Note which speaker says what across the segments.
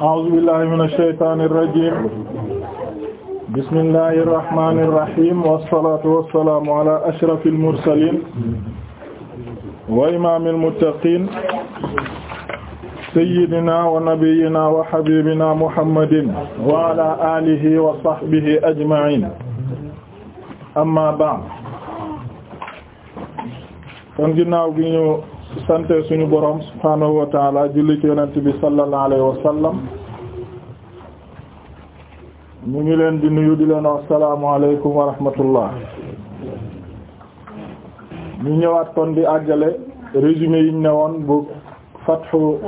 Speaker 1: a'uuzu billaahi mina shaytaani rajiim bismillaahi rahmaani rahiim wassalaatu wassalaamu alaa ashrafil mursaliin wa imaamil muttaqiin sayyidinaa wa nabiyyinaa wa habiibinaa muhammadin wa alaa aalihi wa sahbihi ajma'iin ammaa ba'd kon ginnaaw gi ñu sante suñu borom subhaanahu wa taala julli ci bi sallallahu wa sallam ñu ngi leen di nuyu di leen wax salaamu alaykum wa rahmatullah ñu ñëwaat kon di àggale résumé yiñ ne woon bu fathu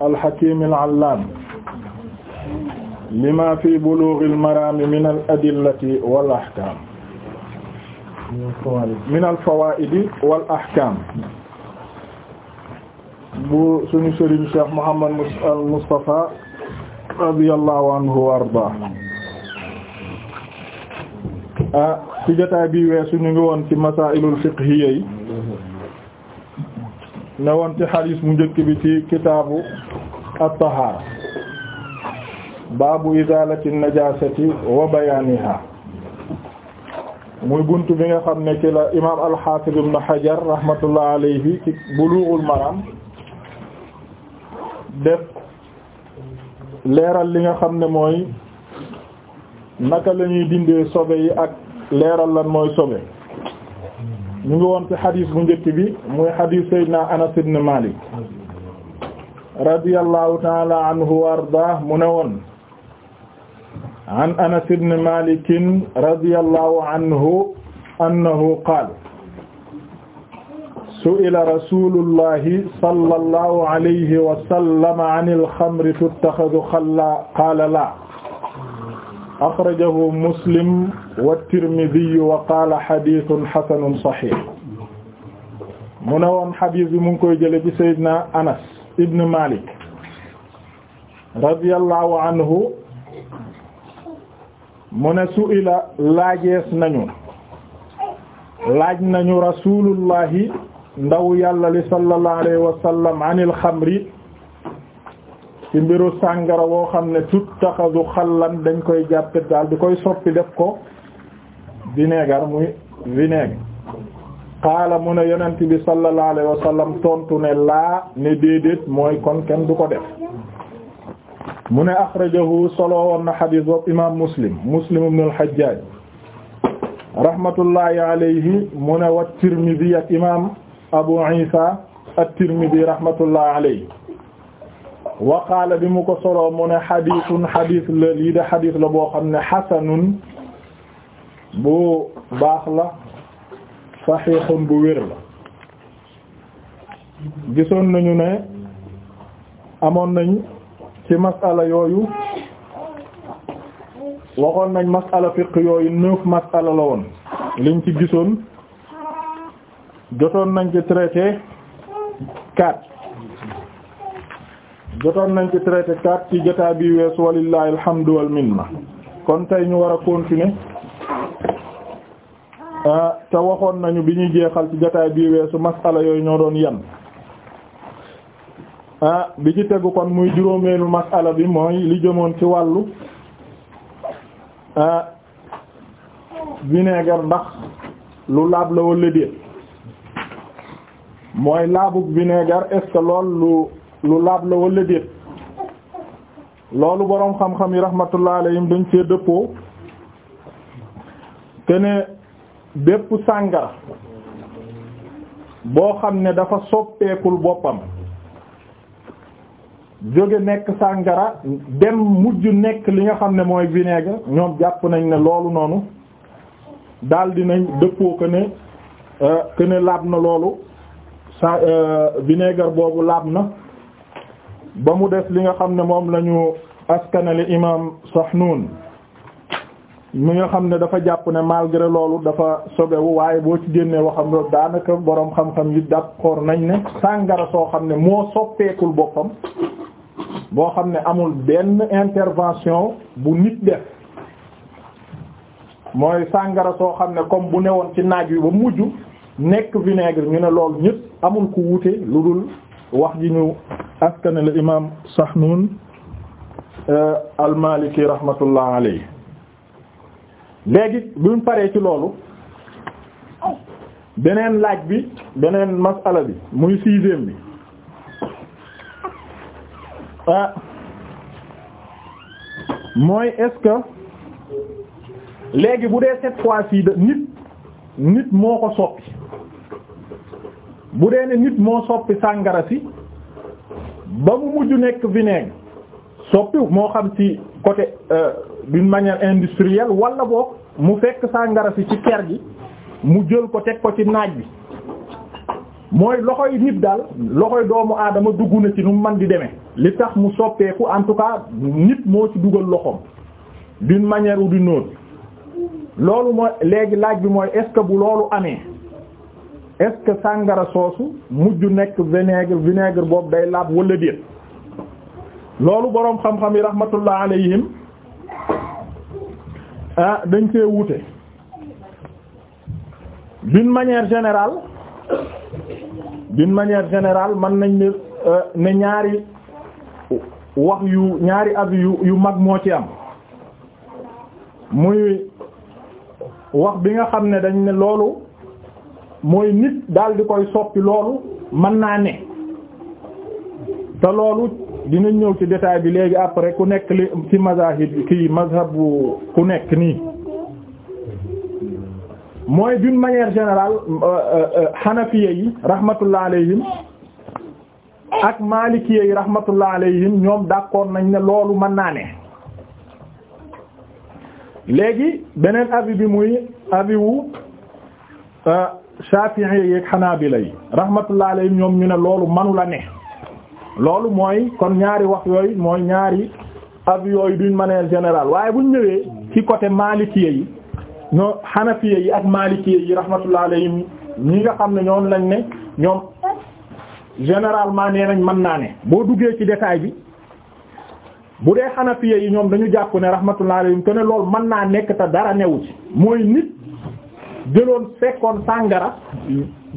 Speaker 1: al-Hakim al-Allam lima fi bulugh al-maram min al-adillati wal ahkam min al-fawaid wal ahkam bu suñu sëriñ Cheikh Mouhammad al Moustapha radiyallahu anhu wa arda ah ci jotaay bi weesu ñu ngi woon ci masailul fiqhiyya yi ne woon ci xadiis mu njëkk bi ci kitaabu at-tahaara baabu izaalati najaasati wa bayaaniha muy bunt bi nga xam ne ci la imaam al-Haafiz ibn Hajar rahmatullah alayhi ci Buluughul Maraam def leeral li nga xam ne mooy naka la ñuy dindee sobe yi ak leeral lan mooy sobe mu ngi woon ci xadiis bu njëkk bi muy xadiis Seydina Anas ibn Malik radiyallahu ta'ala anhu wa mu ne woon an Anas ibn Malik radiyallahu anhu annahu qaala su'ila rasuulullahi sallallahu alayhi wa sallam anil xamri tuttaxadu xalla qaala laa axrajahu muslim wa tirmidi wa qaala xadiisun xasanun saxiix mu ne woon xadiis bi mu ngi koy jële ci Seydina Anas ibn Malik radiyallahu anhu mu ne su'ila laajees nañu laaj nañu rasuulullahi ndaw yàlla li sallallahu alayhi wa sallam anil xamri ci mbiru sàngara woo xam ne tuttaxadu xallan dañ koy jàppe daal di koy soppi def ko vinaigre muy vinaigre mu ne yonent bi sallallahu alayhi wa sallam tontu ne laa ne déedéet mooy kon kenn du ko def mu ne axrajahu solo woon na xadiis boobu muslim muslim ibn al-Hajjaj alayhi mu ne wa Tirmidhi ak imaam abu isa at-tirmidhi rahmatullah alayhi wa qaala bi mu ko soloo mu ne xadiisun xadiis la lii de xadiis la boo xam ne xasanun bu baax la saxiixun bu wér la gisoon nañu ne amoon nañ ci masala yooyu waxoon nañ masala fiq yooyu neuf masala la woon liñ ci gisoon jotoon nañ ci traité quatre jotoon nañ ci traité quatre ci jotaay bi weesu walillahi alhamdu wal minna kon tey ñu war a continuer ah, te waxoon nañu bi ñuy jeexal ci jotaay bi weesu masala yooyu ñoo doon yan ah bi ci tegu kon muy juróomeelu masala bi mooy li jëmoon ci wàllu ah vinaigre ndax lu laab la walla déet mooy laabug vinaigre est-ce que loolu lu lu laab la wala déet loolu boroom xam-xam yi rahmatullah alayhim dañ cee dëppoo te ne sàngara boo xam ne dafa soppeekul boppam jóge nekk sàngara dem mujj nekk li nga xam ne mooy vinaigre ñoom jàpp nañ ne loolu noonu daldi dinañ dëppoo que ne euh, que ne laab na loolu sa euh, vinaigre boobu laab na ba mu des li nga xam ne moom lañu ñu askanale imam Sahnun mi nga xam ne dafa jàpp ne malgré loolu dafa sobewu waaye boo ci génnee waxam loolu daanaka boroom xam-xam yi d'accord nañ ne sàngara soo xam ne moo soppeekul boppam boo xam ne amul benn intervention bu nit def mooy sàngara soo xam ne comme bu newoon ci naaj wi ba mujj nekk vinaigre ñu ne lool ñëpp amul ku wuute lu dul wax ji ñu askane la imaam Sahnun euh, al-Maliki rahmatullah alayhi léegi buñ paree ci loolu beneen laaj bi beneen masala bi muy sixième bi ah, mooy est-ce que léegi bu dee cette fois-ci da nit nit moo ko soppi bu dee ne nit moo soppi sàngara si ba mu mujj nekk vinaigre soppi moo xam ci côté euh, d'une manière industrielle wala boog mu fekk sàngara si ci ker gi mu jël ko teg ko ci naaj bi mooy loxoy nit daal loxo doomu aadama dugg na ci nu mu mën di demee li tax mu soppeeku en nit moo ci dugal loxoom d'une manière ou d'une autre loolu mooy léegi laaj bi mooy est bu loolu amee est sàngara soosu mujj nekk vinaigre vinaigre boobu day laab wala déet loolu boroom xam-xam yi rahmatullah alayhim ah dañ see wuute d'une manière général d'une manière général mën nañ ne euh, ne ñaari wax yu ñaari avis yu mag moo ci am muy wax bi nga xam ne dañ ne loolu mooy nit daal di koy soppi loolu mën naa ne te loolu dina ñëw ci détail bi léegi après ku nekk li ci mazahib kii mazhabu ku nekk nii mooy d'une manière général xanafiya euh, euh, euh, yi rahmatullah alayhim ak malikiya yi rahmatullah alayhim ñoom d'accord nañ ne loolu mën naa ne léegi beneen avis bi muy avis wu Shafi'i yeeg Hanabila yi rahmatullah alayhim ñoom ñu ne loolu manu la ne loolu mooy kon ñaari wax yooyu mooy ñaari avis yooyu duñ manière générale waaye buñ ñu ñëwee ci côté Malikiyya yi ñoo Hanafiyya yi ak Malikiyya yi rahmatullah alayhim ñi nga xam ne ñoom lañ ne ñoom généralement nee nañ mën naa ne boo duggee ci détail bi bu dee Hanafiyya yi ñoom dañu jàpp ne rahmatullah alayhim te ne loolu mën naa nekk te dara newu ci mooy nit jëloon fekkoon sàngara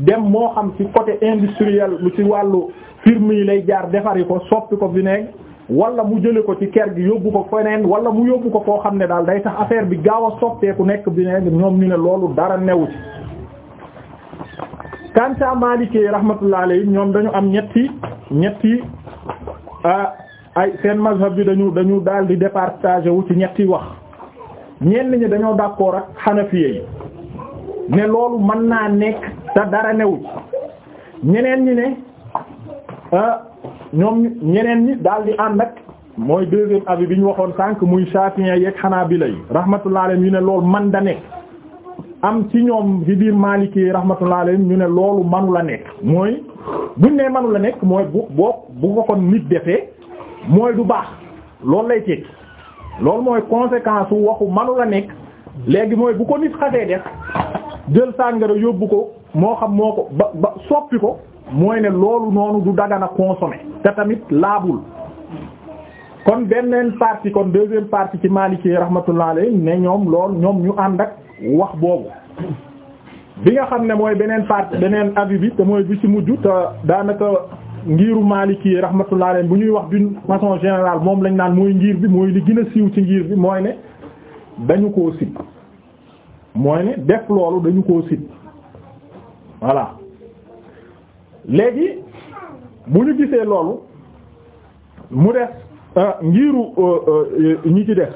Speaker 1: dem moo xam ci côté industriel lu ci wàllu firme yi lay jaar defari ko soppi ko vinaigre wala mu jële ko ci ker gi yóbbu ko feneen wala mu yóbbu ko koo xam ne daal day tax affaire bi gaaw a soppeeku nekk vinaigre ñoom ñu ne loolu dara newu ci kanta Maliki rahmatullah alayhi ñoom dañu am ñetti ñetti ay seen mazhab bi dañu dañu daal di départager wu ci ñetti wax ñenn ñi dañoo d'accord ak Hanafiye yi ne loolu mën naa nekk te dara newu ci ñeneen ñi ne ah, ñoom ñeneen ñi daal di ànd ak mooy deuxième abi bi ñu waxoon sànq muy Shafi'i yeeg Hanabila yi rahmatullah alayhim yu ne loolu man da nekk am ci ñoom ci biir Maliki yi rahmatullah alayhim ñu ne loolu manu la nekk mooy buñ ne manu la nekk mooy bu boo bu ko kon nit defee mooy du baax loolu lay teg loolu mooy conséquence waxu manu la nekk léegi mooy bu ko nit xasee def jël sàngara yóbbu ko moo xam moo ko ba ba soppi ko mooy ne loolu noonu du dagan a te tamit laabul kon beneen parti kon deuxième partie ci Maliki rahmatullah alayhi ne ñoom lool ñoom ñu ànd ak wax boobu bi nga xam ne mooy beneen partie beneen avis bi te mooy bi ci mujj te daanaka ngiiru Maliki rahmatullah alayhi bu ñuy wax d'une façon générale moom lañ naan mooy ngir bi mooy li gën a siiw ci ngir bi mooy ne dañu koo sib mooy ne def loolu dañu ko sit voilà léegi bu ñu gisee loolu mu des euh, ngiru euh, euh, ñi ci des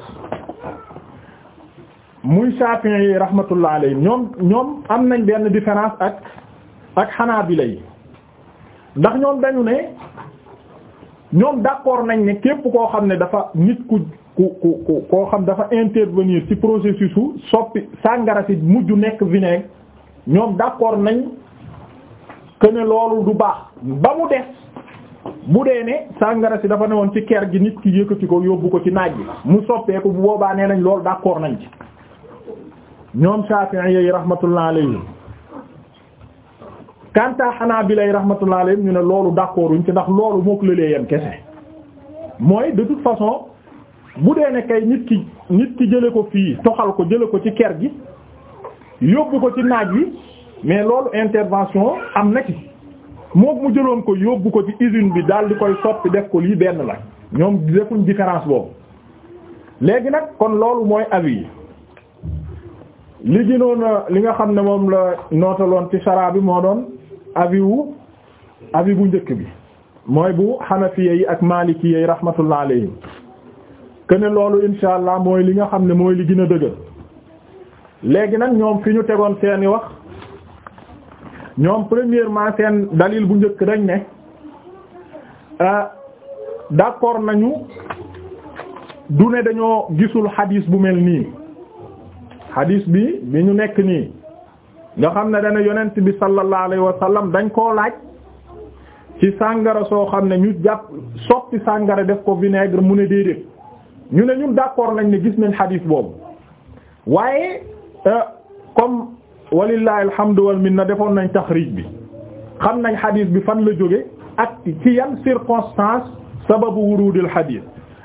Speaker 1: muy Shafi'i yi rahmatullah alayhi ñoom ñoom am nañ benn différence ak ak Hanabila yi ndax ñoom dañu ne ñoom d'accord nañ ne képp koo xam ne dafa nit ku ku ku ku koo xam dafa intervenir ci processus su soppi sàngara si mujj nekk vinaigre ñoom d'accord nañ que ne loolu du baax ba mu des bu dee ne sàngara si dafa newoon ci ker gi nit ki yëkkati ko yóbbu ko ci naaj bi mu soppee bu boobaa nee nañ loolu d'accord nañ ci ñoom Shafi'i yi rahmatullah alayhi kanta xanaa bi lay rahmatullah alayhi ñu ne loolu d'accorduñ ci ndax loolu mook lëlee yem kese mooy de toute façon bu dee ne kay nit ki nit ki jële ko fii toxal ko jële ko ci ker gi yóbbu ko ci naaj wi mais loolu intervention am na ci moom mu jëloon ko yóbbu ko ci usine bi daal di koy soppi def ko lii benn la ñoom defuñ différence boobu léegi nag kon loolu mooy avis yi li gënoon li nga xam ne moom la nootaloon ci saraa bi moo doon avis wu avis bu njëkk bi mooy bu xanafiye yi ak maaliki yi rahmatullah alayhim que loolu insha allah mooy li nga xam ne mooy li gën a dëgër léegi nag ñoom fi ñu tegoon seeni wax ñoom premièrement seen dalil bu njëkk dañ ne euh, d'accord nañu du ne dañoo gisul xadiis bu mel nii xadiis bi bi ñu nekk nii nga xam ne dana yonent bi sallallahu alayhi wa dañ koo laaj ci sàngara soo xam ne ñu jàpp soppi sàngara def ko vinaigre mu ne déedéet ñu ne ñun d'accord nañ ne gis nañ xadiis boobu waaye euh, comme walillahi alhamdu wal na defoon nañ taxriij bi xam nañ xadiis bi fan la jóge ak ci yan circonstance sababu wurudil xadiis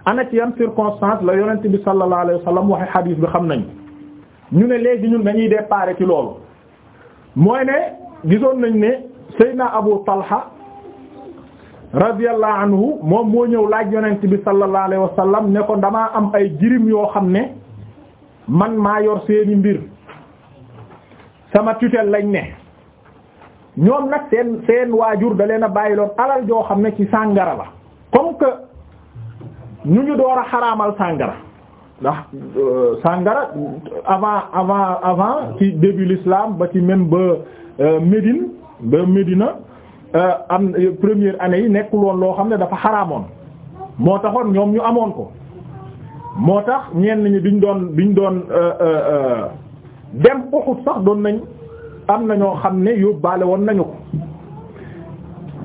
Speaker 1: ana ci yan circonstance la yonent bi sallallahu alayhi wa sallam waxe xadiis bi xam nañ ñu ne léegi ñun dañuy déparé ci loolu mooy ne gisoon nañ ne Seydina Abu Talha radiyallahu anhu moom moo ñëw laaj yonent bi sallallahu alayhi wa sallam ne ko damaa am ay jirim yoo xam ne man maa yor seeni mbir sama tutelle lañ ne ñoom nag seen seen waajur da leen a bàyyiloon alal yoo xam ne ci sàngara la comme que ñu ñu door a xaraamal sàngara ndax euh, sàngara avant avant avant ci début l'islam ba ci même ba euh, Médine ba Médina Euh, am euh, première année yi nekkul woon loo xam ne dafa xaraamoon moo taxoon ñoom ñu amoon ko moo tax ñenn ñi biñ doon biñ doon euh, dem Uhud sax doon nañ am na ñoo xam ne yóbbaale woon nañu ko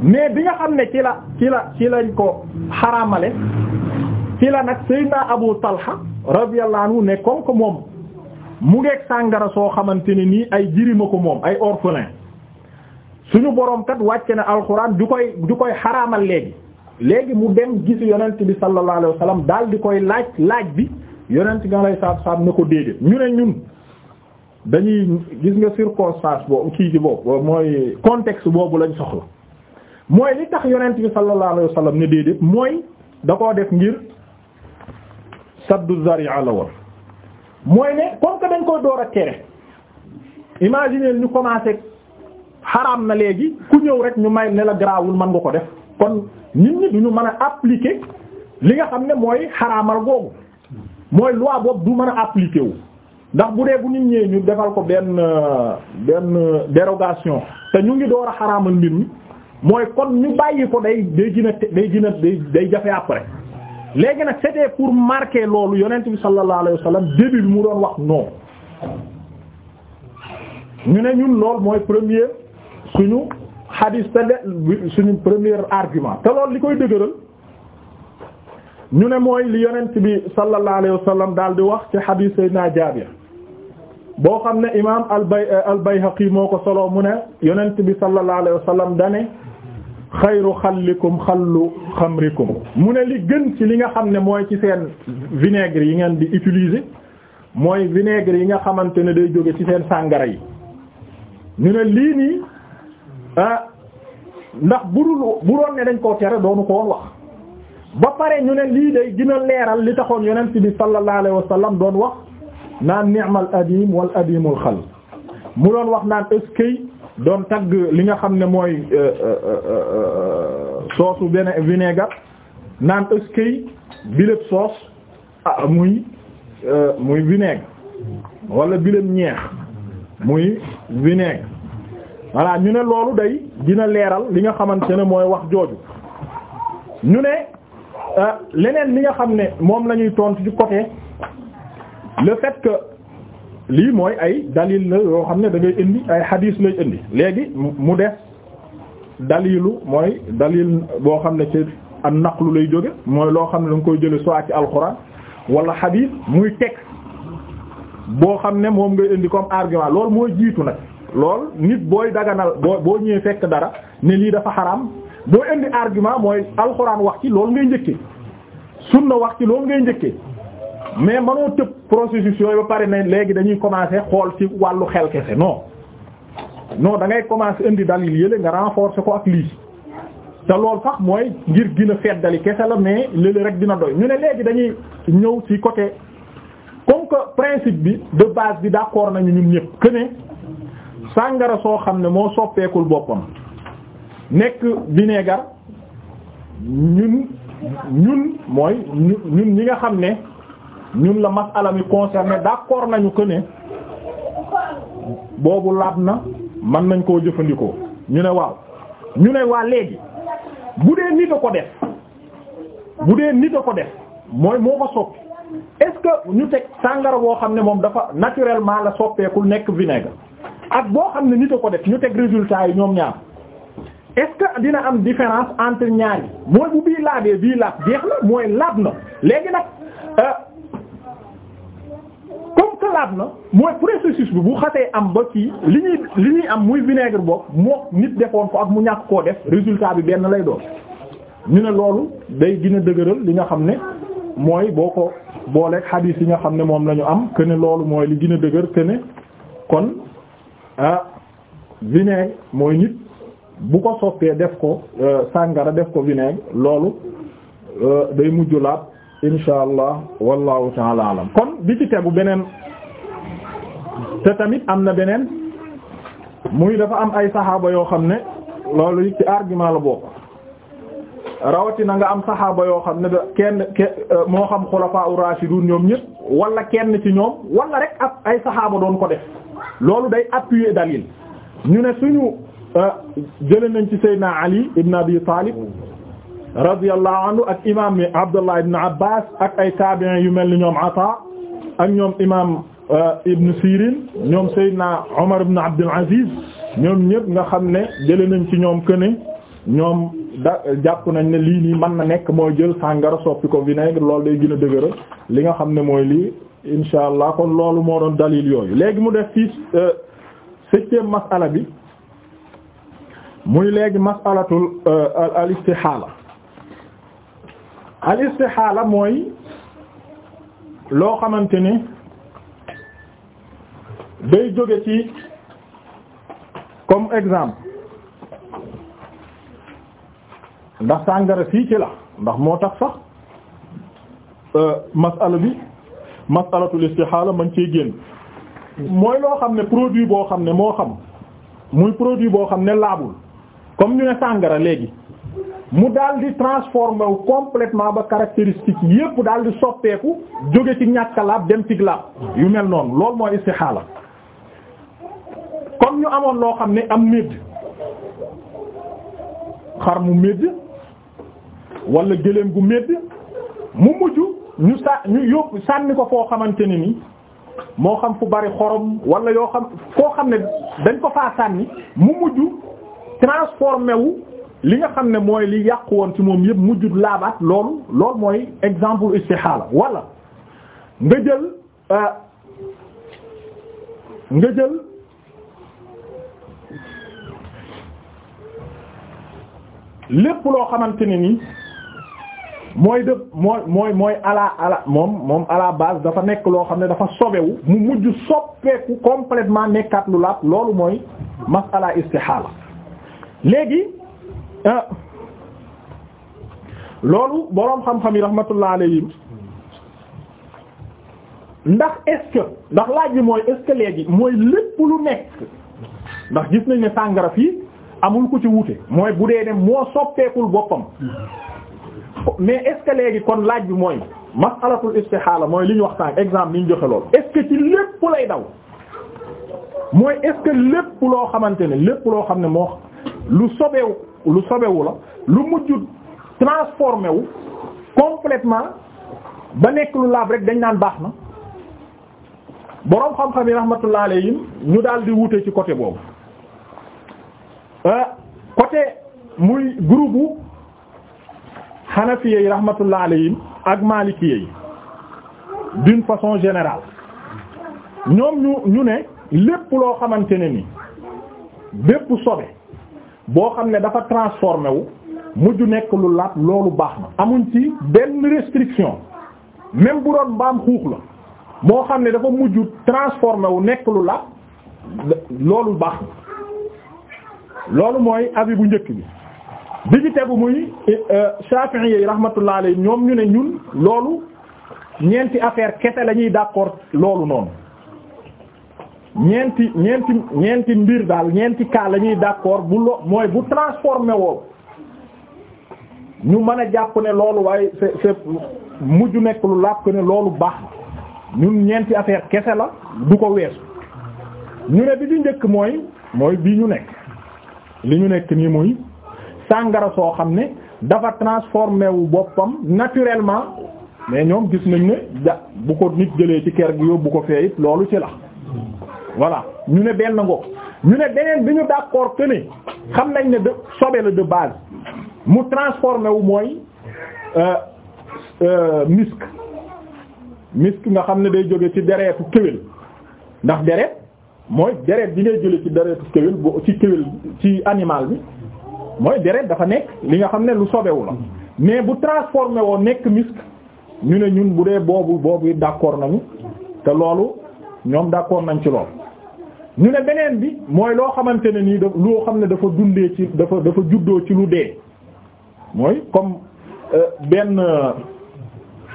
Speaker 1: mais bi nga xam ne ci la ci la lañ ko xaraamale ci nag Seydina Abu Talha radiyallahu anhu ne comme que moom mu ngeeg sàngara soo xamante ne nii ay jirima ko moom ay orphelin suñu borom kat wàcce na alxuraan du koy du koy xaraamal léegi léegi mu dem gisi yonent bi sallallahu alayhi wa daal di koy laaj laaj bi yonent bi lay salaatu salaam na ko déedéet ñu ne ñun dañuy gis nga circonstance boobu kii ci boobu mooy contexte boobu lañ soxla mooy li tax yonent bi sallallahu alayhi wa sallam ne déedéet mooy da koo def ngir saddu zari'a la woon mooy ne comme dañ koy door a tere imaginer ñu commencé. xaraam na léegi ku ñëw rek ñu may ne la garaawul man nga ko def kon nit ñi ñu mën a appliquer li nga xam ne mooy xaraamal googu mooy loi boobu du mën a appliquer wu ndax bu dee bu nit ñëwee ñu defal ko benn benn dérogation te ñu ngi door a xaraamal mbir ñi mooy kon ñu bàyyi ko day day gën a day gën a day jafe après léegi nag c'était pour marquer loolu yonent bi sallallahu alayhi wa sallam début bi mu doon wax non ñu ne ñun lool mooy premier suñu xadis te suñu premier argument te loolu li koy dëgëral ñu ne mooy li yonent bi sallallahu alayhi sallam daal di wax ci xadis Seydina Jaabir boo xam ne imaam al bay euh, al Bayhaqi moo ko solo mu ne yonent bi sallallahu alayhi wa sallam dane xayru xallikum xallu xamrikum mu ne li gën ci li nga xam ne mooy ci seen vinaigre yi ngeen di utiliser mooy vinaigre yi nga xamante ne day jóge ci seen sàngara yi ñu ne lii nii Ah, ndax bu dul bu doon ne dañ koo tere doonu ko woon wax ba pare ñu ne lii day gën a leeral li taxoon yonent bi sallallahu alayhi wa sallam doon wax naan ni'mal adim wal adimul xal mu doon wax naan ëskey doon tagg li nga xam ne mooy euh, euh, euh, soosu bene vinaigre naan ëskey bileb soos ah muy muy vinaigre wala bileb ñeex muy vinaigre voilà ñu ne loolu day dina leeral li nga xamante ne mooy wax jooju ñu ne euh, leneen li nga xam ne moom lañuy ñuy tontu ci côté le fait lii mooy ay dalil la yoo xam ne da indi ay hadith lay indi léegi mu def dalilu mooy dalil boo xam ne ci an lu lay jóge mooy loo xam ne da nga koy jële soit ci alxuraan wala hadith muy texte boo xam ne moom ngay indi comme argument loolu mooy jiitu nag. lool nit booy daganal boo ñëwee fekk dara ne lii dafa xaraam boo indi argument mooy alxuraan wax ci loolu ngay njëkkee sunna wax ci loolu ngay njëkkee mais manoo tëb processus yooyu ba pare ne léegi dañuy commencer xool ci wàllu xel kese non non da ngay commencer indi dalil yële nga renforcer ko ak lii te loolu sax mooy ngir gën a feddali kese la mais léeg rek dina doy ñu ne léegi dañuy ñëw ci côté comme que principe bi de base bi d'accord nañu ñun ñëpp que sàngara soo xam ne moo soppeekul boppam nekk vinaigre ñun ñun mooy ñun ñi nga xam ne ñun la masala mi concerné d'accord nañu que ne boobu laab na mën nañ koo jëfandikoo ñu ne waaw ñu ne waa léegi bu dee nit a ko def bu dee nit a ko def mooy moo ko soppi est-ce que ñu teg sàngara boo xam ne moom dafa naturellement la soppeekul nekk vinaigre ak boo xam ne nit a ko def ñu teg résultat yi ñoom ñaar est-ce que dina am différence entre ñaar yi mooy bu bii laabee bii laab jeex na mooy laab na léegi nag euh, comme que laab na mooy processus bi bu xasee am ba kii li ñuy li ñuy am muy vinaigre boobu moo nit defoon ko ak mu ñàkk koo def résultat bi benn lay doon ñu ne loolu day gën a dëgëral li nga xam ne mooy boo ko booleeg xadiis yi nga xam ne moom la am que ne loolu mooy li gën a dëgër que kon. ah vinaigre mooy nit bu ko soppee def ko euh, sàngara def ko vinaigre loolu euh, day mujj laab insha allah wallahu taala alam kon bi ci tegu beneen te tamit am na beneen muy dafa am ay saxaaba yoo xam ne loolu it ci argument la bokk rawatina nga am saxaaba yoo xam ne da kenn euh, moo xam xulafaa u raashidun ñoom ñëpp wala kenn ci ñoom wala rek ab ay saxaaba doon ko def loolu day appuyer dalil ñu ne suñu euh, jële nañ ci Seydina Ali ibn Abi Talib radiyallahu anhu ak imam Abdullah ibn ak ay tabi'in yu mel ni ñoom Ata ak ñoom imam euh, ibn Sirin ñoom Seydina Omar ibn ñoom ñëpp nga xam ne jële ci ñoom këne ñoom da jàpp nañ ne lii nii man na nekk mooy jël sàngara soppi ko vinaigre loolu day gën a dëgëral li nga xam ne mooy lii insha allah kon loolu moo doon dalil yooyu léegi mu def fii euh, septième masala bi muy léegi masalatul euh, al istixaala al istixaala mooy loo xamante ne day jóge ci comme exemple ndax sàngara fii ci la ndax moo tax sax euh, masala bi masalatul istihaala mañ cee génn mooy loo xam ne produit boo xam ne moo xam muy produit boo xam ne laabul comme ñu ne sàngara léegi mu daal di transformé wu complètement ba caractéristique yépp daal di soppeeku jóge ci ñàkk laab dem ci laab yu mel noonu lool mooy istihaala comme ñu amoon loo xam ne am médd xar mu médd walla gëléem gu médd mu mujj ñu sa ñu yóbbu sànni ko foo xamante ne ni moo xam fu bari xorom wala yoo xam foo xam ne dañ ko faa sànni mu mujj transformé mew li nga xam ne mooy li yàq woon ci moom yëpp mujjut laabaat loolu loolu mooy exemple istihaala wala nga jël euh, nga jël lépp loo xamante ne ni mooy dëpp mooy mooy mooy ala ala moom moom à baas dafa nekk loo xam ne dafa sobewu mu mujj soppeeku complètement nekkaat lu laab loolu mooy masala istihaala léegi euh, loolu boroom xam-xam yi rahmatullah yi ndax est-ce ndax laaj bi mooy est léegi mooy lépp lu nekk ndax gis nañ ne sàngara fii amul ku ci wute mooy bu dee ne moo soppeekul boppam mais est-ce léegi kon laaj bi mooy masalatul istihaala mooy li ñu waxtaan exemple li ñu joxe loolu est-ce que ci lépp lay daw mooy est lépp loo xamante ne lépp loo xam ne moo lu sobewu lu sobewu la lu mujj transformé wu complètement ba nekk lu laab rek dañ naan baax na boroom xam-xam yi rahmatullah alayhim ñu daal di wute ci côté boobu euh, côté muy groupe xanafiya yi rahmatullah alayhim ak malikiya yi d'une façon général ñoom ñu ñu ne lépp loo xamante ne ni bépp sobe boo xam ne dafa transformé wu mujj nekk lu laat loolu baax na amuñ ci benn restriction même bu doon mbaam xuux la moo xam ne dafa mujj transformé wu nekk lu laat loolu baax
Speaker 2: na
Speaker 1: loolu mooy avis bu njëkk bi bi ci tegu muy euh, Shafi'i yi rahmatullah alayhi ñoom ñu ne ñun loolu ñeenti affaire kese la ñuy d'accord loolu noonu ñeenti ñeenti ñeenti mbir daal ñeenti kaa la ñuy d'accord bu lo mooy bu transformé woo ñu mën a jàpp ne loolu waaye c'est c'est mujj nekk lu làpp ne loolu baax ñun ñeenti affaire kese la du ko weesu ñu ne bi di njëkk mooy mooy bii ñu nekk li ñu nekk nii muy. sàngara soo xam ne dafa transformé wu boppam naturellement mais ñoom gis nañ ne ja bu ko nit jëlee ci kër gi yóbbu ko fee loolu ci la voilà ñu ne benn ngoo ñu ne beneen bi ñu d'accord que xam nañ ne de sobe la de base mu transformé wu mooy euh, euh, misk misk nga xam ne day jóge ci dereetu kéwél ndax deret mooy deret bi ngay jële ci deretu kéwél ci kéwél ci animal bi mooy deret dafa nekk li nga xam ne lu sobewu la mais bu transformé woon nekk misk ñu ne ñun bu dee boobu boobu d'accord nañu te loolu ñoom d'accord nañ ci lool ñu ne beneen bi mooy loo xamante ne nii loo xam ne dafa dundee ci dafa dafa juddoo ci lu dee mooy comme euh, benn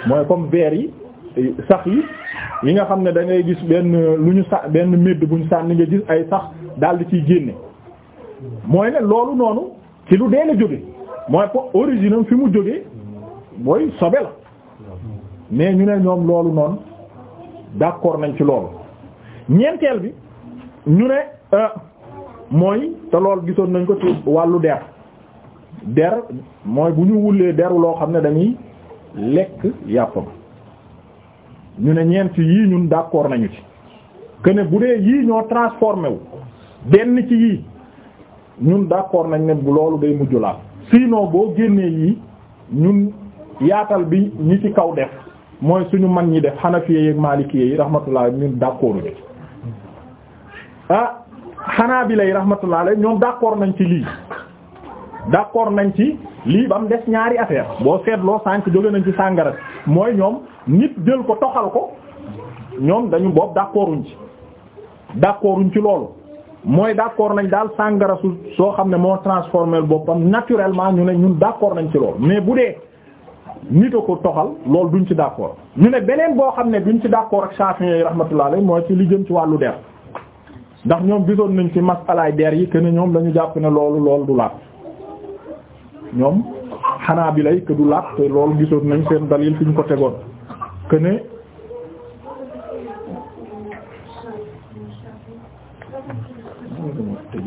Speaker 1: mooy comme verre yi sax yi yi nga xam ne dangay gis benn lu ñu sa benn médd bu ñu sànni nga gis ay sax daal di ciy génne mooy ne loolu noonu ci lu dee la jóge mooy po origine fi mu jóge mooy sobe la mais ñu ne ñoom loolu noonu d'accord nañ ci loolu ñeenteel bi ñu ne euh, mooy te loolu gisoon nañ ko ci wàllu der der mooy bu ñu wulee deru loo xam ne dañuy lekk yàppam ñu ne ñeent yii ñun d'accord nañu ci que ne bu dee yii ñoo transformé wu benn ci yii ñun d'accord nañ ne bu loolu day mujj laal sinon boo génnee yi ñun yaatal bi ñi ci kaw def mooy suñu mag ñi def xanafiye ak maalikiyee yi rahmatullah ñun d'accord bi ah xanaa bi lay rahmatullah alayhi nañ ci lii d'accord nañ ci lii ba mu des ñaari affaire boo seetloo sànk jóge nañ ci sàngara mooy ñoom nit jël ko toxal ko ñoom dañu boobu d'accorduñ ci d'accorduñ ci loolu mooy d'accord nañ daal sàngara su soo xam ne moo transformé boppam naturellement ñu ne ñun d'accord nañ ci loolu mais bu dee nit a ko toxal loolu duñ ci d'accord ñu ne beneen boo xam ne duñ ci d'accord ak Shafi'i yi rahmatullah alayhi mooy ci li jëm ci wàllu der ndax ñoom gisoon nañ ci masalaay der yi que ñoom dañu jàpp ne loolu loolu du laat ñoom xanaa bi lay que du laat te loolu gisoon nañ seen dalil fi ñu ko tegoon que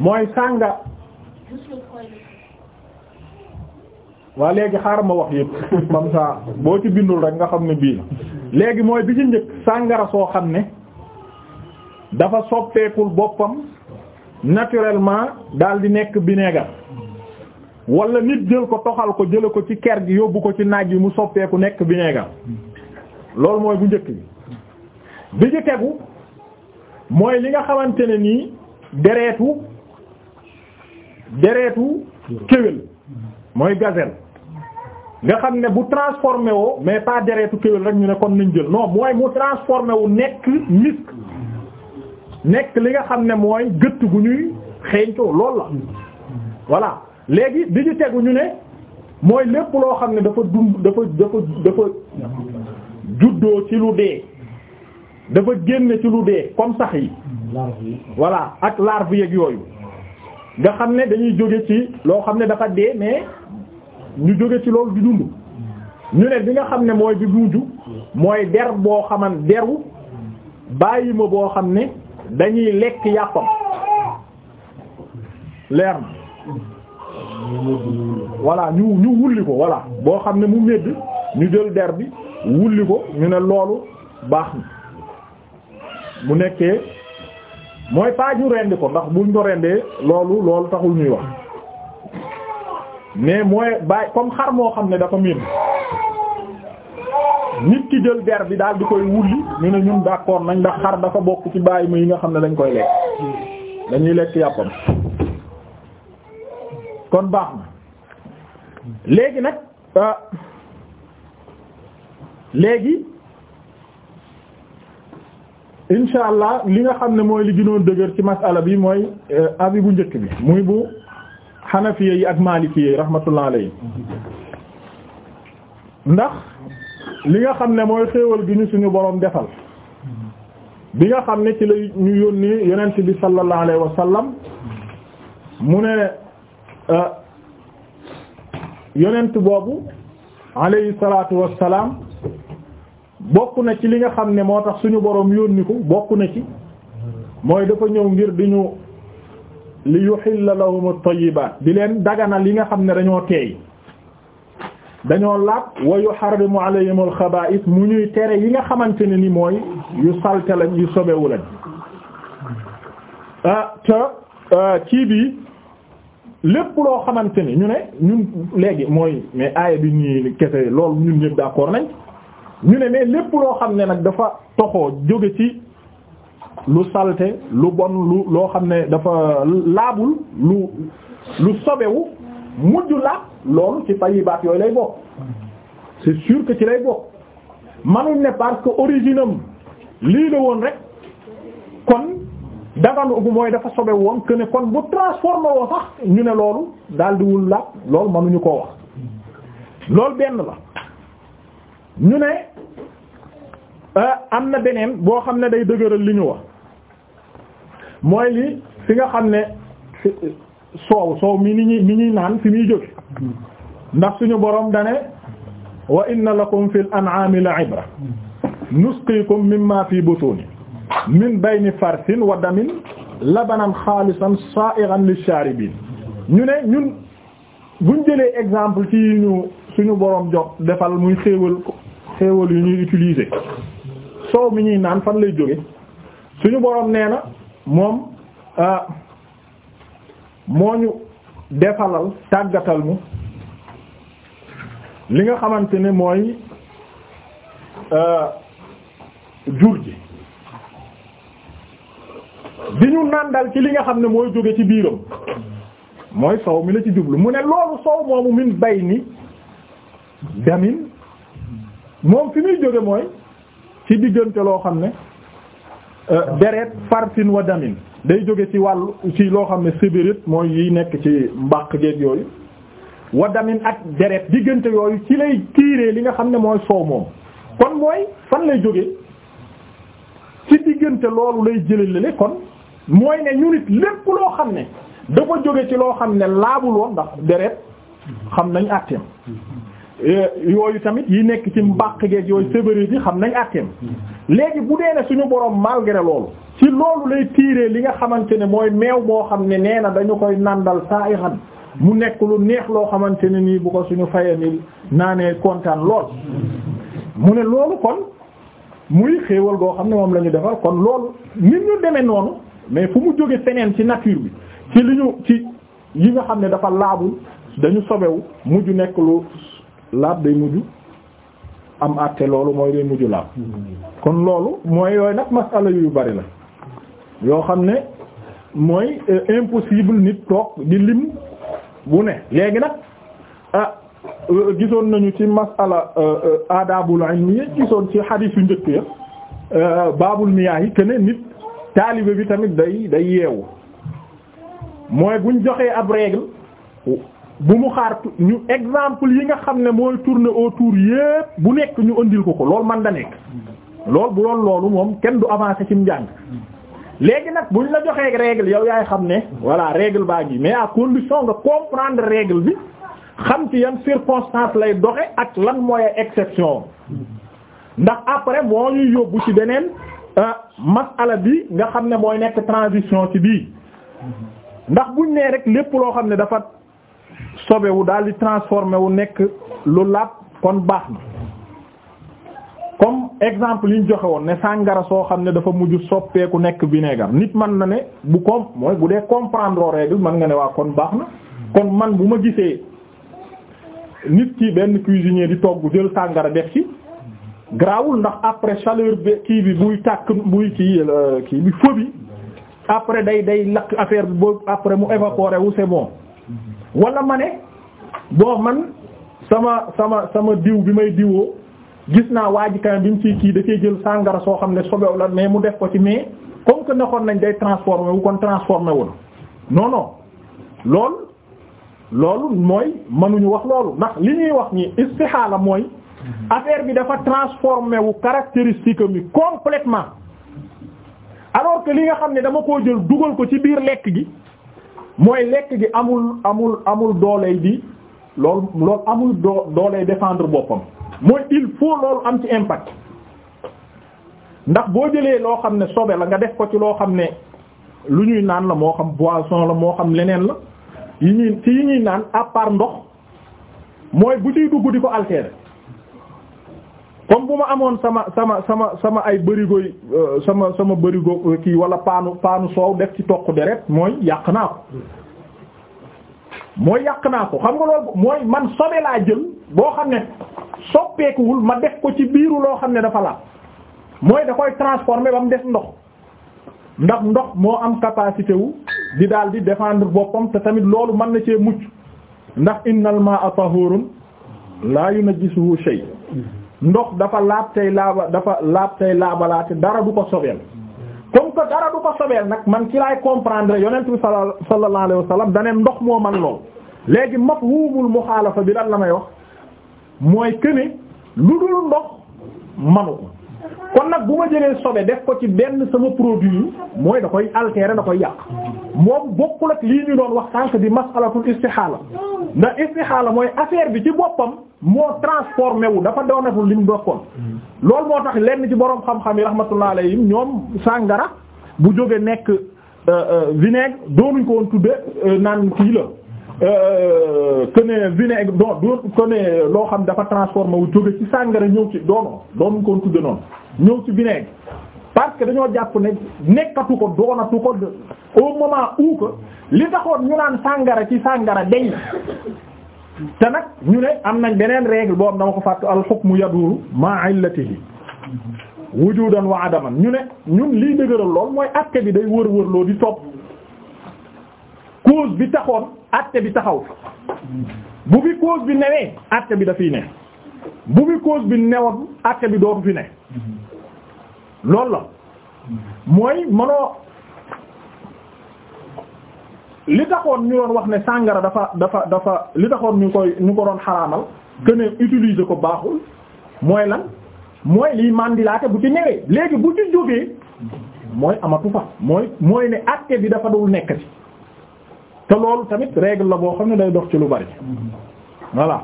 Speaker 1: mooy sànga waa léegi xaar ma wax yëpp comme boo ci bindul rek nga xam ne bii la léegi mooy bi ci njëkk sàngara soo xam ne dafa soppeekul boppam naturelement dal di nekk vinaigre wala nit jël ko toxal ko jële ko ci ker gi yóbbu ko ci naaj yi mu soppeeku nekk vinaigre loolu mooy bu njëkk bi bi ci tegu mooy li nga xamante ne nii deretu deretu kéwél mooy gazelle nga xam ne bu transformé woo mais pas deretu kéwél rek ñu ne kon nañ jël non mooy mu transformé wu nekk misk nekk li nga xam ne mooy gëtt gu ñuy xeeñtoo lool la voilà léegi bi ñu tegu ñu ne mooy lépp loo xam ne dafa dund dafa dafa dafa juddoo ci lu dee dafa génne ci lu dee comme sax yi voilà ak larve yeeg yooyu nga xam ne dañuy jóge ci loo xam ne dafa dee mais ñu jóge ci loolu di dund ñu ne bi nga xam ne mooy bi mujj mooy der boo xaman deru bàyyi ma boo xam ne dañuy lekk yàppam leer na voilà ñu ñu wulli ko voilà boo xam ne mu medd ñu jël der bi wulli ko ñu ne loolu baax na bu nekkee mooy paa ñu rendi ko ndax buñ ko rendee loolu loolu taxul ñuy wax mais mooy bàyyi comme xar moo xam ne dafa miir nit ki jël der bi daal di koy wulli ñu ne ñun d'accord nañ ndax xar dafa bokk ci bàyyi ma yi nga xam ne dañ koy lekk dañuy lekk yàppam kon baax na léegi nag euh, léegi insha allah li nga xam ne mooy li gënoon dëgër ci masala bi mooy euh, avis bu njëkk bi muy bu xanafiya yi ak maalikiya yi rahmatullah alayhi ndax li nga xam ne mooy xéewal gi ñu suñu boroom defal bi nga xam ne ci la ñu yónnee yonent bi sallallahu alayhi wa sallam mu ne euh, yonent boobu alayhi salaatu wa salaam bokk na ci li nga xam ne moo tax suñu boroom yónni ko bokk na ci mooy dafa ñëw ngir di ñu li yuhilla lahum at di leen dagana li nga xam ne dañoo teey dañoo laab wa yuharrimu alayhim al-xabaa'is mu ñuy tere yi nga xamante ne ni mooy yu salte lañ yu sobewu lañ ah, te ah, kii bi lépp loo xamante ni ñu ne ñun léegi mooy mais aaya bi ñuy kese loolu ñun ñëpp d'accord nañ ñu ne mais lépp loo xam ne nag dafa toxoo jóge ci lu salte lu bon lu loo xam ne dafa laabul lu lu sobewu mujj la loolu ci tayyibaat yooyu lay bokk c'est sûr que ci lay bokk manuñ ne parce que lii la woon rek kon daganu mooy dafa sobe woon que ne kon bu transformé woo sax ñu ne loolu daal diwul la loolu manuñu koo wax loolu benn la ñu ne euh, am na beneen boo xam ne day dëgëral li ñu wax mooy li fi nga xam ne soow soow mi ni ñuy mi naan fi muy jóge ndax suñu boroom dane wa inna lakum fil an'ami la ibra nusqikum mimma fi butuni min bayni farsin wa damin labanan xaalisan sa'igan lisharibin ñu ne ñun buñ jëlee exemple ci ñu suñu borom jox defal muy xéewal xéewal yu ñuy utiliser soow mi ñuy naan fan lay jóge suñu boroom nee na moom ah, moo ñu defalal tàggatal mu li nga xamante ne mooy ah, jur ji bi ñu nàndal ci li nga xam ne mooy jóge ci biiram mooy soow mi la ci jublu mu ne loolu soow moomu min bay ni damin moom fi muy jóge mooy ci diggante loo xam ne euh, deret farsin wa damin day jóge ci wàll ci loo xam ne sibirit mooy yi nekk ci mbàq géeg yooyu wa damin ak deret diggante yooyu ci lay tiiree li nga xam ne mooy soow moom kon mooy fan lay jóge ci diggante loolu lay jëlelale kon mooy ne ñu nit lépp loo xam ne ko jóge ci loo xam ne laabul ndax deret xam nañ àtteem Eh, yooyu tamit yi nekk ci mbàq geeg yooyu sévérité yi xam nañ àtteem léegi bu dee ne suñu borom malgré loolu ci loolu lay tiiree li nga xamante ne mooy meew boo xam ne nee na dañu koy nàndal saa i mu nekk lu neex loo xamante ne nii bu ko suñu fayanil nii ne kontaan lool mu ne loolu kon muy xéewal goo xam ne moom la ñu kon loolu nit ñu demee noonu mais fu mu jóge feneen ci nature bi ci li ñu ci yi nga xam ne dafa laabul dañu sobewu mujj nekk laab day mujj am àtte loolu mooy day mujj laab kon loolu mooy yooyu nag masala yu bari la yoo xam ne mooy euh, impossible nit toog di lim bu ne léegi nag ah euh, gisoon nañu ci masala euh, adabul ilmi gisoon ci xadiis yu njëkk ya baabul miyaa yi ne nit taalibe bi tamit day day yeewu mooy buñ joxee ab règle bu mu xaar ñu exemple yi nga xam ne mooy tourner autour yépp bu nekk ñu andil ko ko loolu man da nekk loolu bu doon loolu moom kenn du avancer ci njàng léegi nag buñ la joxee règle yow yaay xam ne voilà règle baa ngi mais à condition nga comprendre règle bi xam ci yan circonstance lay doxe ak lan mooy exception ndax après moo ñuy yóbbu ci beneen euh, masala bi nga xam ne mooy nekk transition ci bii ndax buñ nee rek lépp loo xam ne dafa sobe wu daal di transformé wu nekk lu laab kon baax na comme exemple yi ñu joxe woon ne sàngara soo xam ne dafa mujj soppeeku nekk vinaigre nit mën na ne bu koom mooy bu dee comprendre règle mën nga ne waa kon baax na kon man bu ma gisee nit ki benn cuisinier di togg jël sàngara def ci grawul ndax après chaleur bi kii bi muy takk muy kii euh, kii bi feu bi après day day lakk affaire bi boobu après mu évaporer wu sebon wala ma ne bon man sama sama sama diw bi may diwoo gis naa waa ji kanam bi mu ciy kii da jël sàngara soo xam ne sobew la mais mu def ko ci mais comme que nekkoon nañ day transformé wu kon transformé wu non non loolu loolu mooy mënuñu wax loolu ndax li ñuy wax ni istihaala mooy affaire bi dafa transformé wu caractéristique mi complètement alors que li nga xam ne dama koo jël dugal ko ci biir lekk gi mooy lekk gi amul amul amul dooley di loolu loolu amul doo dooley défendre boppam mooy il faut loolu am ci impact ndax boo jëlee loo xam ne sobe la nga def ko ci loo xam ne lu ñuy naan la moo xam boisson la moo xam leneen la yi ñuy ci yi ñuy naan à part ndox mooy bu ciy dugg di ko altérer comme bu ma amoon sama sama sama sama ay bërigoy euh, sama sama bërigo euh, kii wala paanu paanu soow def ci toq deret mooy yàq naa ko mooy yàq naa ko xam nga loolu mooy man sobe laa jël boo xam ne soppeekuwul ma def ko ci biiru loo xam ne dafa la mooy da koy transformer ba mu def ndox ndax ndox moo am capacité wu di daal di défendre boppam te tamit loolu mën na cee mucc ndax innal ma'a tahurun la yunajjisuhu sey ndox dafa laab tey laaba dafa laab laa laabalaate dara du ko sobeel comme que dara du ko sobeel nag man ci laay comprendre yonent sa sallallahu alayhi wa sallam dane ndox moo man lool léegi mafhumul muxaalafa bi lan la may wax mooy këne lu dul ndox manu ko kon nag bu ma jëlee sobe def ko ci benn sama produit mooy da koy altérer da koy yàq moom bokkul ak lii ñu doon wax sànq di masalatul istixaala ndax istixaala mooy affaire bi ci boppam moo transformé wu dafa doonatul li mu dokkoon loolu moo tax lenn ci boroom xam-xam yi rahmatullah alayhim ñoom sàngara bu jógee nekk euh, euh, vinaigre doonuñ ko woon euh, naan kii la que ne vinaigre don doon que ne loo xam dafa transformé wu jóge ci sàngara ñëw ci doono doonuñ ko woon noonu ñëw ci vinaigre parce que dañoo jàpp ne nekkatu ko doonatu ko au moment où que li taxoon ñu naan sàngara ci sàngara deñ na te nag ñu ne am nañ beneen règle boo am dama ko fàttu al hukmu yaduru ma illatihi wujudan wa adaman ñu ne ñun liy dëgëral lool mooy acte bi day wër wër loo di topp cause bi taxoon acte bi taxaw bu fi cause bi newee acte bi dafiy ne bu fi bi newoon àtte bi dootu fi ne loolu la mooy mënoo li taxoon ñu doon wax ne sàngara dafa dafa dafa li taxoon ñu koy ñu ko doon xaraamal que ne utiliser ko baaxul mooy lan mooy liy mandilaate bu ci newee léegi bu ci jógee mooy amatu fa mooy mooy ne àtte bi dafa dul nekk ci te loolu tamit règle la boo xam ne day dox ci lu bari voilà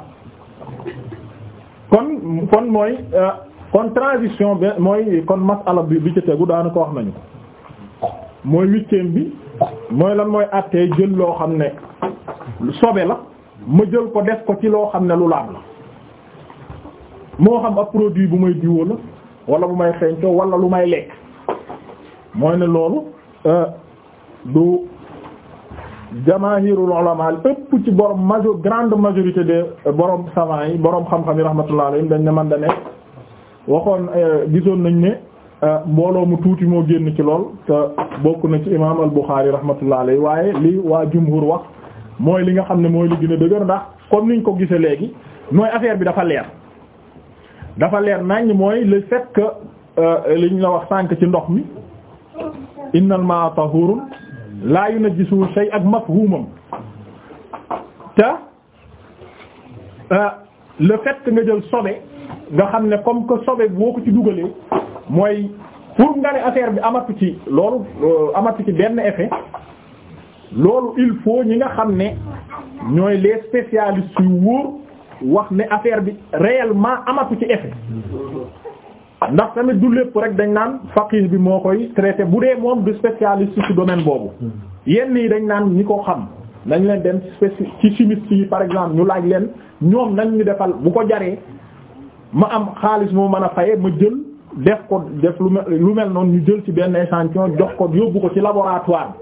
Speaker 1: kon mooy euh, kon transition bi mooy kon masala bi bi ci tegu daanaka wax nañu mooy huitième bi mooy lan mooy attee jël loo xam ne sobe la ma jël ko def ko ci loo xam ne lu laab la moo xam ab produit bu may diwoo la wala bu may xeeñtoo walla lu may lekk mooy ne loolu euh, du jamaahirul ulama ëpp ci borom majo grande majorité de borom savants yi borom xam-xam yi rahmatullah alayhim dañ ne man da ne waxoon euh, gisoon nañ ne euh, mbooloo mu tuuti moo génn ci lool te bokk na ci imaam al-Bukhari rahmatullah alayhi waaye li waa jumhur wax mooy li nga xam ne mooy li gën a dëgër ndax comme niñ ko gisee léegi mooy affaire bi dafa leer dafa leer nañ mooy le fait euh, liñ la wax sànk ci ndox mi innal ma'a tahurun laa yunajjisuhu shay ak mafhumam te euh, le fait que nga jël sobe nga xam ne comme que sobe boo ko ci dugalee mooy pour nga ne affaire bi amatu ci loolu euh, amatu ci benn effet loolu il faut ñi nga xam ne ñooy les spécialistes yu wóor wax ne affaire bi réellement amatu ci effet ndax tamit du lépp rek dañ naan faqih bi moo koy traité bu dee moom du spécialiste ci domaine boobu yenn yi dañ naan ñi ko xam nañ leen dem ci chimiste yi par exemple ñu laaj leen ñoom nañ ñu defal bu ko jaree ma am xaalis moo mën a faye ma jël def ko def lu mel noonu ñu jël ci benn échantillon jox ko yóbbu ko ci laboratoire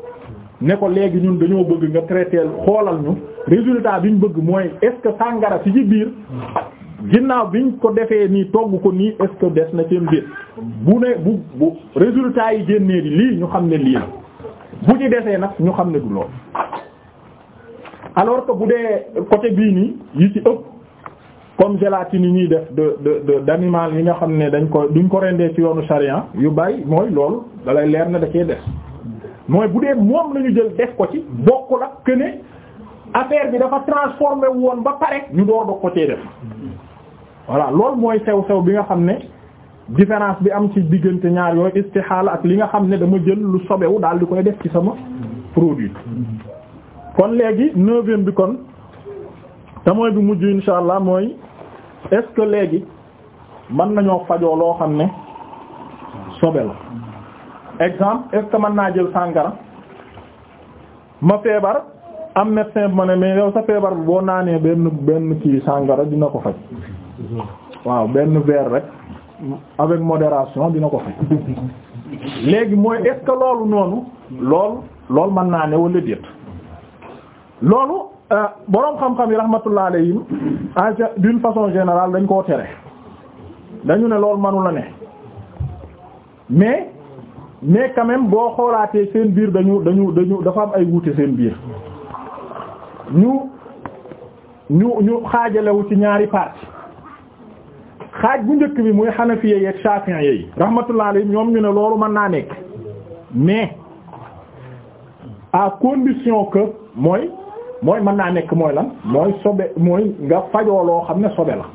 Speaker 1: ne ko léegi ñun dañoo bëgg nga traité xoolal ñu résultat bi ñu bëgg mooy est que sàngara ci ci biir ginnaaw biñ ko defee nii togg ko nii est que des na seen biir bu ne bu bu résultat yi génnee yi lii ñu xam ne lii la bu ci desee nag ñu xam ne du lool alors que bu dee côté bii nii yi ci ëpp comme gélatine yi ñuy def de de de d'animal yi nga xam ne dañ ko duñ ko rendee ci yoonu sarian yu bàyyi mooy lool dalay leer na da cee des mooy bu dee moom lañu jël def ko ci bokkul la que ne affaire bi dafa transformé woon ba pare ñu door ba ko def voilà loolu mooy sew sew bi nga xam ne différence bi am ci diggante ñaar yooyu istixaala ak li nga xam ne dama jël lu sobewu daal di koy def ci sama produit kon léegi neuvième bi kon te mooy bi mujj insha allah mooy est léegi man nañoo fajoo loo xam ne sobe la exemple est-ce naa jël sàngara ma feebar am médecin bu ma ne mais yow sa feebar boo naanee benn benn kii sàngara dina ko faj waaw benn verre rek avec modération dina ko fi léegi mooy est loolu noonu loolu loolu mën naa ne wala déet loolu euh, boroom xam-xam yi rahmatullah alayhim en d'une façon général dañ koo tere dañu ne lool manu la ne mais mais quand même boo xoolaatee seen biir dañu dañu dañu dafa am ay wuute seen biir ñu ñu ñu xaajalewu ci ñaari parties xaaj bu njëkk bi muy xanafiya yeeg shafi'iyya yi rahmatullah alayhim ñoom ñu ne loolu mën naa nekk mais à condition que mooy mooy mën naa nekk mooy lan mooy sobe mooy nga fajoo loo xam ne sobe la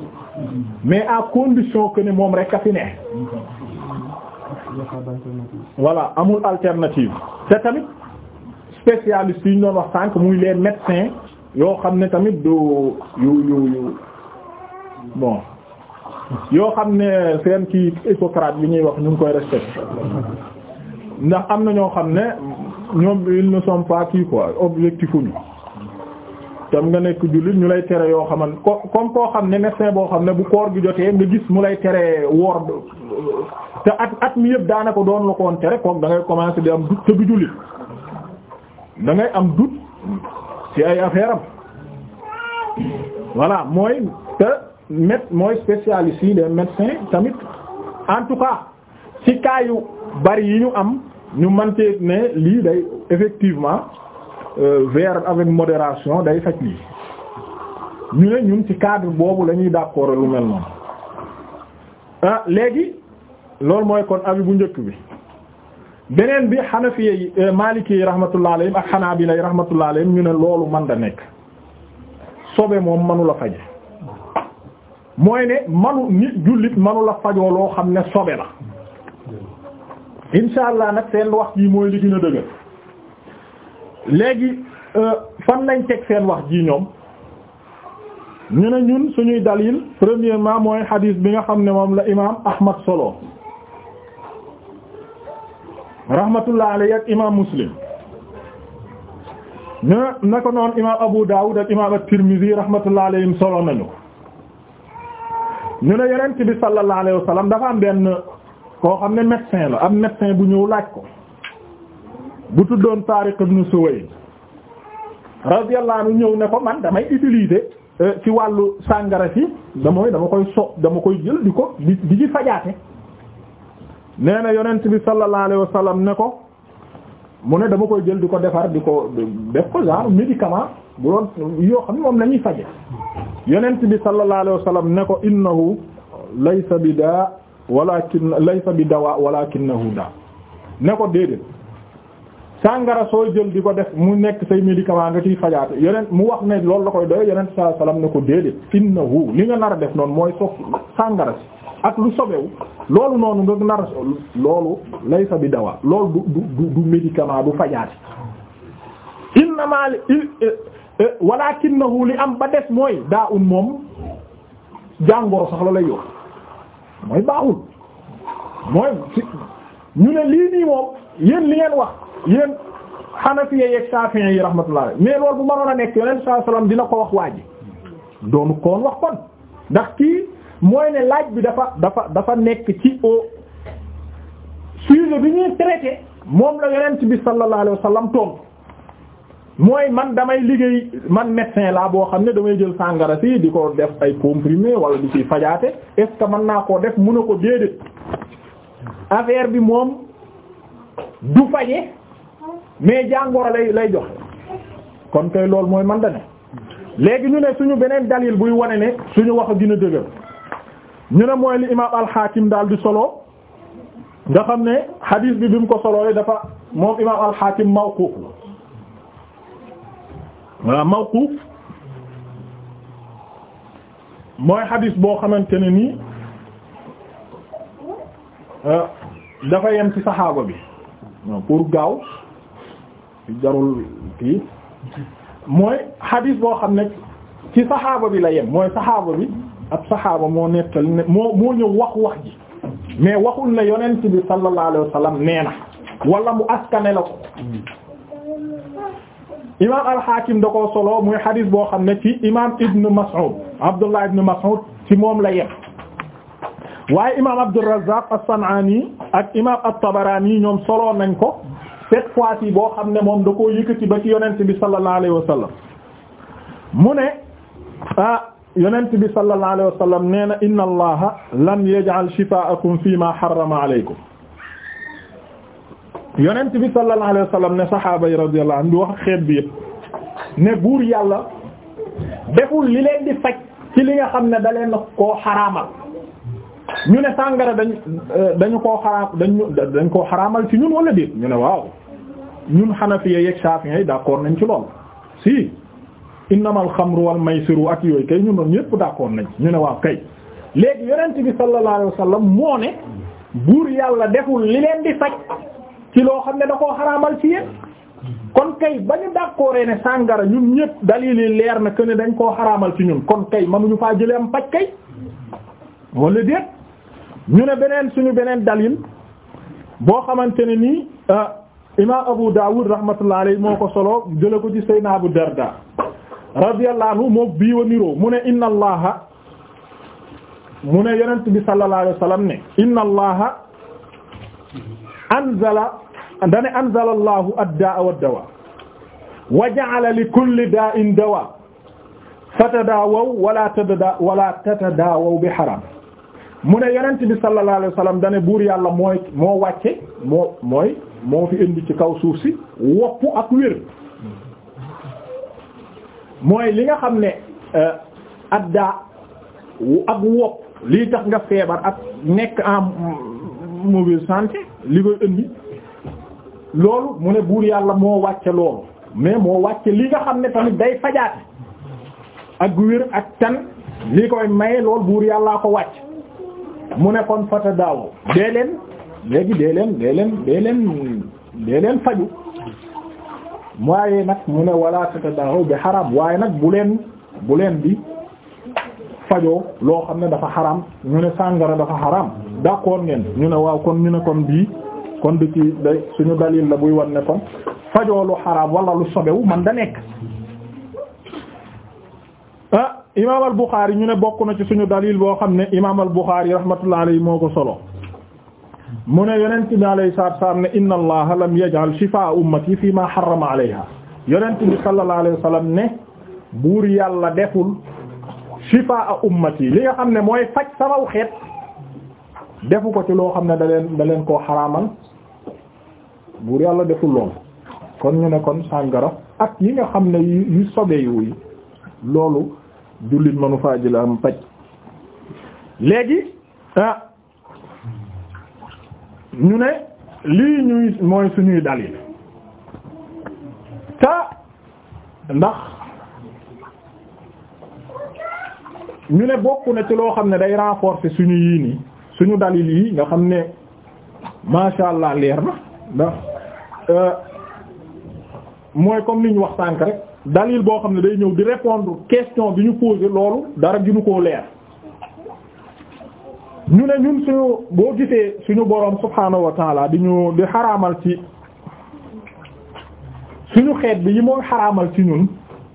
Speaker 1: mais à condition que ne moom rek a fi ne wala amul alternative te tamit spécialiste yi ñu doon wax sànq muy leen médecins yoo xam ne tamit du yu yu yu bon yoo xam ne seen kii Hippocrate bi ñuy wax ñu ngi koy respecté ndax am na ñoo xam ne ñoom ils ne sont pas kii quoi tam nga nekk jullit ñu lay tere yoo xaman ko comme koo xam ne médecin boo xam ne bu koor gi jotee nga gis mu lay tere woor te at at mi yëpp daanaka doon la ko woon tere comme da ngay commencer di am doute te du jullit da ngay am doute ci ay affaire am mooy te mét mooy spécialiste yi de médecins tamit en tout cas ci cas yu bari yi ñu am ñu mantee ne lii day effectivement euh, vers avec modération day faj lii ñu ne ñun ci cadre boobu la ñuy d'accord lu mel noonu ah léegi loolu mooy kon abi bu njëkk bi beneen bi xanafiya yi euh, maliki yi rahmatullah alayhim ak xanaabila yi rahmatullah alayhim ñu ne loolu man da nekk sobe moom mënu la mooy ne manu nit jullit manu la fajoo loo xam ne sobe la insha nag seen wax ji mooy li gën dëgër léegi euh, fan lañ teg seen wax jii ñoom ñu ne ñun suñuy dalil premièrement mooy hadith bi nga xam ne moom la imaam Ahmad solo rahmatullah alayhi ak imaam Muslim ñu ne na ko noon imaam Abu Dawud ak imaam at-Tirmidhi rahmatullah alayhim solo nañu ñu ne yonent bi sallallahu alayhi wa sallam dafa am benn koo xam ne médecin la am médecin bu ñëw laaj ko bu tuddoon Tariq ibn Suwayd radiyallahu ñëw ne ko man damay utiliser euh, ci wàllu sàngara si damooy dama koy so dama koy jël di ko di di ci fajaate nee na yonent bi sallallahu alayhi wa ne ko mu ne dama koy jël di ko defar di ko def ko genre médicament bu doon yoo xam ne moom la ñuy faje yonent bi sallallahu alayhi wa sallam ne ko innahu laysa bi daa walakin laysa bi dawa walakinahu daa ne ko déedéet sàngara sooy jël di ko def mu nekk say médicament nga ciy fajaate yonent mu wax ne loolu la koy doy yonent sallallahu alayhi wa sallam ne ko déedéet nar a def noonu mooy sof sàngara si ak lu loolu noonu nga nara a loolu laysa bi dawa loolu du du du médicament du fajaate innamal walakinahu li am ba des mooy daa un moom jàngoro sax la lay yor mooy baaxul mooy ñu ne lii nii moom yéen li ngeen wax yéen xanafiye yeeg safiyen yi rahmatullah mais loolu bu mënoon a nekk yonent saa salaam dina ko wax waaj ji doonu koon wax kon ndax kii mooy ne laaj bi dafa dafa dafa nekk ci au sujet bi ñuy traité moom la yonent bi sallallahu alayhi wa sallam mooy man damay liggéey man médecin laa boo xam ne damay jël sàngara si di ko def ay comprimé wala di ciy fajaate est-ce mën naa koo def mu ne ko déedéet affaire bi moom du faje mais jàngoro lay lay joxe kon kay loolu mooy man da ne léegi ñu ne suñu beneen dalil buy wane ne suñu wax a gën a dëgër ñu ne mooy li imaam al daal di solo nga xam ne hadith bi bi mu ko solo dafa moom imaam al-Hakim mawquf la waaw mawquuf mooy xadis boo xamante ne nii euh, dafa yem ci saxaaba bi pour gaaw jarul kii mooy xadis boo xam ne ci saxaaba bi la yem mooy saxaaba bi ab saxaaba moo nettali ne moo moo ñëw wax wax ji mais waxul na yonent bi sallallahu alayhi nee na walla mu askane la ko imaam al-Hakim da koo solo muy xadis boo xam ne ci imaam Ibn Mas'ud Abdullah Ibn Mas'ud ci moom la yem waaye imaam Abdurrazzaq as-San'ani ak imaam at-Tabarani ñoom solo nañ ko cette fois-ci boo xam ne moom da koo yëkkati ba ci yonent bi sallallahu alayhi wa sallam mu ne ah yonent bi sallallahu alayhi wa sallam nee na inna allaha lam yaj'al shifaa'akum fi ma harrama alaykum yonent bi sallallahu alayhi wa sallam ne saxaaba yi radiyallahu anhu wax xeet bi yëpp ne buur yàlla deful li leen di faj ci li nga xam ne da leen koo xaraamal ñu ne sàngara dañ dañu koo xaraam dañ dañ koo xaraamal ci ñun walla déet ñu ne waaw ñun xanafiya yeeg shafi'i yi d'accord nañ ci lool si innamal xamru wal maysiru ak yooyu kay ñun ñëpp d'accord nañ ñu ne waaw kay léegi yonent bi sallallahu alayhi moo ne buur yàlla deful li leen di faj ci xam ne da koo xaraamal ci yéen kon kay ba ñu d'accord ne sàngara ñun ñëpp dalil leer na que ne dañ koo xaraamal ci ñun kon kay mënuñu faa jëlee am paj kay wala déet ñu ne beneen suñu beneen dalil boo xamante ne nii euh, imaam Abu Dawud rahmatullah alayhi moo ko solo jële ko ci Seydina Abu Darda radiyallahu moo bii niroo mu ne inna allaha mu ne yonent bi sallallahu alayhi ne inna allaha anzala dane anzala allahu ad-daa'a wad wa ja'ala li kulli daa'in dawaa fatadaawaw wala tatadaawaw bi haram mu ne yonent bi sallallahu alayhi wa yàlla mooy moo wàcce moo mooy moo fi indi ci kaw suuf si wopp ak wér mooy li nga xam ne euh, adda ak wopp lii tax nga feebar ak nekk en mauvaise santé li koy indi loolu mu ne buur yàlla moo wàcce loolu mais moo wàcce li nga xam ne tamit day fajaat ak wér ak tan li koy maye loolu buur yàlla ko wàcc mu ne kon fata daawo dee leen léegi dee leen dee leen dee leen dee leen faju waaye nag mu ne wala fata daawo bi xaram waaye nag bu leen bu leen bi fajoo loo xam ne dafa xaram ñu ne sàngara dafa xaram d'accord ngeen ñu ne waaw kon ñu ne kon bii kon di ci day suñu dalil la buy wan ne kon fajoo lu xaraam wala lu sobewu man da nekk ah imaam al Buxaari ñu ne bokk na ci suñu dalil boo xam ne imaam al Buxaari rahmatullahi alayhi moo ko solo mu ne yonent bi alayhi inna allaha lam yaj'al shifaa ummati fi ma harrama alayha yonent bi sallallahu yàlla deful shifaa ummati li nga xam ne mooy faj samaw xeet defu ko ci loo xam ne daleen leen da leen koo xaraamal buur yàlla deful lool kon ñu ne kon sàngara ak yi nga xam ne yu sobe yu loolu jullit mënu faa jël am paj léegi ah ñu ne lii ñuy mooy suñuy dalil te ndax ñu ne bokk na ci loo xam ne day renforcer suñu yii nii suñu dalil yi nga xam ne masha Allah leer na ndax euh, mooy comme li ñu wax sànk rek dalil boo xam ne day ñëw di répondre question bi ñu posé loolu dara ginu koo leer ñu ne ñun suñu boo gisee suñu boroom subhaanahu wa taala di ñu di xaraamal ci suñu xeet bi yi mooy xaraamal ci ñun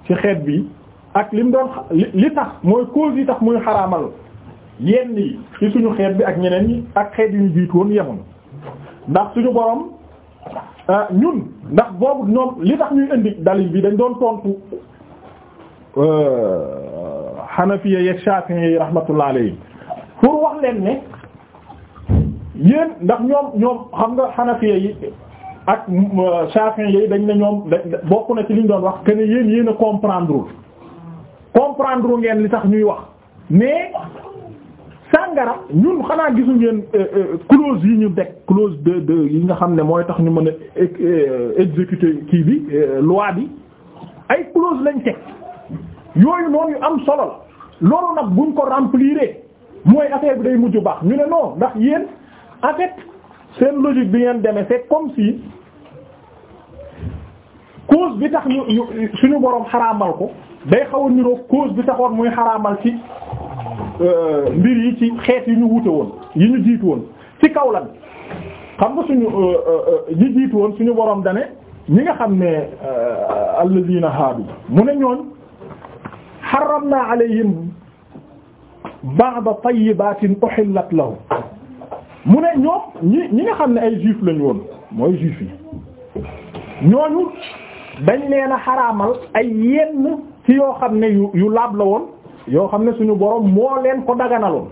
Speaker 1: ci xeet bi ak lim doon li tax mooy cause yi tax muy xaraamal yenn yi ci suñu xeet bi ak ñeneen ñi ak xeet yu ñu jiitu woon yemoon ndax suñu borom euh, ñun ndax boobu ñoom li tax ñuy indi dalil bi dañ doon tontu xanafiya euh, yeeg shafi'i yi rahmatullah alayhi pour wax leen ne yéen ndax ñoom ñoom xam nga xanafiya yi ak euh, shafi'i yi dañ ne ñoom bokk na ci liñ doon wax que ne yéen yéen a comprendre comprendre ngeen li tax ñuy wax mais. sàngara ñun xanaa gisu ngeen euh, euh, clause yi ñu teg clause de de yi nga xam ne mooy tax ñu mën a euh, exécuter kii bi loi bi ay clause lañ teg yooyu noonu am solo la loolu nag buñ ko remplir mooy affaire bi day mujj baax ñu ne non ndax yéen en seen logique bi ngeen demee c'est comme si cause bi tax ñu suñu boroom xaraamal ko day xaw a niroog cause bi taxoon muy xaraamal ci Euh, mbir yi ci xeet yi ñu wute woon yi ñu jiitu woon ci kaw lan xam nga suñu yi euh, euh, jiitu woon suñu boroom dane ñi nga xam ne alladina haadu mu ne ñooñ xaramna alayhim ba'da tayyibatin uhillat lahum mu ne ñoom ñi ñi nga xam ne ay juif lañu woon mooy juif yi ñooñu dañ leen a xaraamal ay yenn ci yoo xam ne yu yu laab la woon yoo xam ne suñu borom moo leen ko daganaloon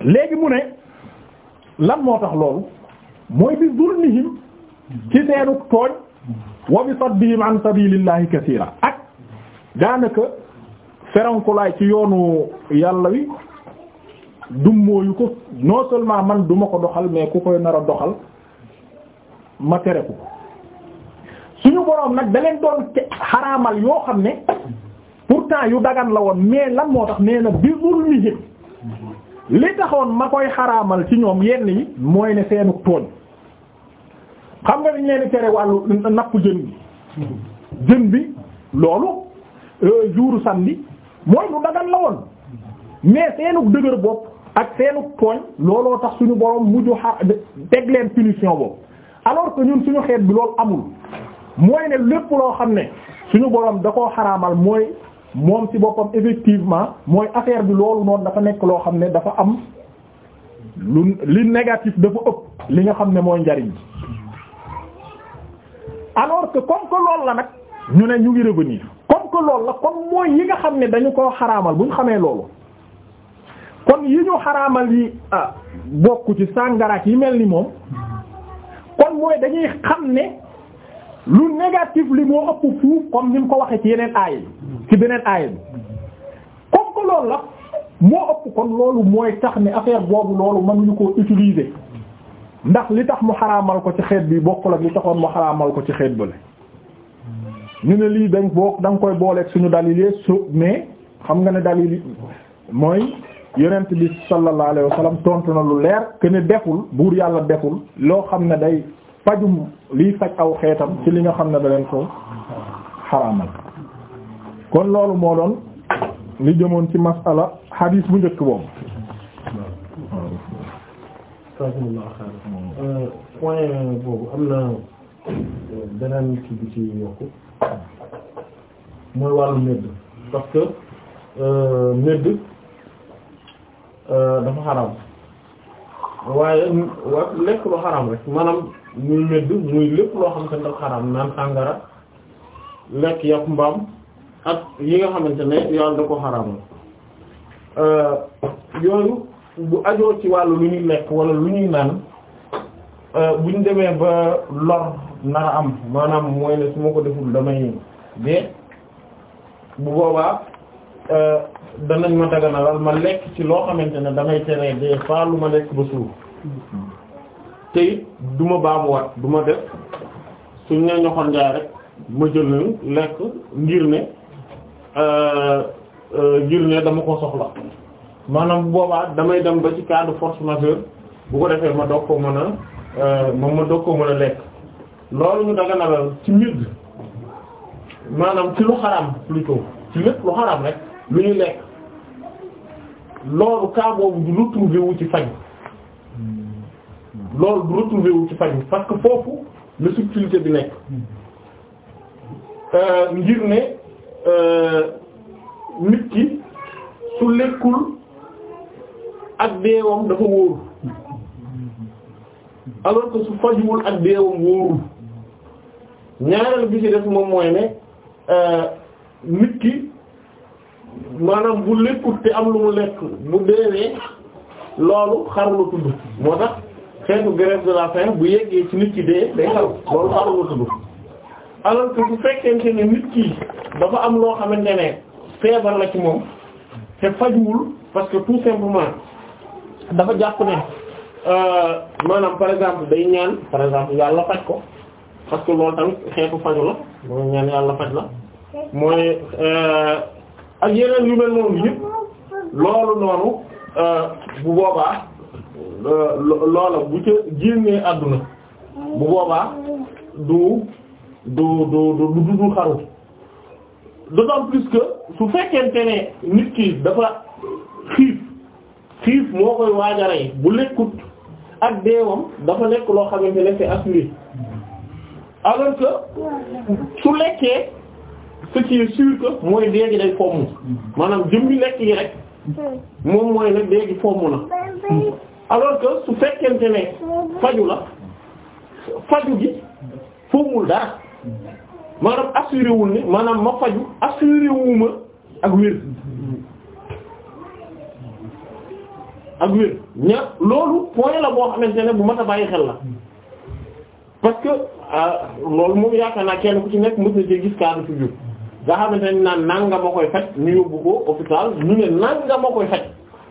Speaker 1: léegi mu ne lan moo tax loolu mooy bi zulmihim ci seenu tooñ wa bi saddihim an sabilillahi kaseera ak daanaka ferenkulaay ci yoonu yàlla wi dummóoyu ko non seulement man duma ko doxal mais ku koy nar doxal ma tere ko suñu boroom nag da doon xaraamal yoo xam ne pourtant yu dagan la woon mais lan moo tax nee nag bi zulmihim li taxoon ma koy xaraamal ci ñoom yenn yi mooy ne seenu tooñ xam nga dañ leen tere wàllu napp jën bi jën bi loolu euh, juru samedi mooy lu dagan la woon mais seenu dëgër bopp ak seenu tooñ looloo tax suñu boroom mujju xar teg leen punition boobu alors que ñun suñu xeet bi loolu amul mooy ne lépp loo xam ne suñu borom da koo xaraamal mooy moom ci boppam effectivement mooy affaire bi loolu noonu dafa nekk loo xam ne dafa am lu li négatif dafa ëpp li nga xam ne mooy njariñ alors que comme que loolu la nag ñu ne ñu ngi revenir comme que loolu la comme mooy yi nga xam ne dañu koo xaraamal bu ñu xamee loolu kon yi ñu xaraamal yi ah, bokk ci sàngaraak yi mel ni moom kon mooy dañuy xam ne. lu négatif li moo ëpp fuuf comme ni mu ko waxee ci yeneen aaya ci beneen aaya bi comme que loolu la moo ëpp kon loolu mooy tax ne affaire boobu loolu mënuñu ko utiliser ndax li tax mu xaraamal ko ci xeet bi bokkul ak li taxoon mu xaraamal ko ci xeet bële ñu ne lii dañ boo da nga koy booleeg suñu dalil so mais xam nga ne dalil mooy yonent bi sallallahu alayhi wa sallam tontu na lu leer que ne deful buur yàlla deful loo xam ne day fajum liy faj aw xeetam ci li nga xam ne da leen ko xaraamal kon loolu moo doon li jëmoon ci masala hadis bu njëkk boobu.
Speaker 2: Euh, point boobu am na euh, beneen kii bi ci
Speaker 1: yokku mooy wàllu medd parce que euh, dafa xaraam waaye lekk lu xaraam rek maanaam. muy medd muy lépp loo xamante ne dafa xaraam naan sàngara lekk yàpp mbaam ak yi nga xamante ne yàlla da ko xaraam euh, yooyu bu ajoo ci wàllu lu ñuy lekk wala lu ñuy naan euh, buñ demee ba lor nar a am maanaam mooy ne su ma ko deful damay dee bu boobaa euh, danañ ma daganalal ma lekk ci loo xamante ne damay teree dee faa lu ma lekk ba suur hmm. te it du ma baamuwaat du ma def suñ ne ñoxoon njaay rek ma jël lekk ngir ne euh, euh, ngir ne dama ko soxla maanaam bu boobaa damay dem ba ci cas force majeure bu ko defee ma doog ko mën a euh, moom ma doog ko mën a lekk loolu ñu daga nalal ci midd maanaam ci lu xaraam plutôt ci lépp lu xaraam rek lu ñuy lekk loolu cas boobu lu trouvé wu ci fañ loolu du retrouvé wu ci faju parce que foofu la subtilité bi nekk euh, ngir ne euh, nit ki su lekkul ak deewam dafa wóoru alors que su fajuwul ak deewam wóorul ñaareel bi ci def moom mooy ne euh, nit ki maanaam bu lekkut te am lu mu lekk bu deewee loolu xar la tudd moo tax xeetu grève de la faim bu yeggee ci nit ki dee day xaru loolu xaru la tudd alors que bu dafa am loo xamante ne feebar la ci moom te fajwul parce que tout simplement dafa jàpp ne euh, maanaam par exemple day ñaan par exemple yàlla faj ko parce que loolu tamit xeetu faju la mooy ñaan yàlla faj la mooy euh, ak yeneen yu mel noonu yëpp loolu noonu euh, bu boobaa. Euh, loola bu ca génnee àdduna bu boobaa du du du du du xaru d'autant plus que su fekkente ne nit ki dafa xiif xiif moo koy waajaree bu lekkut ak deewam dafa nekk loo xamante ne c'est assuré alors que su lekkee ce qui est sûr que mooy léegi day fomm maanaam jëm bi lekk yi rek moom mooy nag léegi fomm na. alors que su fekkente ne faju la faju gi foogul dara maanaam assuré wul maanaam ma faju assuré ak wér ak wér ña loolu point la boo xamante ne bu mat a bàyyi xel la parce que ah, loolu moom yaakaar naa kenn ku ci nekk mës na cee gis kaanu fi jur nga xamante ne naan nanga ma koy faj ñu yóbbu ko hôpital ñu ne nanga ma koy faj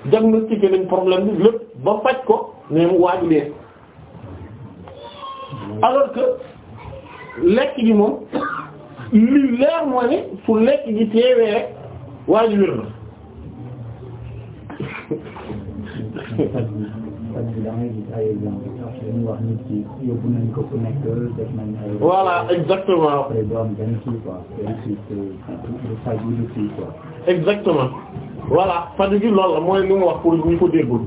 Speaker 1: diagnostiqué lañ problème bi lépp ba faj ko ne mu waaju dee alors que lekk gi moom li leer mooy ne fu lekk gi teewee rek waaju wér na voilà exactement. exactement. voilà faj bi loolu mooy li mu wax pour ñu ko déggul.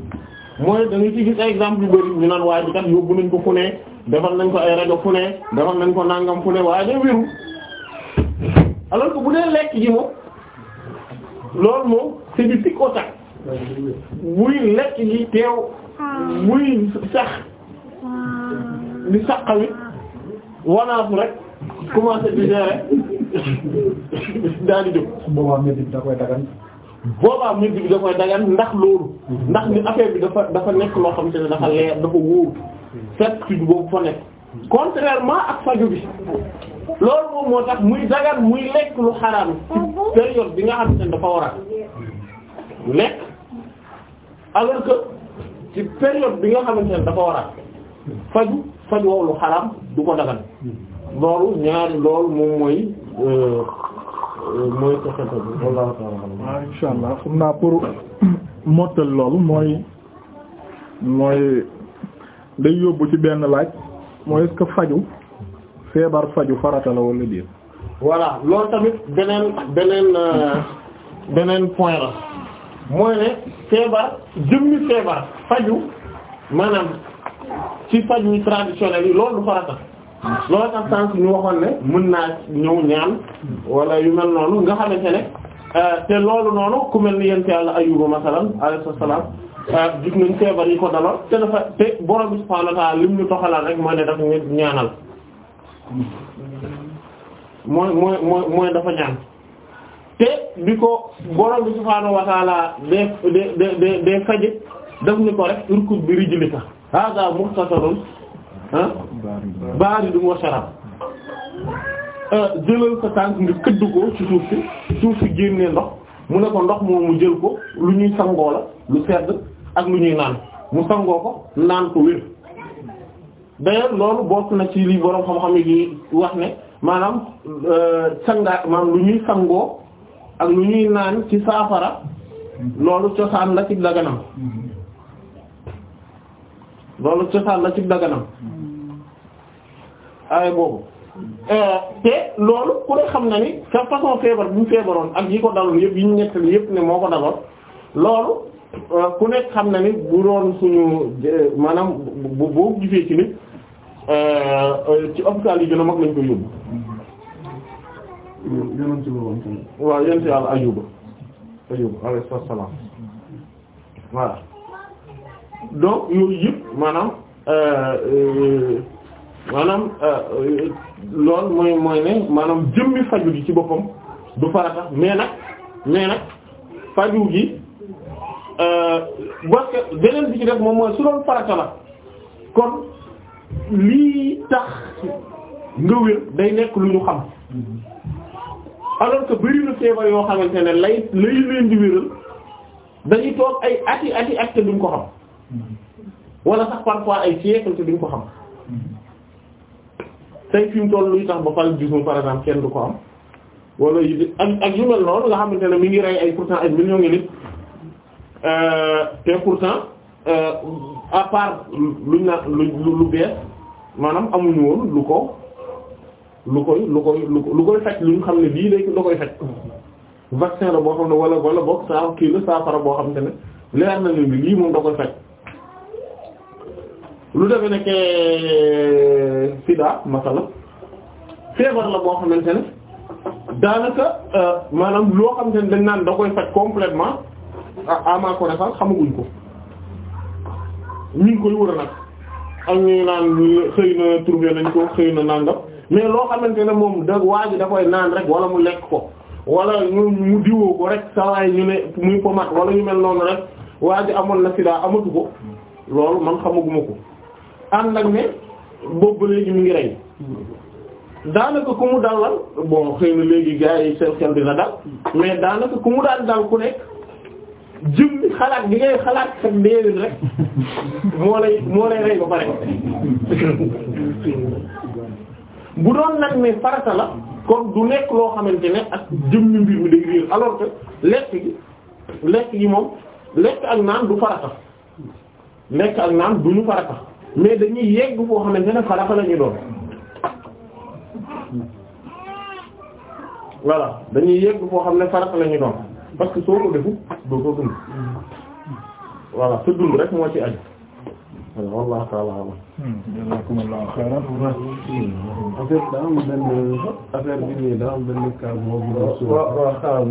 Speaker 1: mooy da nga ci gis exemple yu bari ñu naan waa ji kat yóbbu nañ ko fu ne nañ ko ay rajo fu ne defal nañ ko nangam fu ne waa ji wéru alors bu dee lekk ji moom loolu moom c'est du tic au tac lekk ji teew muy sax di saqawit wanaasu rek commencé di gérer daal di jóg. su boobaa métti dagan. boobaa musique bi da dagan ndax loolu ndax ni affaire bi dafa dafa nekk loo xam te ne dafa leer dafa wóor certitude boobu fa nekk contrairement ak faju bi loolu moom moo tax muy dagan muy lekk lu xaraam ci période bi nga xam te ne dafa war a lekk alors que ci bi nga xamante ne dafa war a faju faju woowu lu xaraam du ko dagan loolu ñaari loolu moom mooy euh, mooy soxla bi wallaahu ta'ala. insha allah xam naa pour mottal loolu mooy mooy day yóbbu ci benn laaj mooy est-ce faju feebar faju farata la wala déet. voilà loolu tamit beneen beneen euh, beneen point la mooy ne feebar jëmmi feebar faju maanaam ci faju traditionnel yi loolu du farata. loolu tax sànq ñu waxoon ne mën naa ñëw ñaan wala yu mel noonu nga xamante ne euh, te loolu noonu ku mel ni yent yàlla Ayyuba masalan alayhi salaam euh, gis nañ feebar yi ko dalal te dafa te borom bi subhaanahu wa lim ñu toxalal rek mooy ne dafa ñaanal ñaan te bi ko borom bi subhaanahu wa ta'aala de de de de faje ñu ko rek urkut bi rijlika haaza muxtasarun ah baari du moo sarab euh, jëlal sa tànk nga këdd ko ci suuf si suuf si génnee ndox mu ne ko ndox moom mu jël ko lu ñuy sangoo la lu sedd ak lu ñuy naan mu sangoo ko naan ko wér d'ailleurs loolu bokk na ci li boroom xam-xam yi wax ne maanaam euh, sangaa maanaam lu ñuy sangoo ak lu ñuy naan ci saafara loolu cosaan la ci daganam mm-hmm. loolu cosaan la ci daganam aaya boobu euh, te loolu ku ne xam na ni sa façon feebar bi feebaroon ak yi ko daloon yëpp yi ñu nettali yëpp ne moo ko daloon loolu euh, ku nekk xam na ni bu doon suñu maanaam bu boo gisee ci nit euh, ci hôpital yi gën a mag lañ koy yóbbu. yéen ci boppam tamit. waaw yéen ci yàlla salaam voilà donc yooyu yëpp maanaam. maanaam euh, loolu mooy mooy ne maanaam jëmmi faju gi ci boppam du farata mais nag mais nag faju gi euh, parce que beneen bi ci def moom mooy su doon farata la kon lii tax nga wér day nekk lu ñu xam alors que bari na feebar yoo xamante ne lay lay leen di wéral dañuy toog ay ati ati at te duñ ko xam wala sax parfois ay siècle te duñ ko xam tey fi mu toll luy tax ba paludisme par exemple kenn du ko am wala yi ak ak yu mel noonu nga xamante ne mi ngi rey ay pourtant ay millions ngi nit euh, te pourtant euh, à part luñ na lu lu bees maanaam amuñu woon lu ko lu koy lu koy lu koy faj luñ xam ne lii léegi la koy faj vaccin la boo xam ne wala wala boog saa kii la saafara boo xam te ne leer na leen bi lii moom da koy faj lu defe ne ke euh, sida masala feebar la boo xamante ne daanaka euh, maanaam loo xamante ne dañ naan da koy faj complètement à ma connaissance xamaguñ ko ñu ngi koy wër nag ak ñu naan xëy na trouvé nañ ko xëy na nangam mais loo xamante ne moom da waa ji da koy naan rek wala mu lekk ko wala ñu mu diwoo ko rek sawaay ñu ne muy pomat wala ñu mel noonu rek waa ji amoon na sida amatu ko loolu man xamaguma ko ànd ak ne boobu léegi mu ngi rey daanaka ku mu dalal bon xëy na léegi gars yi seen xel dina dal mais daanaka ku mu daal dal ku nekk jëm bi xalaat bi ngay xalaat ak déewin rek moo lay moo lay rey ba pare bu doon nag ne farata la kon du nekk loo xamante ne ak jëmmi mbir mi day réer alors lekk gi lekk gi moom lekk ak naan du farata lekk ak naan du ñu farata mais dañuy yegg boo xamante ne xalaat la ñu doon voilà dañuy yegg foo xam ne farata la ñu doon parce que soo ko defu doo ko dund voilà sa dund rek moo ci aju wallahu ta'ala jazakumullahu khairan
Speaker 2: affaire daa am benn affaire bi nii daa am benn cas boo bu waaw waaw xaaral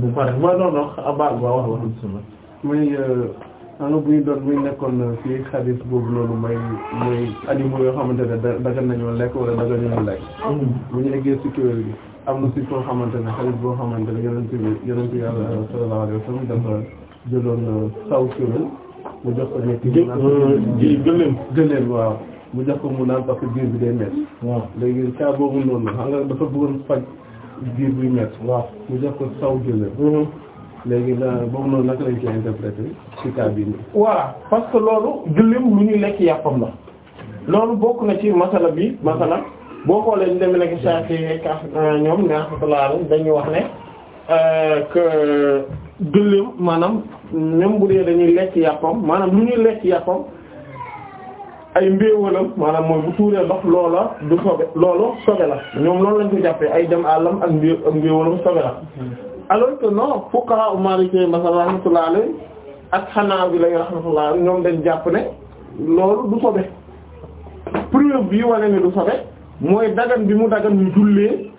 Speaker 2: bu pare ma doon
Speaker 1: wax abaar ba wax
Speaker 2: wax xanaa bu ñu doon bu ñu nekkoon fii xadis boobu loolu mooy mooy animaux yoo xamante ne daga nañoo lekk wala dagan nañoo lekk. Mm-hmm. bu ñu eggee ci kéwél gi am na ci koo xamante ne xadis boo xamante ne yonent bi yonent yàlla sallallahu alayhi wa sallam dafa
Speaker 1: jëloon uh, saw kéwél mu jox ko nekk. gë uh, gëléem gëléem waaw. mu jox ko mu naan parce bi day métti. waaw léegi cas boobu noonu xam nga dafa bëggoon faj biir buy métti. waaw mu jox saw gëléem. Mm-hmm. léegi boobu noonu naka lañ ci interpréter ci cas bii nii. voilà parce que loolu gëléem lu ñuy lekk yàppam la loolu bokk na ci masala bi masala boo xoolee ñu demee nekk saa si ñoom ñaax si dañuy wax ne euh, que maanaam même bu dee dañuy lekk yàppam maanaam lu ñuy lekk yàppam ay mbéewalam maanaam moom bu tuuree ndox loola du sobe loolu sobe la ñoom loolu lañ ko jàppee ay dem àllam ak mbé ak sobe la. alors que non fuqaha maliki masal rahmatullah alayhi ak xanaa bi lañu rahmatullah ñoom dañ jàpp ne loolu du sobe preuve bi wane ne du sobe mooy dagan bi mu dagan ñu jullee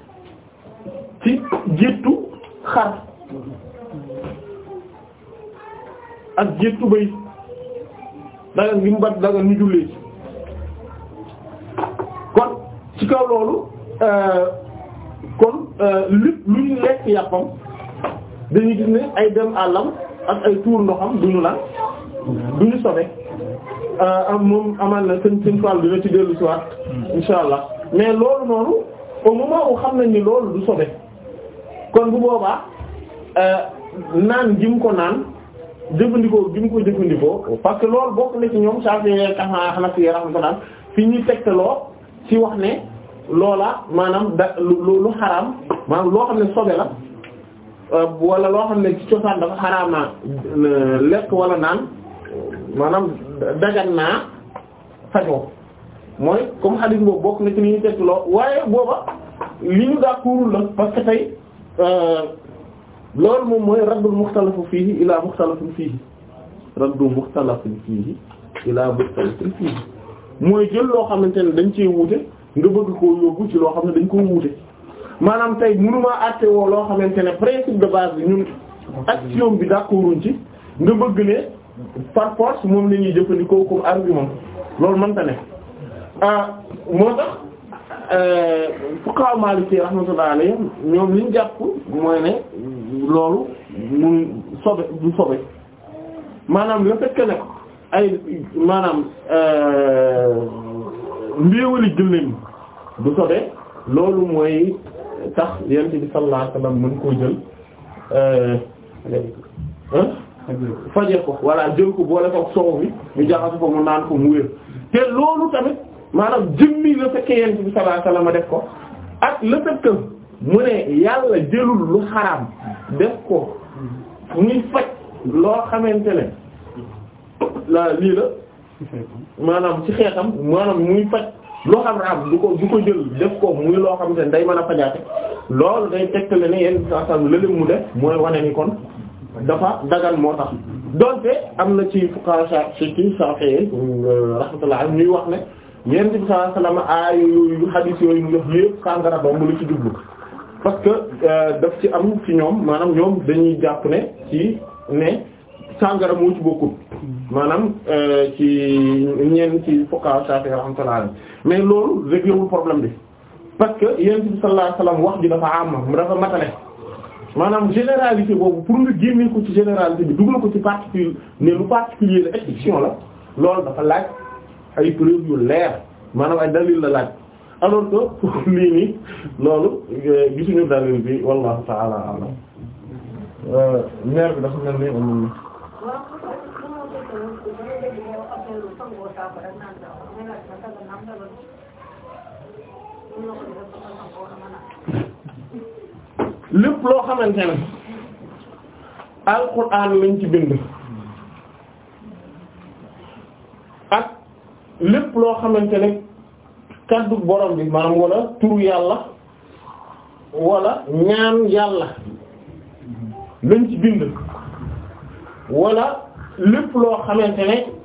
Speaker 1: ci jéttu xar ak jéttu bëy dagan bi mu bat dagan ñu jullee ci kon ci kaw loolu euh, kon euh, lu ñu lekk yàppam dañuy gis ne ay dem àllam ak ay tuur ndoxam duñu la duñu sobe euh, moom amal na seen seen toile dina ci dellu si waat insha allah mais loolu noonu au moment où xam nañ ni loolu du sobe kon bu boobaa euh, naan gi mu ko naan jëfandikoo gi mu ko jëfandikoo parce que loolu bokk na ci ñoom saafë yeeg xanaa xanaa fi yaram ko naan fi ñuy tegtaloo ci wax ne loola maanaam da lu lu xaraam maanaam loo xam ne sobe la. Euh, wala loo xam ne ci cosaan dafa xaraam euh, lekk wala naan maanaam dagan naa fajoo mooy comme xadis boobu bokk na ci li ñu tegtloo waaye booba li ñu daa kuurul la parce que euh, loolu moom mooy raddul muxtalafu fiihi ilaa muxtalafin fiihi raddu muxtalafin fiihi ilaa muxtalafin fiihi mooy jël loo xamante ne dañ cee wuute nga bëgg koo yóbbu ci loo xam ne dañ koo wuute maanaam tey mënumaa àtte woo loo xamante ne principe de base bi ñun action bi d'accorduñ ci nga bëgg ne par moom la ñuy jëfandikoo comme argument loolu mënta ne ah moo tax euh, fuqaha Maliki rahmatullahi alayhim ñoom liñ jàpp mooy ne loolu mun sobe du sobe maanaam le fait que ne ay maanaam euh, mbéewali gëléem du sobe loolu mooy tax yent bi sallallahu alayhi wasallam mën koo jël euh, faje ko walla jël ko boole ko soow bi ñu jaxasu ko mu naan ko mu wér te loolu tamit maanaam jëmmi le fait que yent bi sallallahu alayhi wasallam def ko ak le fait mu ne yàlla jëlul lu xaraam def ko muy faj loo xamante ne la lii la maanaam ci xeexam maanaam muy faj loo xam raam du ko du ko jël def ko muy loo xam ne day mën a fajaate lool day tegtale ne yenn saa saa lële mu def mooy wane ni kon dafa dagal moo tax donte am na ci fuqaha Shafi'i Shafi'i rahmatullah ñuy wax ne yenn bi sallallahu alayhi wasallam aay yooyu hadith yooyu mu def yëpp sàngara lu ci jublu parce que euh, daf ci am ci ñoom maanaam ñoom dañuy jàpp ne ci ne sàngara moo ci bokkul maanaam euh, ci ñeen ci fuqaha Shafi'i rahmatullahi alayhi mais loolu réglewul problème bi parce que yonent bi sallallahu alayhi wasallam wax ji dafa am mu dafa matale maanaam généralité boobu pour nga génne ko ci généralité bi dugal ko ci particulier ne lu particulier la exception la loolu dafa laaj ay preuve yu leer maanaam ay dalil la laaj alors que lii nii loolu euh, gisuñu dalil bi wallahu ta'ala a'lam maire euh, bi dafa mel ni lépp loo xamante ne alxuraan lañ ci bind ak lépp loo xamante ne kaddu borom bi maanaam wala turu yàlla wala ñaan yàlla lañ ci bind wala lépp loo xamante ne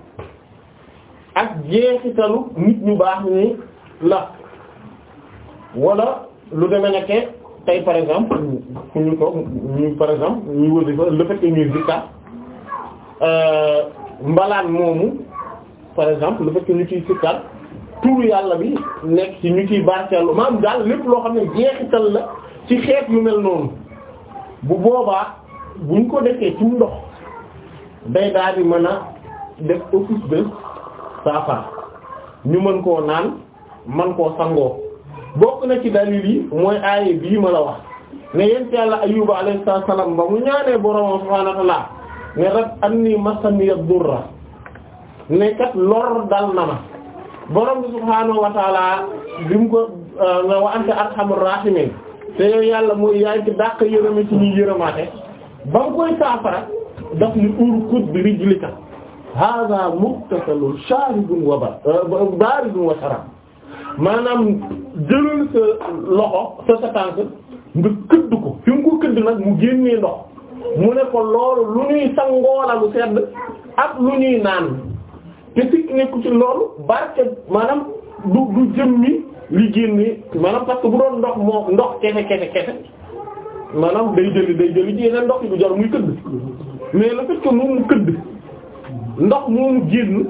Speaker 1: ak jeexitalu nit ñu baax ni la wala lu deme nekke tey par exemple fu ñu ko ñu par exemple ñu wasifa le fait que ñuy zikar euh, mbalaan moomu par exemple le fait que ñu ciy zikar tuur yàlla bi nekk ci ñu ciy barkeelu maanaam daal lépp loo xam ne jeexital la ci xeet yu mel noonu bu boobaa buñ ko defee ci ndox day daal di mën a def office de saafara ñu mën koo naan man koo sangoo bokk na ci dalil yi mooy aaye bii ma la wax ne yent yàlla ayuba alayhi salaam ba mu ñaanee borom subhaanahu wa ta'aala ne rek anni massaniya durra ne kat lor dal na ma borom bi subhaanahu bi mu ko euh, nga wa anta arhamur rahimin te yow yàlla mooy yaay ci dàq yërëme ci ñuy yërëmaate ba mu koy saafara daf ni uur kut bi rijlika hada sa sharibun wa baridun wa sharab maanaam jëlal sa loxo sa sa tànk nga këdd ko fi mu ko këdd nag mu génnee ndox mu ne ko loolu lu ñuy sangoo la lu sedd ak lu ñuy naan te si nekku ci loolu barke maanaam du du jëmmi li génnee maanaam parce que bu doon ndox moo ndox kese kese kese maanaam day jëli day jëli ci yeneen ndox yi jar muy këdd mais le fait que mu këdd ndox moomu génn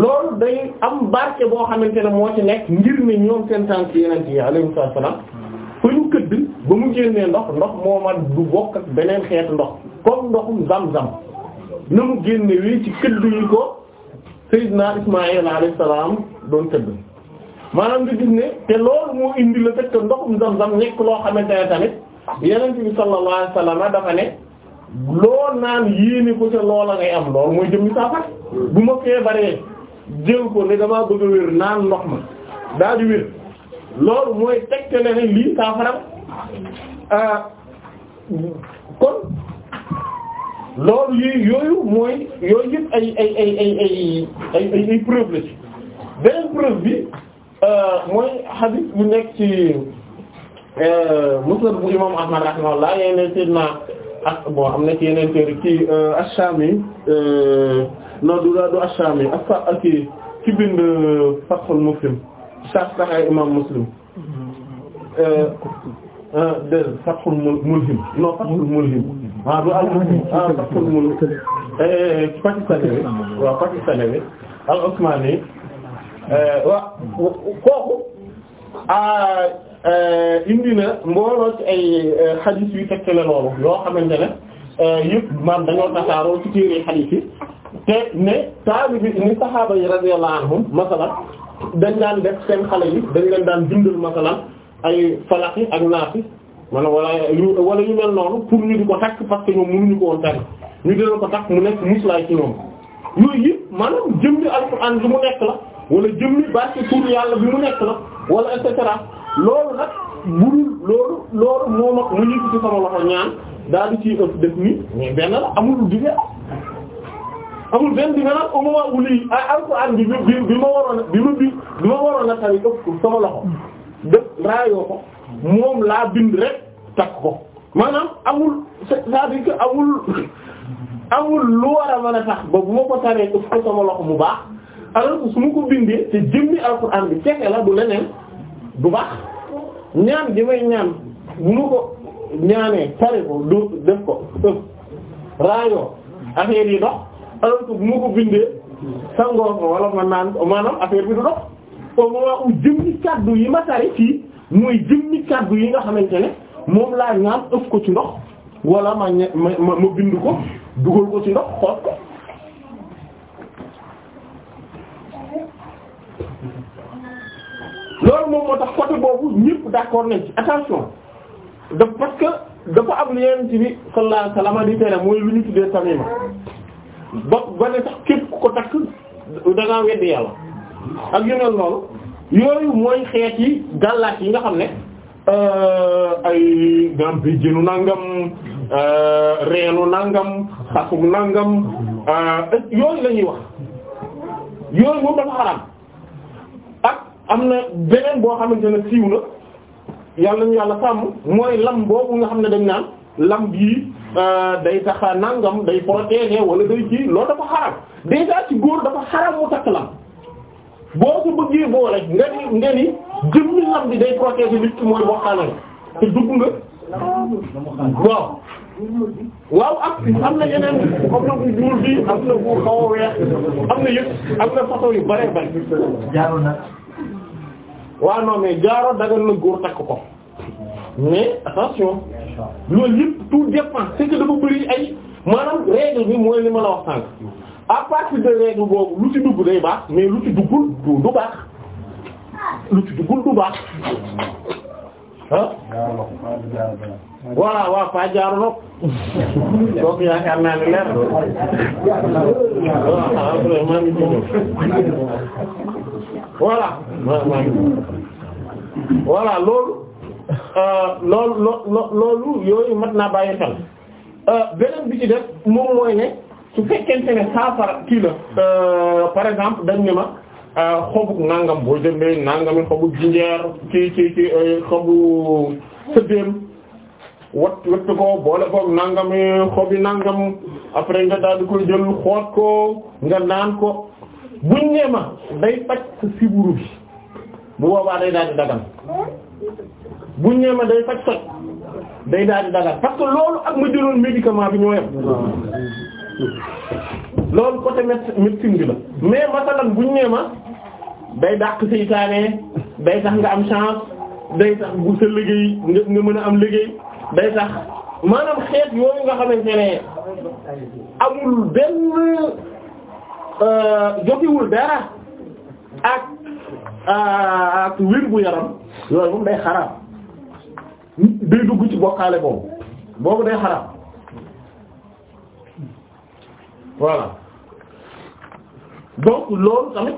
Speaker 1: loolu day am barke boo xamante ne moo ci nekk ngir ne ñoom seen tànk yeneen yi alayhi salaam fa ñu këdd ba mu génnee ndox ndox moo ma du bokk ak beneen xeetu ndox comme ndoxum zam-zam na mu génne wi ci këdd yi ko Seydina Ismaïl alayhi salaam doon këdd maanaam nga gis ne te loolu moo indi la fekk ndoxum zam-zam nekk loo xamante ne tamit yeneen bi sallallahu alayhi wasallam dafa ne loo naan yéene ko ca loola ngay am lool mooy jëm saafara hmm. bu ma feebaree jël ko ne damaa bëgg naan ndox ma daal di wér loolu mooy tegtale ne saafara ah, kon loolu yi yooyu mooy yooyu yëpp ay ay ay ay ay ay ay ay preuve la ci beneen preuve bi ah, mooy hadith bu nekk ci eh, musnad bu ak bon am na ci yeneen téere ci euh, Ash-Shami euh, non du du Ash-Shami ak fa ak ci bind euh, Fathul Muslim sax saxee imam Muslim de Fathul Mulhim non Fathul Mulhim waaw ah, du al-Mulhim ah Fathul Mulhim eh, eh, eh, pakistani bi waaw pakistani bi al-Usmani waaw kooku ah, Euh, indi na mbooloo ci ay euh, xadis yu tekkale loolu yoo xamante ne euh, yëpp maam dañoo tasaaroo ci téere xadis yi te ne taalibi ni saxaaba yi radiyallahu anhum masalan dañ daan def seen xale yi dañ leen daan bindal masalan ay falaq yi ak naaf yi maanaam wala yu wala yu mel noonu pour ñu di ko takk parce que ñoom mënuñu ko woon tànn ñu dina ko takk mu nekk muslaay ci ñoom yooyu yëpp maanaam jëmmi alxuraan bi mu nekk la wala jëmmi barke tur yàlla bi mu nekk la wal et loolu nag budul loolu loolu moo ma mu ñëw ci sama loxo ñaan daal di ciy ëpp def ni mais benn la amul du amul benn bi nga naan bi ma waroon a bi ma bi waroon a tari ëpp sama loxo def raayoo ko moom laa bind rek takk ko maanaam amul c'est-à-dire que amul amul lu war a mën a tax ba bu ma ko taree ëpp ko sama loxo mu baax alors que su ma ko bindee te jëmmi alxuraan bi cexe la du leneen. du baax ñaan di may ñaan bu nu ko ko du def ko ëpp raayoo affaire yi dox alors que bu ma ko ma naan maanaam affaire bi du dox au moment où ma tari fii mooy jëmmi kaddu yi nga xamante ne moom laa ëpp ko ci ndox wala ma ña ma ma bind ko dugal ko ci ndox xool ko. loolu moom moo tax côté boobu ñëpp d'accord nañ ci attention da parce que dafa am lu yeneen ci bi mooy lu ñu tuddee tamima ba ba ne sax képp ku ko takk da ngaa yàlla ak yu mel noonu yooyu mooy xeet yi gàllaat yi nga xam ne euh, ay gam bi jënu nangam euh, reenu nangam xasug nangam euh, yooyu la ñuy wax yooyu moom dafa xaraam am na beneen boo xamante ne siiw na yàlla ñu yàlla sàmm mooy lam boobu nga xam ne dañ naan lam bii euh, day taxa nangam day protéger wala day ci loolu dafa xaram góor dafa xaram mu takk lam boo ko bëggee boole nga ni nga ni jëmmi lam bi day protéger nit ki mooy waxtaanal te dugg nga waaw waaw ak am na yeneen am na bu ñuul bi am na bu xaw weex am na yëpp am na façon yu bare bare waaw non mais jaaro dagan na góor takk ko mais attention loolu lépp tout dépend c'est que dafa bëri ay maanaam règle bi mooy li ma la wax sànq à partir de règle boobu lu ci dugg day baax mais lu ci duggul du baax lu ci duggul du baax ah. waaw waaw Paa Diarra yaakaar naa ne leer na.
Speaker 2: waaw après
Speaker 1: voilà. loolu. loolu loo loolu yooyu mat naa bàyyi xel. Eh, beneen bi def moom mooy ne su fekkente ne saafara kii la. Eh, par exemple dañ ne ma. Euh, xobu nangam boo jëndee nangami xobu jinjeer ci ci ci euh, xobu sëddéem wat wëtt ko boole ko nangami euh, xobi nangam après nga daal di jël xoot ko nga naan ko buñ ñeema day faj sa siburu bi bu boobaa day daal dagal buñ ñeema day faj soj day daal di dagal parce que loolu ak ma jëloon médicament bi ñoo yem loolu côté médecine bi la mais masalan buñ ñeema day dàq seytaane day tax nga am chance day tax bu sa liggéey nga mën a am liggéey day tax maanaam xeet yooyu nga xamante ne amul benn euh, jotiwul dara ak euh, ak wér bu yaram yooyu moom day xaraam day dugg ci bokkaale boobu boobu day xaraam voilà donc loolu tamit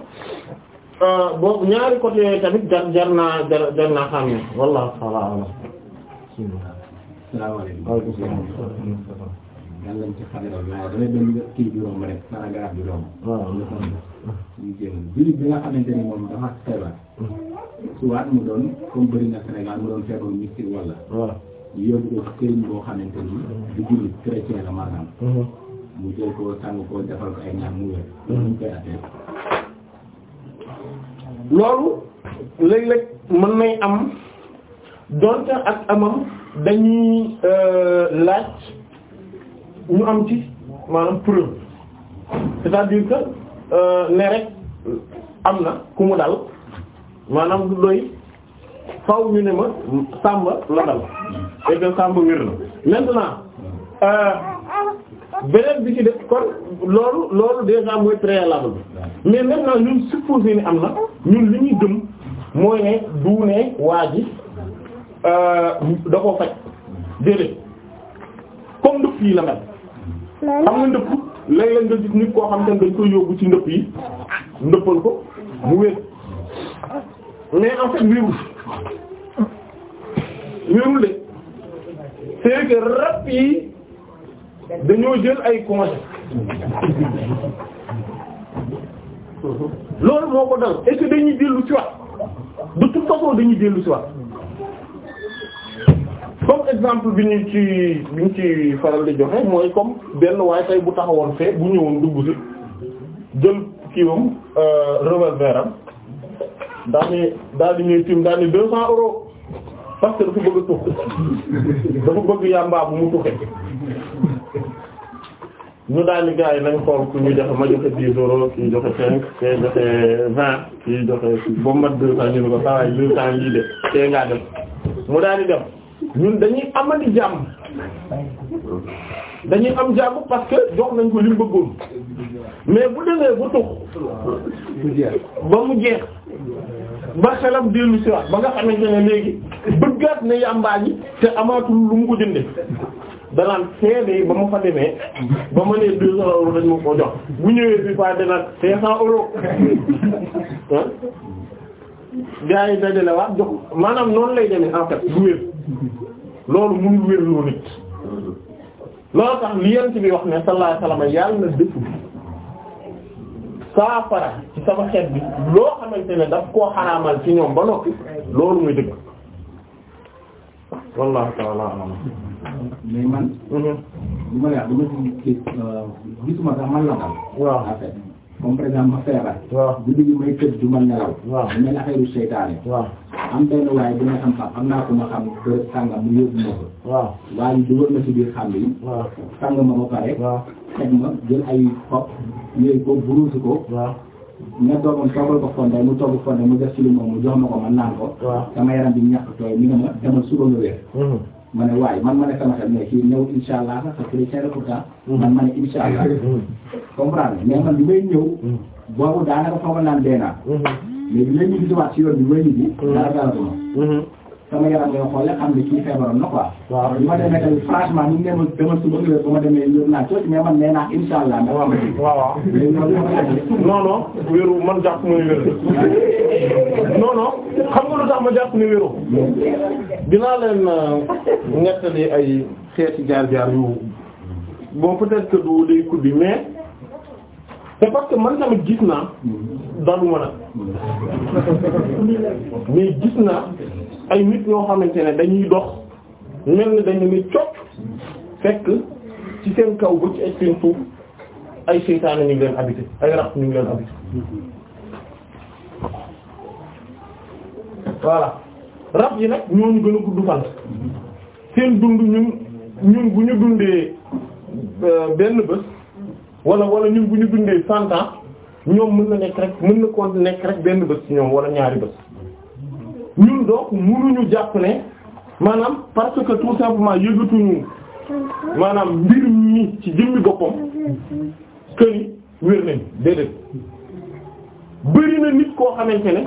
Speaker 1: Euh, boobu ñaari côté yooyu tamit jar jar naa jar jar naa xam ne wallahu ta'ala a'lam.
Speaker 2: salaamaaleykum. waaleykum salaam. yàlla nañu ci xale lool waaye damay dem kii bi romb rek paragraphe bi romb. waaw ñu xam ñu jéem jullit bi nga xamante ni moom
Speaker 1: dafa feebar. suwaat mu doon comme bëri na Sénégal mu doon feebar mystique wala. waaw ñu yóbbu ko këriñ boo xamante ni du jullit chrétien la maanaam. mu jël ko sàng ko defal ko ay ñaan mu wér. ñu koy atteindre. loolu léeg-léeg mën nay am donte ak amam dañuy euh, laaj ñu am ci maanaam preuve c'est-à-dire que euh, ne rek am na ku mu dal maanaam du doy faw ñu ne ma Samba la dal et que Samba wér na maintenant euh, beneen bi ci def kon loolu loolu déjà mooy préalable bi mais maintenant ñun supposé ni am na ñun li ñuy gëm mooy ne du ne waa ji euh, da koo faj déedéet comme ndëpp yi la mel xam nga ndëpp léeg-léeg nit koo xam te ne dañ ko yóbbu ci ndëpp yi ndëppal ko mu wér mais en fait wérul wérul de c'est rab yi dañoo jël ay congé loolu moo ko dal est-ce que dañuy dellu ci wax de toute façon dañuy dellu ci wax comme exemple bi ñu ci bi ñu ci faral di joxe mooy comme benn waaye tey bu taxawoon fee bu ñëwoon dugg ci jël kiiwam euh, revolver am daal di daal di ñuy tim daal di deux cents euros parce que dafa bëgg a tux dafa bëgg yàmbaa bu mu tuxe ñu daal di gars nañ xool ñu joxe ma joxe dix euros kii joxe cinq kii joxe vingt kii joxe ba mu mat deux cent ñu ne ko saa waay deux cent lii de tey ngaa dem mu daal di dem ñun dañuy amati jàmm dañuy am jàmm parce que jox nañ ko li mu bëggoon mais bu demee bu tux ba mu ba xelam dellu si wax ba nga xamante ne léegi bëggaat na yàmbaa ji te amaatul lu mu ko jënde danaan seede ba ma fa demee ba ma nee deux cent euros dañ ma ko jox bu ñëwee bi fa danaan cinq cent euros gaa yi dajale waat jox maanaam noonu lay demee en fait wér loolu mënul wér loo nit loolu tax li yent wax ne sallallahu alayhi yàlla na dëkk saafara ci sama xeet bi loo xamante ne daf koo xaraamal ci ñoom ba noppi loolu muy dëgg wallahu ta'ala a'lam mais man mhm. bu ma la dama ci euh, gisuma sax man la dal waaw comme par exemple may tëdd du ma nelaw waaw ma la xayru seytaane waaw am benn waaye bu nga naa ko ma xam kër mu yóbbu ma waaye dugal na ci biir xam bi waaw sàng ma ba pare waaw teg ma ay xob yooyu ko buruusu ko. waaw nga toogoon toogal ko fonde mu toogu fonde mu def ci li ma ko man naan ko. waaw sama yaram bi ñàkk tooy ma dama mm-hmm. ma ne waaye man ma ne sama xel mais kii ñëw incha allah sax sa chrétien la pourtant. Mm-hmm. man ma ne incha allah. Mm-hmm. comprendre mais man bi may ñëw. boobu daanaka foofa naan dee naa. mais bi may ñibbi si waat si yoon bi may ñibbi. dara sama yaram ngay xoolee xam ne kii feebaroon na quoi. ma demee tamit franchement ni mu demoon demoon suba ma demee naa cooc mais man nee naa incha wéru man jàpp na wéru xam nga lu tax ma jàpp ne wéru dinaa leen euh, nettali ay xeeti jaar-jaar yu bon peut-être que du day kuddi mais c'est parce que man tamit gis naa daluma nag mm-hmm. mais gis naa. ay nit ñoo xamante ne dañuy dox mel ni dañu ni cocc fekk ci seen kaw ba ay seen suuf ay seytaane ñu ngi leen habité ay rab ñu ngi leen habité voilà rab yi nag ñu gën a gudd fan seen dund ñun ñun bu ñu dundee euh, benn bés wala wala ñun bu ñu dundee cent ñoom mën na nekk rek mën na ko nekk rek benn bés ci ñoom wala ñaari bés ñun donc mënuñu jàpp ne maanaam parce que tout simplement yëgatuñu maanaam mbir mi ci jëmmi boppam que wér nañ déedéet bëri na nit koo xamante ne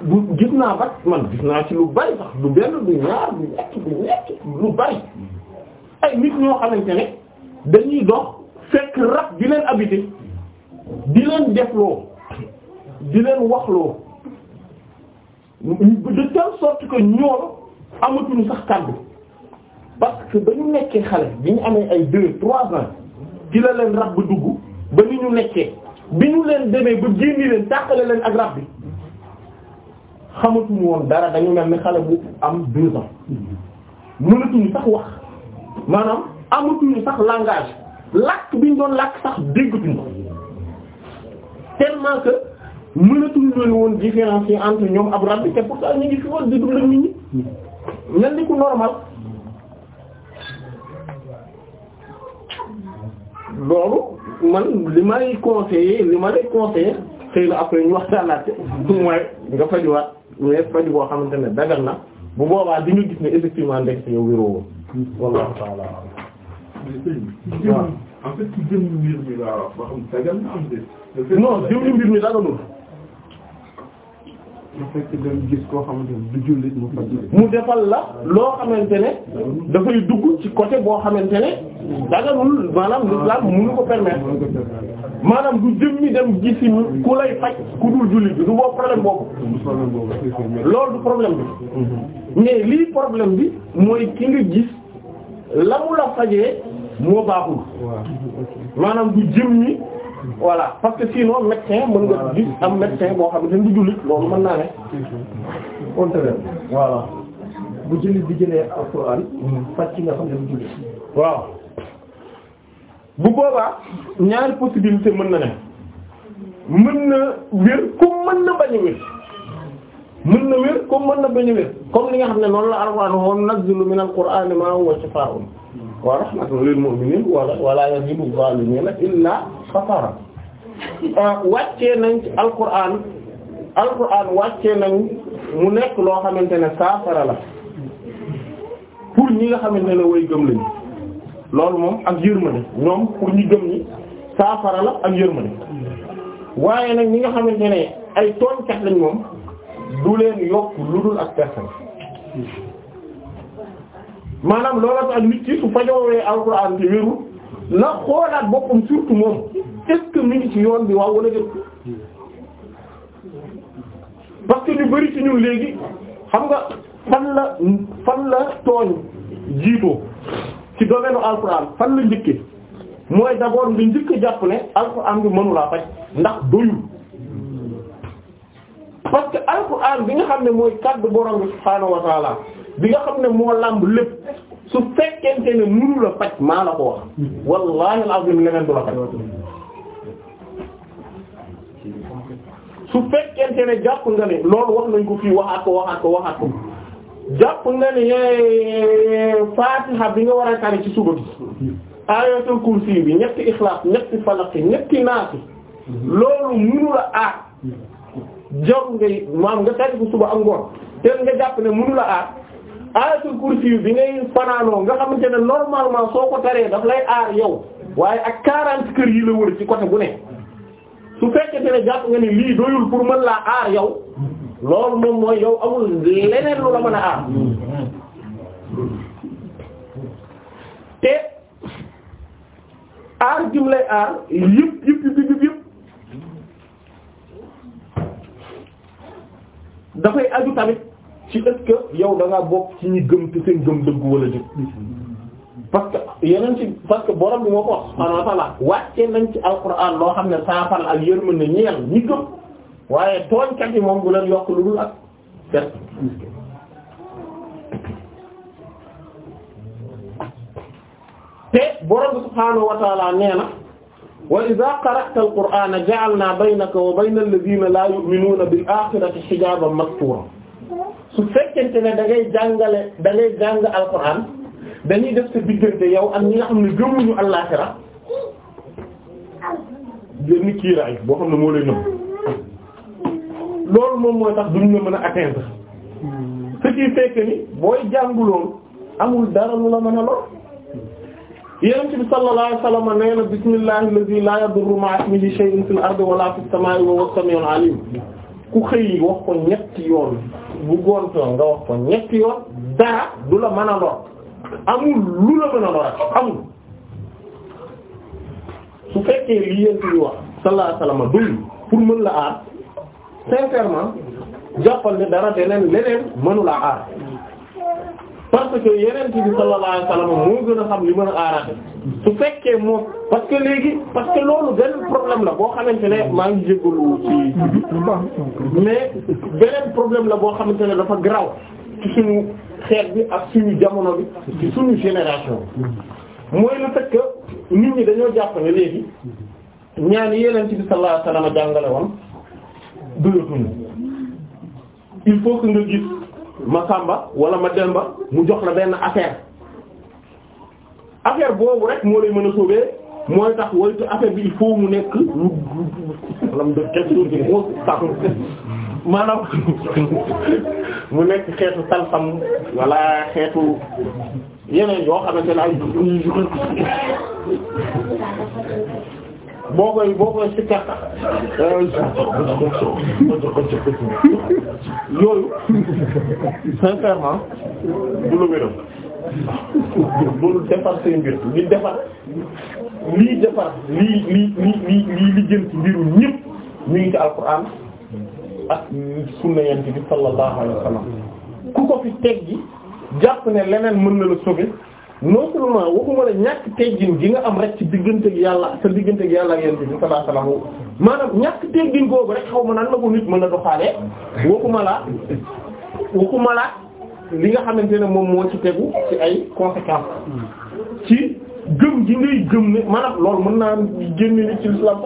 Speaker 1: bu gis naa bat man gis naa ci lu bari sax du benn du ñaar du ñett du ñett lu bari ay nit ñoo xamante ne dañuy dox fekk rab di leen habité di leen defloo di leen waxloo de telle sorte que ñoom amatuñu sax kàddu parce que ba ñu nekkee xale bi ñu amee ay deux trois ans ci la leen rab bi dugg ba ni ñu nekkee bi ñu leen demee ba génni leen tàqale leen ak rab bi xamatuñu woon dara dañu mel ni xale bu am deux ans mënatuñu sax wax maanaam amatuñu sax langage làkk bi ñu doon làkk sax déggatuñu tellement que mënatuñu doon woon différencier entre ñoom ab rab bi te pourtant ñu ngi fi woon di dund ak nit ñi mel ku normal loolu man li may conseiller li ma lay conseiller xëy na après ñu waxtaanaate mooy nga fajuwaat mais faju boo xamante ne dagal na bu boobaa di nga gis ne effectivement ndek si yow wéroo woon wallahu ta'ala waaw en mbir mi laa wax mu gis koo xamante ne du jullit mu fekk. mu defal la loo xamante ne dafay dugg ci côté boo xamante ne daganul maanaam l'islam mënu ko permettre maanaam du jëmmi dem gisi ku lay faj ku dul jullit bi du boo problème boobu. lool du problème bi. Mhm. mais lii problème bi mooy ki gis la mu la fajee moo baaxul. maanaam du jëmmi. voilà parce que sinon mën nga gis am médecin boo xam ne dañ di jullit loolu mën naa ne. contraire bu jullit bi jëlee alxuraan hmm. faj ci nga xam ne bu jullit waaw bu boobaa ñaari possibilité mën na ne mën na wér comme mën na bañ a wér mën na wér comme mën na bañ comme li nga xam ne noonu la alxuraan moom nazzilu minal qur'aani maa huwa shifaa'un wa rahmatun lil mu'miniin wa laa yaziidu zaalimiina illaa xasaaran Euh, wàccee nañ ci alquran alquran wàccee nañ mu nekk loo xamante ne saafara la pour ñi nga xamante ne way gëm lañu loolu moom ak yërmande ñoom pour ñu gëm ñi saafara la ak yërmande waaye nag ñi nga xamante ne ay tooñkat lañ moom du leen yokk lu dul ak personne maanaam loolu ak nit ki su fajoowee alquran te wérul na xoolaat boppam surtout moom est-ce que mi ci yoon bi waaw wala déet parce que ñu bari ci ñun léegi xam nga fan la fan la tooñ jiitoo ci domaine u alxuraan fan la njëkke mooy d'abord nga njëkk jàpp ne alxuraan bi mënulaa faj ndax doyul parce que alxuraan bi nga xam ne mooy kàddu borom bi subhaanahu wa bi nga xam ne moo làmb lépp su fekkente ne mënu la faj maa la ko wax wallaahi alazim leneen du la faj su fekkente ne jàpp nga ne loolu wax nañ ko fii waxaat ko waxaat ko waxaat ko jàpp nga ne faatiha bi nga war a tari ci suba bi ayatul kursi ñetti ixlaas ñetti falaqi ñetti naasi loolu mënu la aar jaww ngay maam nga tari ko suba am ngoon te nga jàpp ne mënu la aar ayatul kursi bi ngay fanaanoo nga xamante ne normalement soo ko taree daf lay aar yow waaye ak 40 kër yi la wër ci côté bu ne su fekkente ne jàpp nga ni lii doyul pour mën laa aar yow loolu moom mooy yow amul leneen lu la mën a aar te aar jim aar yëpp yëpp yëpp yëpp dafay aju tamit ci est-ce que yow da ngaa bokk ci ñi gëm te seen gëm dëgg wala jëf parce que yeneen ci parce que borom bi moo ko wax subhaanahu wa ta'aala wàcce nañ ci alquran loo xam ne saafara ak yërmande ñeel ñi gëm waaye tooñkat yi moom bu leen yokk lu dul ak set te borom bi subhaanahu wa ta'aala nee na wa idha qara'ta alqur'ana ja'alna baynaka wa bayna alladhina la yu'minuna bil akhirati hijaban mastura su fekkente ne da ngay jàngale da ngay jàng alquran dañuy def sa diggante yow ak ñi nga xam ne gëmuñu àllaaxira benn kiiraay boo xam ne moo lay loolu moom mooy tax duñ la mën a atteindre ce qui fait ni booy jànguloon amul dara lu la mën a lor yonent bi sallallahu alayhi wasallam nee na bismillahi allazi la yadurru ma'a ismihi fil ardi wala fis samaa'i wa huwa samii'un aliim ku xëy wax ko ñetti yoon bu gonto nga wax ko ñetti yoon dara du la amul lu la mën a lorat amul su fekkee li yéen yu wax sallallahu alayhi wasallam doyul pour mën la aar sincèrement jàppal ne dara deneen leneen mënu la aar parce que yeneen bi sallallahu alayhi wasallam moo gën a xam li mën a aaraate su fekkee moom parce que léegi parce que loolu benn problème la boo xamante ne maa ngi jégalu ci mais beneen problème la boo xamante ne dafa graw ci suñu xeet bi ak suñu jamono bi ci suñu génération mooy le fait nit ñi dañoo jàpp ne léegi ñaan yeneen ci bi sallallahu alayhi wasallam jàngale woon doyatuñu il faut que nga gis ma sàmba wala ma demba mu jox la benn affaire affaire boobu rek moo lay mën a sauver mooy tax woytu affaire bi il faut mu nekk lu lam de question bi moo tax maanaam mu nekk xeetu talsam wala xeetu yeneen yoo xamante ne ay boo koy boo koy sikkat euh, yooyu sincèrement du la wéram loolu defar seen mbir li defar lii defar lii lii lii lii li jëm ci mbiru ñëpp ñu ngi ci alxuraan ak sunna yent bi sallallahu alayhi wa sallam ku ko fi teggi jàpp ne leneen mën na la sauver non seulement waxuma la ñàkk teggin gi nga am rek ci digganteeg yàlla sa digganteeg yàlla ak yent bi sallallahu alayhi wa maanaam ñàkk teggin googu rek xaw ma nan la ko nit mën a doxalee waxuma la waxuma la li nga xamante ne moom moo ci tegu ci ay conséquences ci gëm gi ngay gëm ne maanaam loolu mën naa génne ni ci l'islam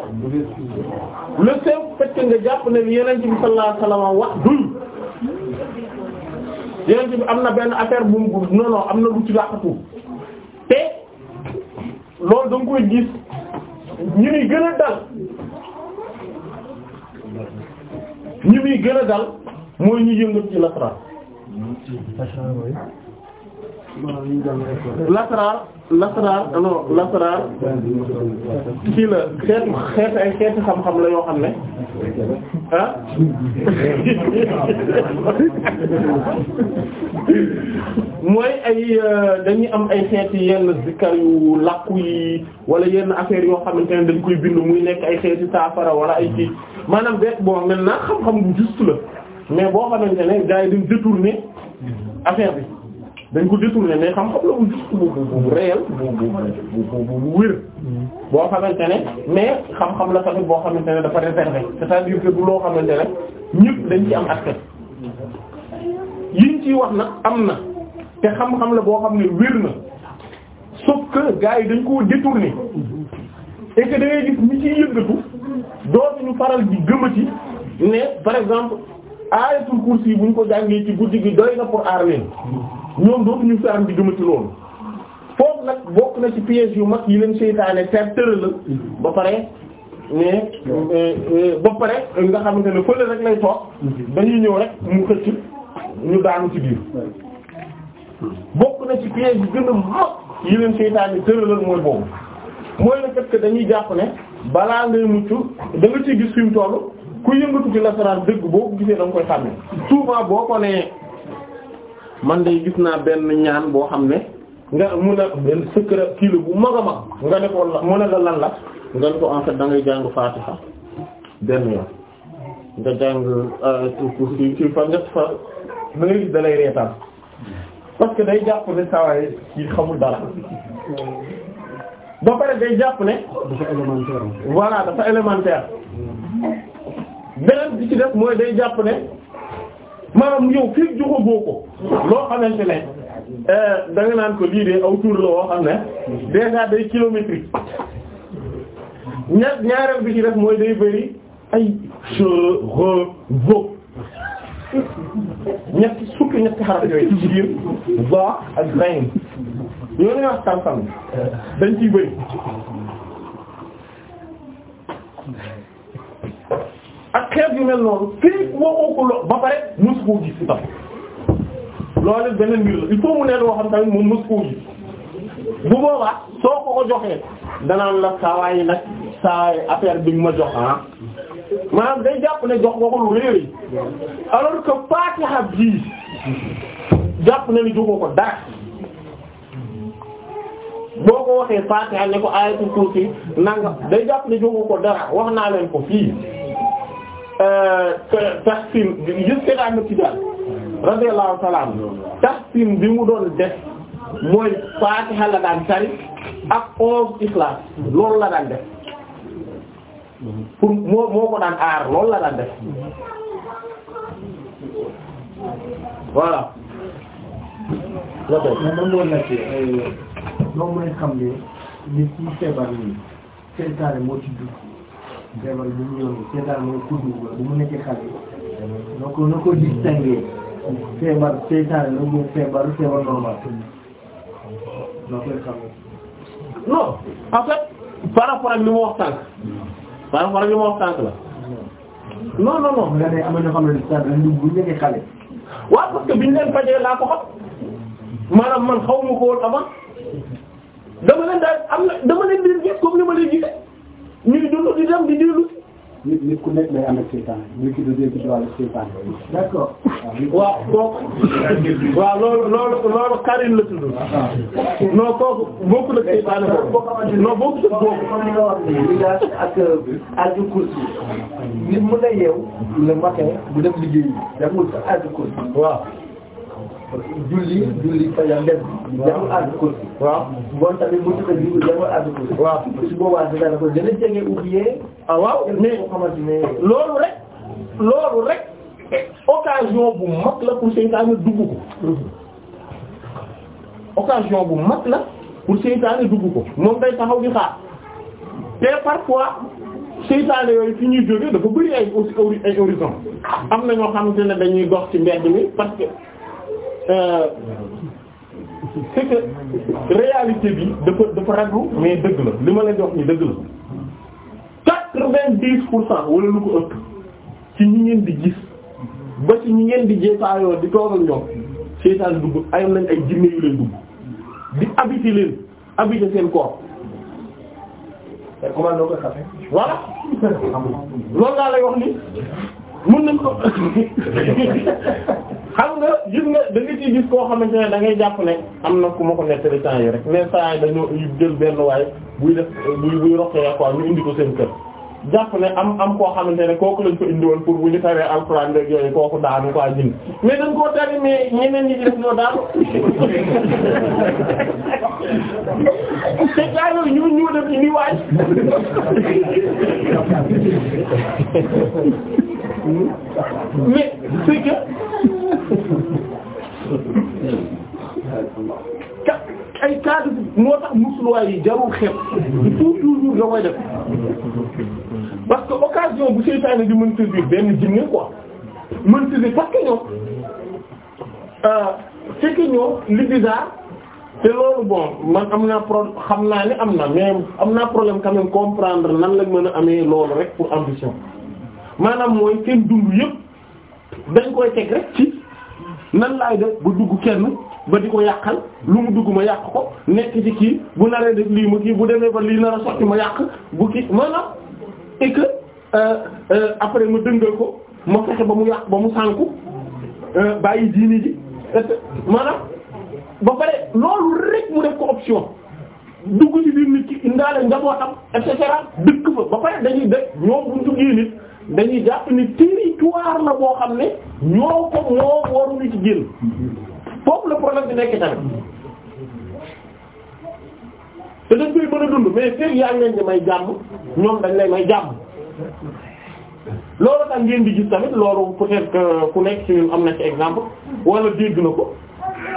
Speaker 1: le simple fait nga jàpp ne yeneen bi sallallahu alayhi wax duñ yeneen bi am na benn affaire bu mu am na lu ci làqatu te loolu da koy gis ñi muy gën a dal ñi muy gën a dal mooy ñu yëngat ci lasra lasaraar lasaraar non lasaraar kii la xeetu xeet ay xeeti xam-xam la yoo xam ne ah mooy ay euh, dañuy am ay xeeti yenn zikkar yu làkku yi wala yenn affaire yoo xamante ne dañ koy bind muy nekk ay xeetu saafara wala ay kii maanaam bett boo mel na xam-xam bu la mais boo xamante ne gars yi dañ détourner affaire bi. dañ ko détourné mais xam-xam la bu gis bu bu bu réel bu bu bu bu wér. boo xamante ne mais xam-xam la tamit boo xamante ne dafa réservé c'est-à-dire que du loo xamante ne ñëpp dañ ci am accès yiñ ciy wax nag am na te xam-xam la boo xam ne wér na sauf que gars yi dañ koo détourné et que da ngay gis ñi ciy yëngatu dootuñu faral di gëmati ne par exemple ayatul kursi buñ ko jàngee ci guddi gi doy na pour aar leen. ñoom dootuñu fi am di gëmati loolu foofu nag bokk na ci piège yu mag yi leen seytaane fer tëralal ba pare mais euh, euh, ba pare nga xamante ne fële rek lay toog dañuy ñëw rek mu xëcc ñu daanu ci biir bokk na ci piège yu gën a mag yi leen seytaane tëralal mooy boobu mooy la fait que dañuy jàpp ne balaa ngay mucc da nga ciy gis fi mu toll ku yëngatu ci lasaraan dëgg boo ko gisee da nga koy xàmme souvent boo ko nee man day gis naa benn ñaan boo xam ne nga mun a sëkkëra kilo bu mag a mag nga ne ko mu ne la lan la nga ne ko en fait da ngay jàng Fatiha benn yoon nga jàng ci euh, fa ñett fa da ngay gis da lay reetaan parce que day jàpp ne sawaay yi xamul dara ba pare day jàpp ne dafa élémentaire voilà dafa élémentaire beneen bi ci def mooy day jàpp ne maanaam yow fii joxagoo ko loo xamante ne eh, da nga naan ko lii de aw tour loo woo xam ne déjà day kilométrique ña bi ci mooy day bëri ay je revaux ñetti sukk ñetti xaraf yooyu ci biir va ak zayn yooyu nga wax tam-tam dañ ciy bëri ak xeet yu mel noonu fii boo ko ba pare musu tam loolu beneen mbir la il faut mu nekk loo xam tamit moom mës koo bu soo ko ko joxee danaan la saa yi nag saa affaire bi ma jox ah maanaam day jàpp ne jox ko ko lu réer alors que Fatiha bii jàpp na ni joxoo ko dara boo ko waxee Fatiha ne ko ayatul kursi nanga day jàpp ne joxoo ko dara wax naa leen ko fii. te euh, tax gis nga daan na ci daal. radiyallahu ta'ala anhu tahsin bi mu doon def mooy Fatiha la daan tari ak onze Ikhlas loolu la daan def moo moo ko daan aar loolu la daan def voilà. d'accord mais man loolu nag loo mën a xam ne nit ñi feebar nii seetaane moo ci dugg feebar bu mu yónni seetaane mooy
Speaker 2: ku dugg feebar seytaane la muy feebar feebar normal
Speaker 1: non en fait par rapport ak li ma wax tànk par rapport ak li ma wax tànk la non non non nga ne am na ñoo xam ne seytaane bu ñu nekkee xale waaw parce que biñ leen fajee laa ko xam maanaam man xaw ma ko woon avant dama leen daal am na dama leen leen gis comme ni ma leen gisee ñuy dund di dem di dellu nit nit ku nekk lay am ak seytaan ñu ngi ci dundee ci wàllu seytaan. d'accord waaw kooku waaw loolu loolu loolu Karine la tudd. non kooku bokkul ak seytaan boobu. non bokkul ak boobu. comme ni nga wax nii ak aju kursi nit mën na yeew le matin bu dem liggéeyi. demul sa aju kursi waaw. julli julli fajar dem jaamu aaddu kursi waaw bon tamit bu tudd bi jaamu aaddu kursi waaw su boobaa si dara ko ah, loolu rek loolu rek occasion bu mag la pour seytaane dugg ko occasion bu mag la pour seytaane dugg ko moom day taxaw di xaar te parfois seytaane yooyu fi ñuy jóge dafa bari ay ay am na ñoo xamante ne dañuy dox ci mbedd mi parce que Euh, c'est que bi dafa dafa raglu mais dëgg la li ma leen di wax ni dëgg la quatre-vingt-dix pour cent wala lu ko ëpp ci ñi ngeen di gis ba ci ñi ngeen di jeesaayoo di toogal ñoom seytaan dugg ayoon nañ ay jinne yu leen dugg di habiter leen habiter seen corps. comment doo ko lay wax ni. mën nañ ko xam nga gis nga da nga ciy koo xamante ne da ngay jàpp ne am na ku ma ko nettali temps yi rek mais saa yi dañoo jël benn waaye buy def buy buy roqee quoi ñu indi ko seen kër jàpp ne am am koo xamante ne kooku lañ ko indi woon pour bu ñu taree alxuraan rek yooyu kooku daanu quoi jin mais dañ koo tari mais ñeneen ñi def ñoo daanu te jaayoo ñu ñëw def indi waay
Speaker 2: mais c'est que
Speaker 1: ay cadre moo tax musluwaay yi jarul xeeb il faut toujours da koy def parce que occasion bu seytaane di mën saisir benn jinne quoi mën saisir parce que ñoom euh, c'est li bizarre te loolu bon man am naa pro xam naa ne am na mais am naa problème quand même comprendre nan lañ mën a amee loolu rek pour ambition maanaam mooy seen dund yëpp dañ koy teg rek ci nan laay def ba dugg kenn ba di ko yàqal lu mu dugg ma yàq ko nekk ci kii bu naree def lii ma kii bu demee ba lii nar a sotti ma yàq bu kii maanaam et que euh, euh, après ma dëngal ko ma fexe ba mu yàq ba mu sànku euh, bàyyi diini ji maanaam ba pare loolu rek mu def ko option dugg ci biir nit ki indaale njabootam et cetera dëkk fa ba pare dañuy de ñoom bu ñu nit dañuy jàpp ni territoire la boo xam ne ñoo ko moo waruñu ci jël foofu la problème di nekk tamit te dañ koy mën a dund mais feeg yaa ngi di may jàmm ñoom dañ lay may jàmm loolu tax ngeen di gis tamit loolu peut-être ku nekk ci ñun am na ci exemple wala dégg na ko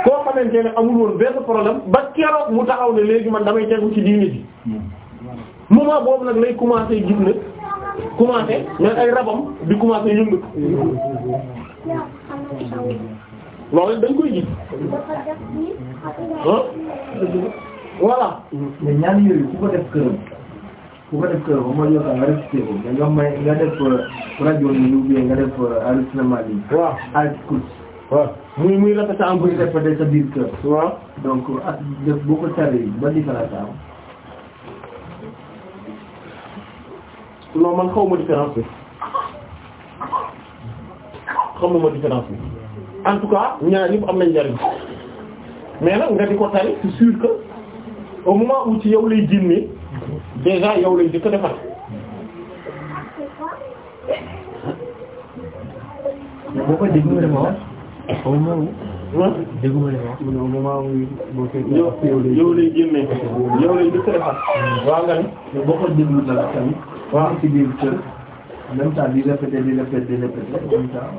Speaker 1: koo xamante ne amul woon benn problème ba keroog mu taxaw ne léegi man damay tegu ci di mu moment boobu nag lay commencer gis ne. commencé mais ay rabam di commencé yëngatu loolu dañ koy gis ah voilà. mais ñaan yooyu ku ko def këram ku ko def këram ba mooy yokk nga répété ko nga may nga def euh, rajo ni lu bien nga def enregistrement euh, bi. waaw article. waaw muy muy muy rafet sa biir kër. waaw donc ak def boo ko taree ba différence am. non man xaw ma différence bi xamuma différence en tout cas ñaar ñëpp am nañ njariñ mais nag nga di ko tari c'est sûr que au ci yow lay génnee déjà yow lay di ko defar
Speaker 2: boo ko dégg nga dama wax au moment où dégg nga dama nga ne
Speaker 1: boo ko déglu dala tamit waaw ci biir kër en même temps di répété di répété di répété en même temps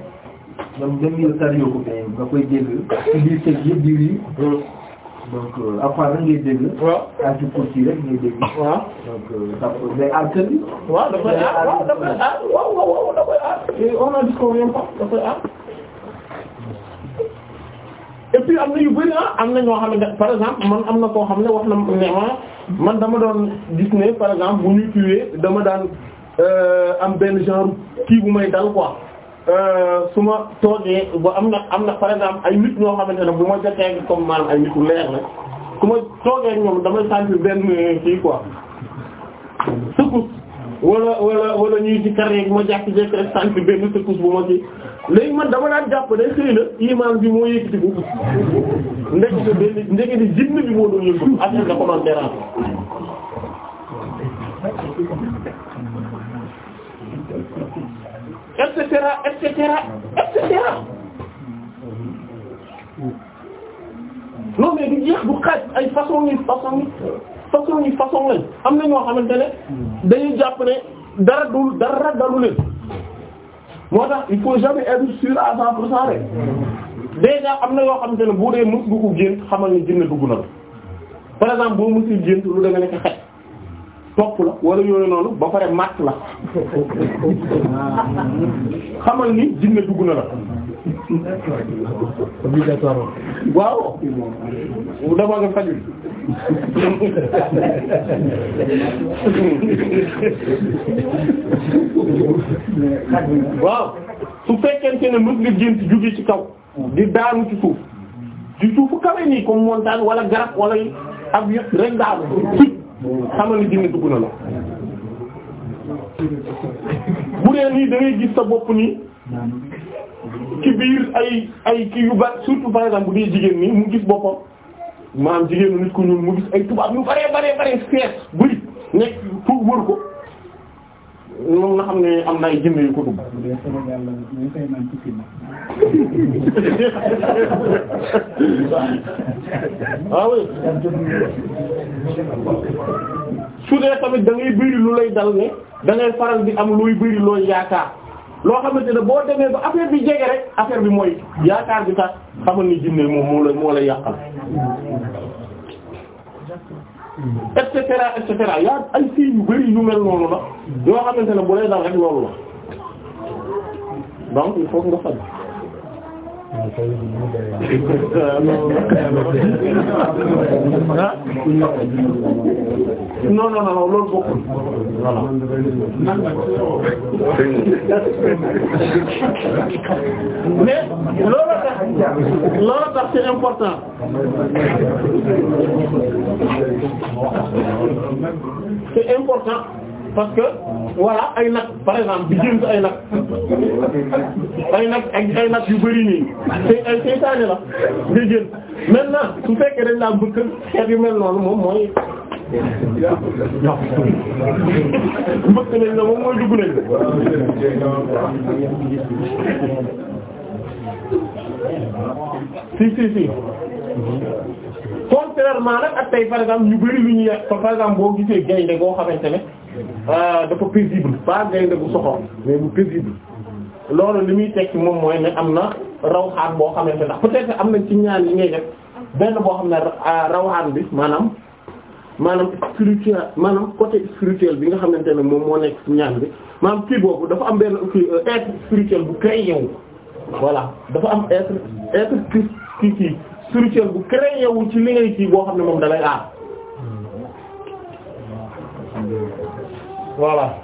Speaker 1: donc dem nga tari ko mais nga koy dégg ci biir kër yëpp di wii hmm. donc euh, après rek ngay dégg. waaw àgg ci rek ngay dégg. waaw donc dafa day aar kër gi. waaw da koy aar waaw da koy
Speaker 2: aar waaw waaw da koy aar.
Speaker 1: on a dit qu'on vient pas da koy aar. et puis am na yu bëri ah am na ñoo xam ne par exemple man am na koo xam ne wax na ne ah, man dama doon gis ne par exemple bu ñu tuwee dama daan euh, am benn genre kii bu may dal quoi euh, su ma toogee ba am na am na par exemple ay nit ñoo xamante ne bu ma jotee comme maanaam ay nit ku leer la ku ma toogee ñoom damay sentir benn kii quoi wala wala wala ñuy ci kar yeeg ma jàkk jekk rek sant benn secousse bu ma ci léegi man dama daan jàpp ne xëy na imaam bi moo yëkkati ko ndekete benn ndekete jinn bi moo doon yëngu affaire da commentaire et cetera et cetera et cetera non mais du jeex du xaaj ay façon yi façon yi façon yi façon lañ am na ñoo xamante ne dañuy jàpp ne dara du dara dalu leen moo tax il faut jamais être sûr à cent pour
Speaker 3: am
Speaker 1: na yoo xamante ne bu dee mës bu ko gént xamal ni jinne dugg na la par exemple boo mësul gént lu da nga nekk xet topp la wala yooyu noonu ba pare matt la xamal ni jinne dugg na la waaw dama nga faju waaw su fekkente ne mës jóge ci kaw di daanu ci suuf di suufu kawe nii comme montagne wala garab walla ab yëpp rek daanu ci
Speaker 2: xamal ni jinne dugg na la bu
Speaker 1: dee nii da gis sa bopp nii ci biir ay ay kii yu bari surtout par exemple bu dee jigéen nii mu gis boppam maanaam jigéenu nit ku ñuul mu gis ay tubaab yu bare bare bare fees nga am na ay ko dugg. waaw ah dee tamit da ngay bëri lu lay dal ne da faral di am luy bëri looy yaakaar. loo xamante ne boo demee ba affaire bi jege rek affaire bi mooy yaakaar bi tax xamal ni jinne moom moo la moo la yàqal et cetera yaa ay yu bari yu mel noonu la yoo xamante ne bu lay rek loolu la donc il faut nga faj non non non loolu bokkul voilà mais loolu tax loolu important c'est important parce que voilà ay nag par exemple di jënd ay nag ay nag ak ay nag yu bari nii te ay seytaane la nga jënd maintenant su fekkee dañ laa bëgg xeet yu mel noonu moom mooy mbëkk nañ la moom mooy dugg nañ si si si contrairement nag ak tey par exemple ñu bari lu ñu yàq par exemple boo gisee gaynde goo xamante ne Euh, dafa paisible pas gaynde bu soxor mais bu paisible loolu li muy tekki moom mooy ne am na raw rawxaan boo xamante ndax peut-être am na ci ñaan yi ngay def benn boo xam ne euh, rawxaan bi maanaam maanaam spirituel maanaam côté spirituel bi nga xamante ne moom moo nekk ci ñaan bi maanaam kii boobu dafa am benn euh, être spirituel bu créé wu voilà dafa am être kii kii spirituel bu créé wu ci li ngay kii boo xam ne moom dalay aar voilà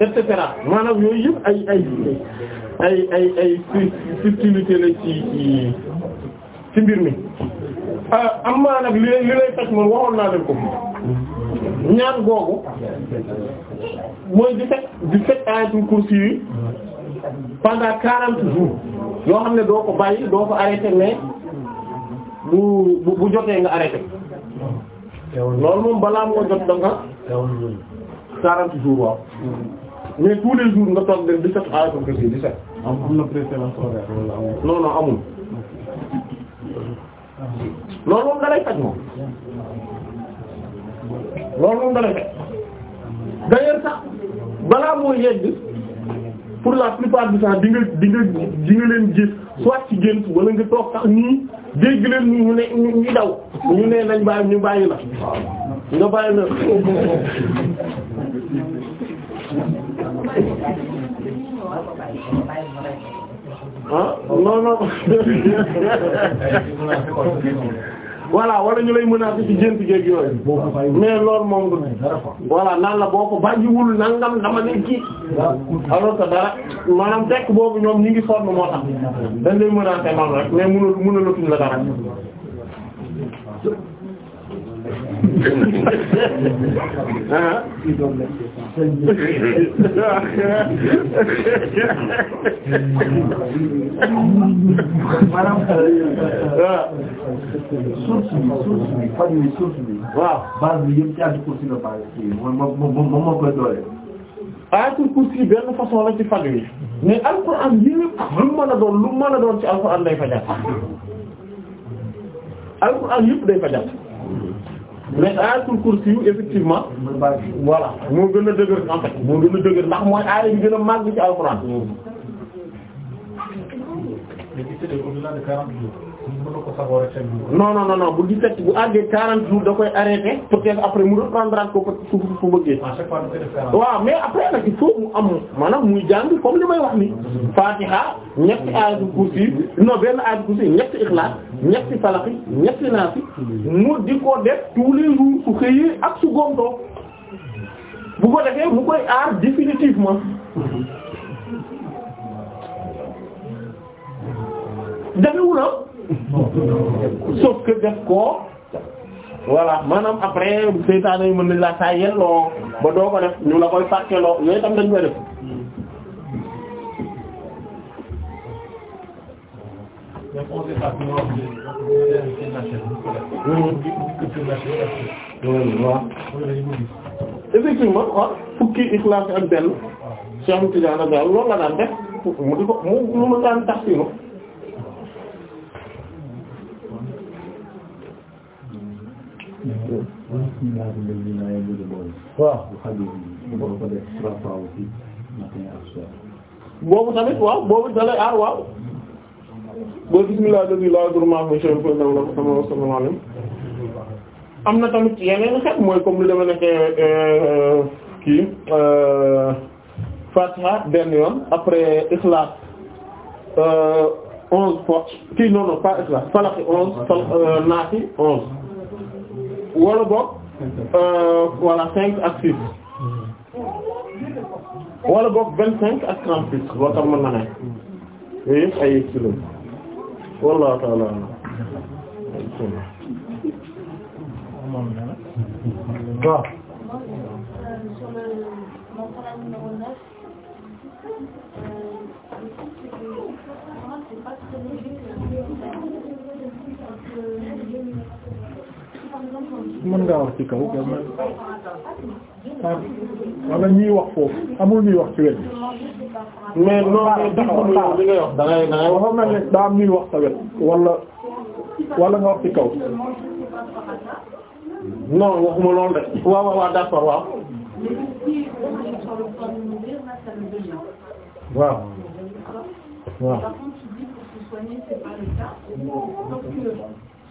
Speaker 1: et cetera maanaam yooyu yëpp ay ay ay ay ay subtilité la ci ci ci mbir mi ah, am maa nag li li lay fekk man waxoon naa leen ko ñaan googu mooy di fekk di fekk ayatul kursi yi pendant quarante jours yoo xam ne doo ko bàyyi doo ko arrêté mais bu bu jotee nga arrêté loolu moom balaa moo jot da nga. quarante jours waaw. Mm-hmm. mais tous les nga toog def 17 ayatul kursi 17. am na préférence horaire wala amul. non non amul.
Speaker 2: loolu moom faj moom. loolu moom faj. d'ailleurs sax
Speaker 1: balaa moo yegg pour la plupart du di nga di nga di nga leen gis soit ci gént wala nga toog sax dégg leen ñu ne ñu daw ñu ne nañ bàyyi ñu bàyyi la nga bàyyi na ah non non voilà wala ñu lay menacer ci gént géeg yooyu mais loolu moom du voilà naan la boo ko bàyyiwul nangam dama ne kii alors que dara maanaam tekk boobu ñoom ñi ngi sonn moo tax dañ lay menacer noonu rek mais mënul mënulatuñ la dara ah maanaam source bi source bi fan yi source bi. waaw base bi yëpp caa di kursi la base bi moom moom moom moo koy doole. ayatul kursi benn façon la ci fan yi mais alquran yëpp lu mën a doon lu mën a doon ci alquran day fa jàpp. alquran yëpp day fa mais ayatul kursi yu effectivement voilà moo gën a dëgër en fait moo gën a dëgër ndax mooy gën a màgg ci alxuraan. mais au-delà de 40 jours. non non non bu di fekk bu àggee 40 jours da koy arrêté peut-être après mu reprendre ko fu fu bëggee. waaw mais après nag il mu am maanaam muy jàng comme li may wax ni Fatiha ñetti ayatul kursi non benn ayatul kursi ñetti Ikhlas ñetti Falaq ñetti Naas mu di ko def tous les jours su xëyee ak su gontoo bu ko defee mu koy aar définitivement. jafewul ah? sauf que def ko voilà maanaam après seytaane yi mën nañ laa saa yelloo ba doo ko def ñu la koy fàtteloo yooyu tam dañ koy def mmh. effectivement waaw ah, fukki Ixlaas ak benn ah, Cheikh Tidiane daal loolu la daan def mu di ko mu mu daan tax si waaw boobu tamit waaw boobu da lay aar waaw boo bismillah dadi laa durma monsieur le président la sama wasalaamaaleykum am na tamit yeneen xeet mooy comme lu dama nekk eh, eh, kii eh, Fatiha benn yoon après Ikhlas onze fois non non pas Ikhlas Falaq onze Falaq wala boog euh, voilà cinq ak six wala boog vingt cinq ak trente six loo tax mën na ne yooyu yëpp ay kilo wallahu ta'ala
Speaker 2: mën ngaa wax ci kaw wala ñuy wax foofu amul ñuy wax ci wet bi mais noonu taxawul li wax
Speaker 1: da ngay daa am wax sa wet wala
Speaker 2: wala nga wax ci kaw.
Speaker 1: non waxuma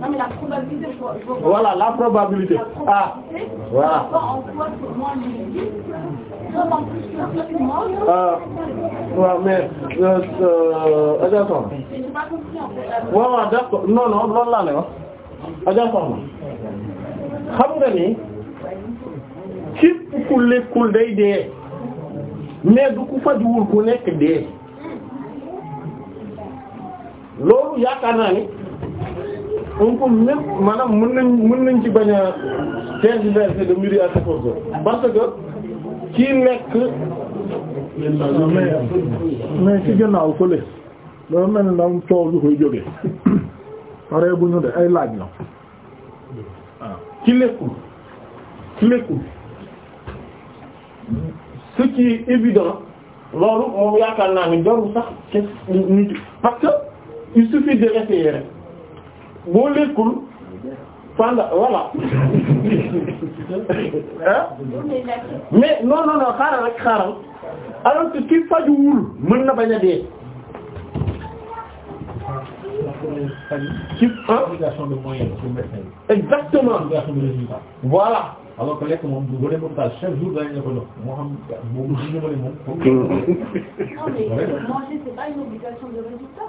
Speaker 2: Non, la probabilité, je vois, je vois Voilà, la probabilité. la probabilité. Ah, voilà. waaw ah,
Speaker 1: mais. Adja Soxna. waaw waaw d'accord non non loolu laa lay wax. Adja ah,
Speaker 2: Soxna.
Speaker 1: xam nga ni. képp ku lekkul day dee. mais du ku fajuwul hmm. naa ni. on ko même maanaam mën nañ mën nañ ci bañ a tergiverser de midi à quatorze heures parce que kii nekk mais ci gannaaw fële me mel ni daam coow bi koy jógee pare bu ñu de ay laaj la waaw ah, ci lekkul ci lekkul ce qui est évident loolu moom yaakaar naa ni jarul sax ci nit parce que il suffit de l'essayer rek boo lekkul fanda voilà mais non non non xaaral rek xaaral alors que ki fajuwul mën na bañ a dee ci obligation de moyens voilà alors que lekk moom du jour dañ la ko jox moo xam boobu ñu ñëwale moom. non mais manger
Speaker 2: c'est pas une obligation de résultat.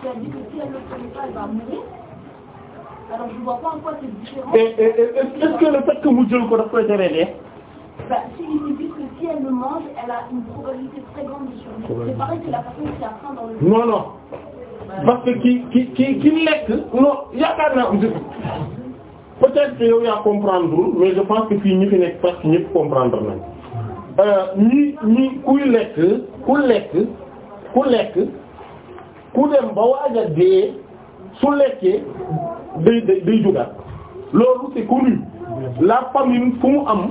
Speaker 2: qui a dit que si elle ne le prenait pas, elle va mourir. alors je vois pas en quoi c'est différent. et
Speaker 1: et est-ce que le fait que mu jël ko daf koy teree dee. bah
Speaker 2: si il nous dit que si elle le mange elle a une probabilité très grande de survivre. c'est pareil que la personne qui a faim dans le. non non
Speaker 1: parce que ki ki ki ki lekk. non yaakaar naa ko peut-être que yow yaa comprendre wul mais je pense que fii ñi fi nekk parce que ñëpp comprendre nañ euh, ñi ñi kuy lekk ku lekk ku lekk. ku dem ba waaja dee su lekkee day day day jugaat loolu c'est connu la famine fu mu am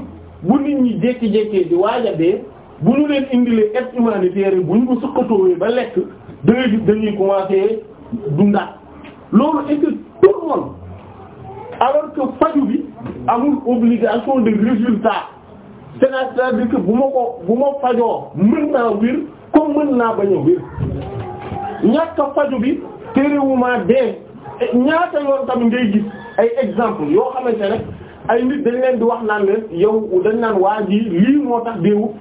Speaker 1: bu nit ñi jékki-jékkee di waaja dee bu ñu leen indilee aide humanitaire bu ñu ko suqatoowee ba lekk da ngay gis dañuy commencer dundaat loolu est que tout le monde faju bi amul obligation de résultat c'est-à-dire que bu ma ko bu ma fajoo mën naa wér comme mën naa bañ a ñàkk a faju bi téerewuma dee ñaata yoon tamit ngay gis ay exemple yoo xamante ne ay nit dañ leen di wax naan leen yow dañ naan waa ji lii moo tax déewu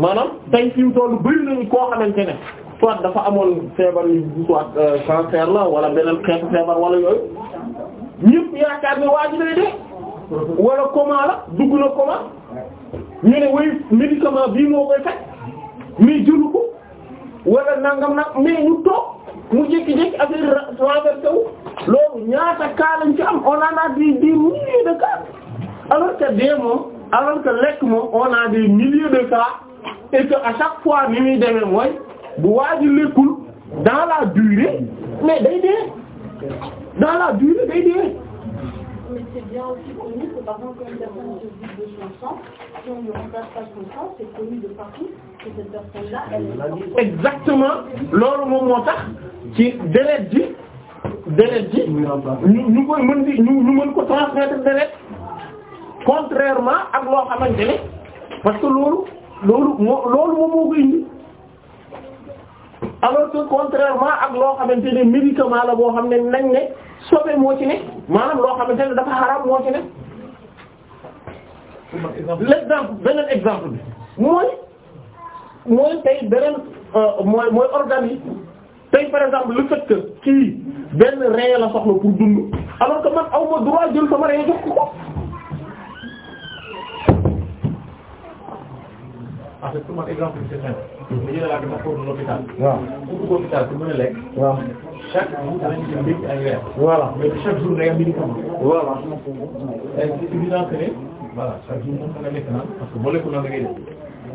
Speaker 1: maanaam tey fi mu tollu bari nañu koo xamante ne soit dafa amoon feebar yu soit euh, cancer la wala beneen xeetu feebar wala yooyu ñëpp yaakaar ne waa ji day dee wala coma la dugg na coma ñu ne way médicament bii moo koy faj mais jëlu ko wala nangam nag mais ñu mu jékki-jékki affaire renversé wu loolu ñaata cas lañ ci am on en a des des milliers de cas alors que dee moom alors que lekk moom on a des milliers de cas et que à chaque fois ni muy demee mooy bu waa ji lekkul dans la durée mais day dee dans la exactement loolu moom moo tax ci deret ji deret ji ñu ñu koy mën di ñu mën ko transmettre deret contrairement ak loo xamante ne parce que loolu loolu moo loolu moo ko indi alors que contrairement ak loo xamante ne médicament la boo xam ne nañ ne sobe moo ci ne maanaam loo xamante ne dafa xaraam moo ci ne l'exemple beneen exemple bi mooy mooy tey beneen euh, mooy mooy organes yi tey par exemple le fait que kii benn ree la soxla pour dund alors que man awma droit jël sama ree jox ko ko
Speaker 2: parce que man exemple bi c'est simple. Hmm. ma jëlee laa dama fóotu l'hôpital. waaw ku dugg hôpital ku mën a lekk. waaw chaque jour danañ ci mbéy ay weer. voilà mais chaque jour day am médicament. voilà. ay suffisance
Speaker 1: ne voilà chaque jour moom nga lekk que boo lekkul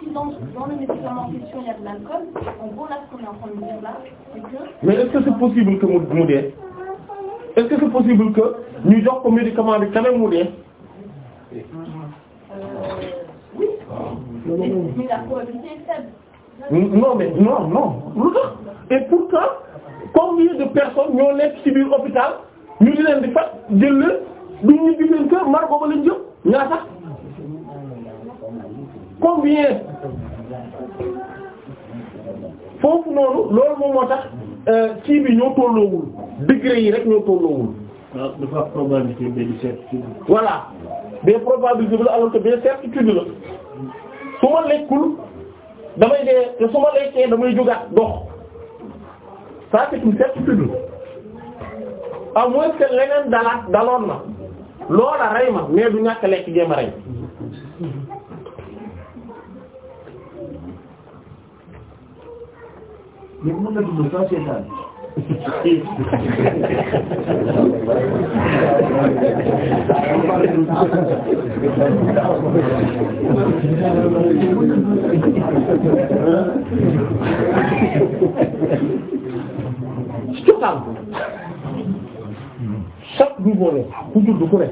Speaker 2: si dans, dans le médicament question il y a de l'alcool, en gros là ce qu'on est euh, non non
Speaker 1: non lu tax et pourtant combien de personnes ñoo nekk ci biir hôpital ñu di leen di fat jël leen duñ ñu di leen kër margo ba lañ jëm ñaata combien foofu noonu loolu moom moo tax euh, kii bi ñoo tolloowul degré yi rek ñoo tolloowul. waaw ah, dafa am probabilité mais du certitude. voilà des probabilités la su ma lekkul damay dee te su ma lekkee damay jógaat dox ça c'est une certitude à moins que leneen dalaat daloon na loola rey ma mais du ñàkk lekk jéem rey.
Speaker 2: ñun mën na dund sans seetaan
Speaker 1: cosaan chaque niveau rek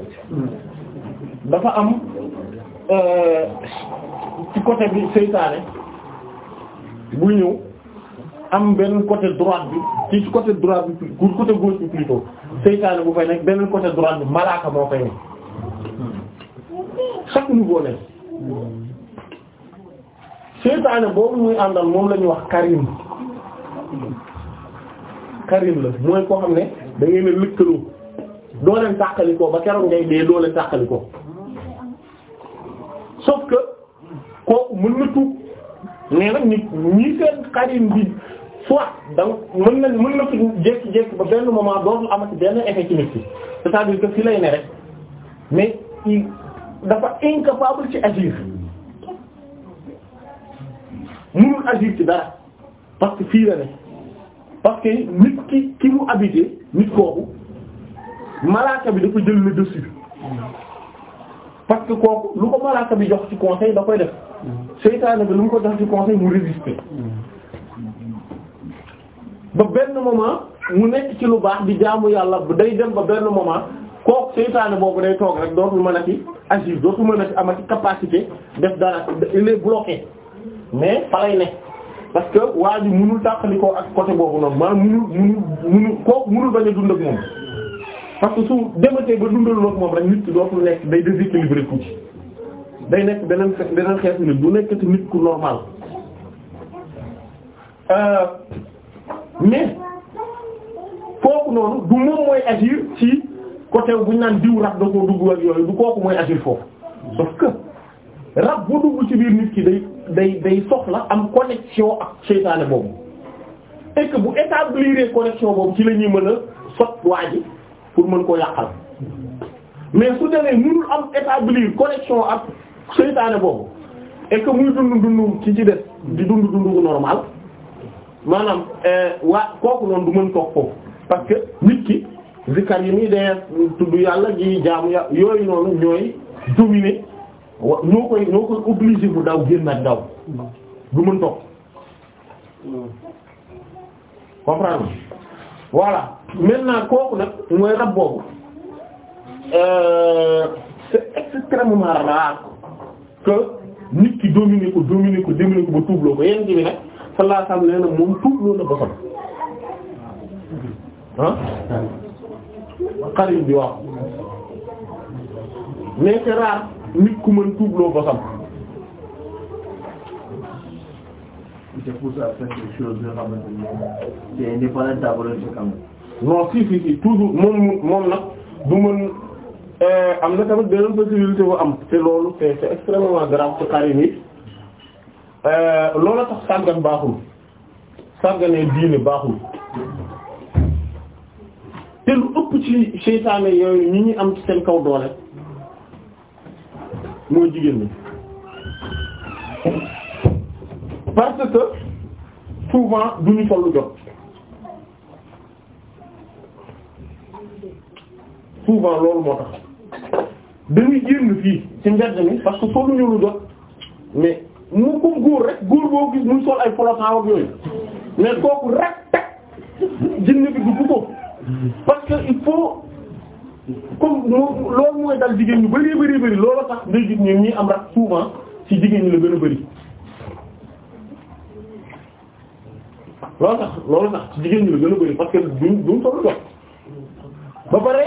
Speaker 1: am euh, ci côté bi seytaane bu ñëw am benn côté droite bi ci côté droite bi bi plutôt seytaane bu fay nekk benn côté droite bi malaaka moo fay nekk chaque niveau nekk seytaane boobu muy àndal moom la ñuy wax karim karim la mooy koo xam ne da ngay ne lëkkaloo doo leen ba keroog ngay dee doo leen tàqalikoo que kooku mën na tuub mais nag ñi seen karim bi soit donc mën na mën na fi jékki-jékki ba benn moment dootul amati benn effet ci nit ki c'est-à-dire que lay ne rek mais dafa incapable ci agir mënul agir ci dara parce que fii la ne parce que nit ki ki mu habité nit kooku malaaka bi dafa jël le dessus parce que kooku lu ko malaaka bi jox ci conseil da koy def seytaane bi lu mu ko jox ci conseil mu résister ba benn moment mu nekk ci lu baax di jaamu yàlla bu day dem ba benn moment kooku seytaane boobu day toog rek dootul mën a ci agir dootul mën a ci amati capacité def dara il est bloqué mais pare lay ne parce que waa ji mënul tàqalikoo ak côté boobu noonu maanaam mënul mënul mënul kooku mënul bañ a dund ak moom parce que su dematee ba dundaloo ak moom rek nit ki dootul nekk day déséquilibré tuuti day nekk beneen beneen xeetu nit du nekk nit ku normal. Euh, mais kooku noonu du moom mooy agir ci côté bu ñu naan diw rab da koo dugg ak yooyu du kooku mooy agir foofu sauf que rab bu dugg ci biir nit ki day day day soxla am connexion ak seytaane boobu et que bu établir connexion boobu ci la ñuy mën a sot waa ji pour mën koo yàqal mais su demee mënul am établir connexion ak seytaane boobu et que muy dund dund ci ci des di dund dund normal maanaam euh, waa kooku noonu du mën toog foofu parce que nit ki zikar yi muy dee tudd yàlla gi jaamu yàlla yooyu noonu ñooy dominer wa ñoo koy ñoo koy obligé bu daw génnaat daw du mën toog comprendre voilà maintenant kooku nag mooy rab boobu euh, c'est extrêmement rare que nit ki dominer ko dominer ko dominer ko ba tuubloo ko yenn bi nag sallallahu alayhi wasallam nee na moom tuub loolu bosam ah xarit bi waaw
Speaker 2: mais c'est rare nit ku mën
Speaker 1: tuub loo bosam. c'est pour ça faire des moom moom nag du mën euh, am na tamit beneen possibilité bu am te loolu c'est c'est extrêmement grave ci xarit yi. loolu euh, loola tax sàggan baaxul sàgganee diine baaxul te lu ëpp ci seytaane yooyu ñi ñi am ci seen kaw doole mooy jigéen ñi parce que souvent du ñu tollu jot souvent loolu moo tax dañuy génn fii ci mbedd mi parce que soo lu ñu lu jot mais mu ko góor rek góor boo gis muy sol ay flottant ak yooyu mais kooku rek teg jinne bi dugg ko parce que il faut comme loolu mooy dal jigéen ñu bari bari bari loolu tax day gis ñun ñi am rak souvent ci jigéen ñi la gën a bari loolu tax loolu ñi gën a bari parce ba pare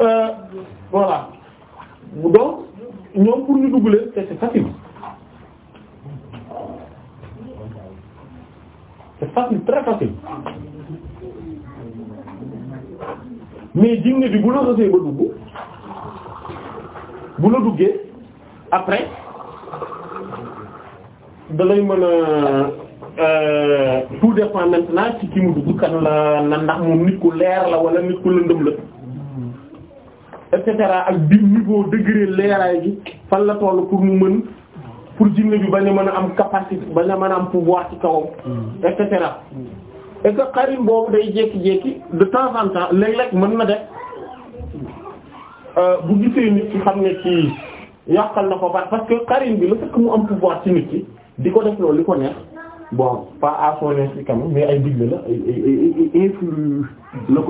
Speaker 1: euh, voilà donc ñoom pour ñu dugg leen c'est facile. facile très facile mais jinne bi bu la xasee ba dugg bu la duggee après da lay a euh, tout dépend maintenant ci ki mu dugg kan la na moom nit ku leer la wala nit ku lëndëm la et cetera ak di niveau degré leeraay gi fan la tollu pour mu mën pour jinne bi ba a mën a am capacité bañ a man a am pouvoir ci kawam mm. et cetera
Speaker 2: mm.
Speaker 1: et que boobu day jékki-jékki de temps en temps léeg-léeg mën na def euh, bu gisee nit ci xam ne ci yàqal na ko baax parce que xarin bi la fekk mu am pouvoir ci nit ki di ko def loolu ko neex bon pas à son insu quand mais ay digle la ay ay ay influx la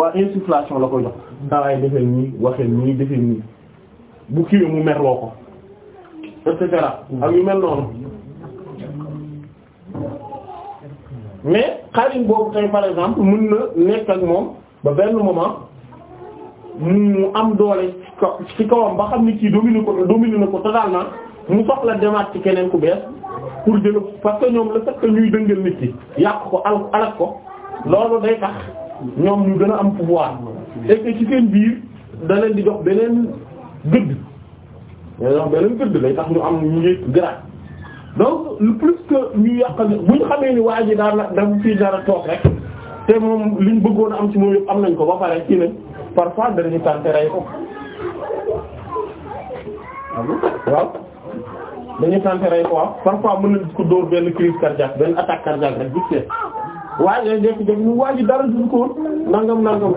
Speaker 1: koy insufflation la koy jox. daawaay defee nii waxee nii defee nii bu kiiwee mu merloo ko. et cetera ak yu mel noonu mais xarit boobu tey par exemple mën na nekk ak moom ba benn moment mu am doole ci kawam ba xam ni kii domine ko domine na ko totalement mu soxla demaat ci keneen ku bees pour jël parce que ñoom la fait que ñuy dëngal nit ki yàq ko al alal ko loolu day tax ñoom ñu gën am pouvoir et ci seen biir da di jox beneen gëdd. dañoo am beneen gëdd lay tax ñu am ñu ngi gëraat donc le plus que ñu yàq bu ñu xamee ni waa ji daan fii dara toog rek te moom liñ bëggoon a am ci moom yëpp am nañ ko ba pare ci ne parfois danañu tenté rey ko. waaw dañuy tenté rey ko waaw parfois mën nañ ko dóor benn crise cardiaque benn attaque cardiaque rek gis
Speaker 2: nga
Speaker 1: waaye day jékki-jékki nangam nangam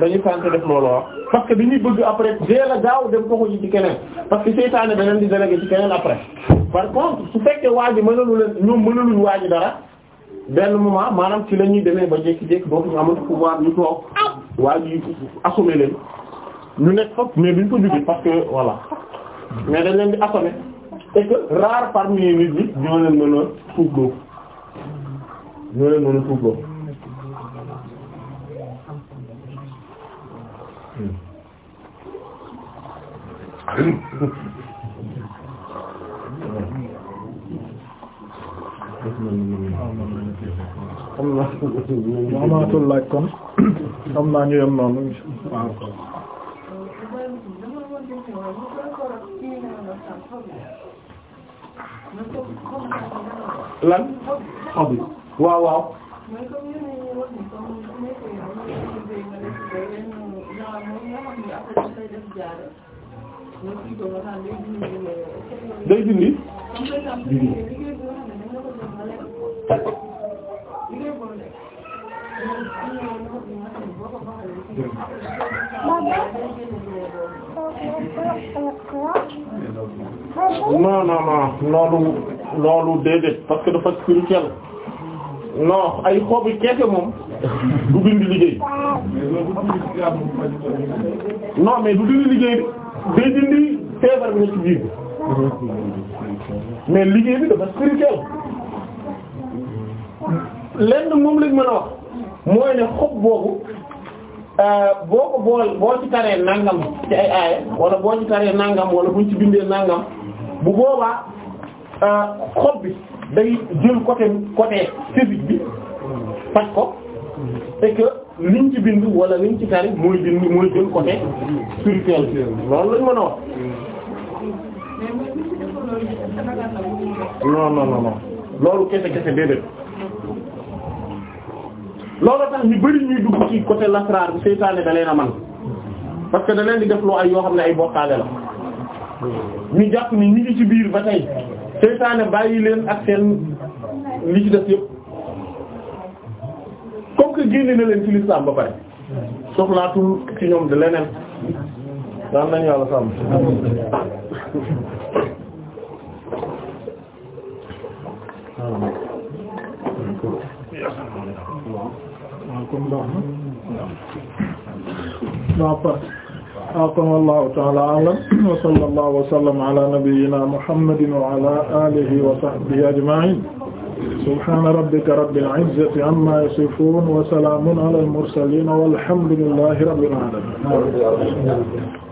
Speaker 1: dañuy tenté def loolu waaw. parce que dañuy bëgg après dee la gaaw dem ko ji ci keneen parce que seytaane beneen di délégué ci keneen après par contre su fekkee waa ji mënalu leen ñoom mënaluñ waa ji dara benn moment maanaam ci la ñuy demee ba jékki-jékki dootuñu amatu pouvoir ñu toog waa ji assommer leen ñu nekk foofu mais duñ ko jógee parce que voilà mais dañ leen di assommer et que rare parmi nit ñi ñoo leen mën a tuubloo ñoo leen mën a
Speaker 2: xam lan waaw waaw day dindi dindi non non non
Speaker 1: loolu loolu déedéet parce que dafa spirituel non ay xobi keke moom du dindi liggéey non mais du dindi liggéey bi day dindi feebar bi ne ci biir mais liggéey bi dafa spirituel lenn moom lañ mën a wax mooy ne xob boobu euh, boo ko bool boo ci taree nangam ci ay aaya wala boo ci taree nangam wala buñ ci bindee nangam bu boobaa euh, xob bi day jël côté côté physique bi faj ko et liñ ci bind wala liñ ci tari mooy bind mooy jël côté spirituel loolu lañ mën a
Speaker 2: wax. non non non
Speaker 1: loolu kese kese déedéet loolu tax ñu bari ñuy dugg ci côté lasrar seytaane da a man parce que da di def loo yoo xam ne ay bokkaale la ñu jàpp ni ñu ngi ci biir ba tey seytaane bàyyi leen ak seen li ci def yëpp. comme que génne na leen ci l'islam ba pare soxlaatul ci ñoom di leneen daan nañu yàlla sàmm waaw kon wallahu ta'ala a'lam wa sallallahu wa sallama ala nabiyyina muhammadin wa ala alihi wa sahbihi ajma'in subhaana rabbika rabbil izzati amma yasifuun wa salaamun alal mursaliin walhamdulillaahi rabbil
Speaker 3: aalamiin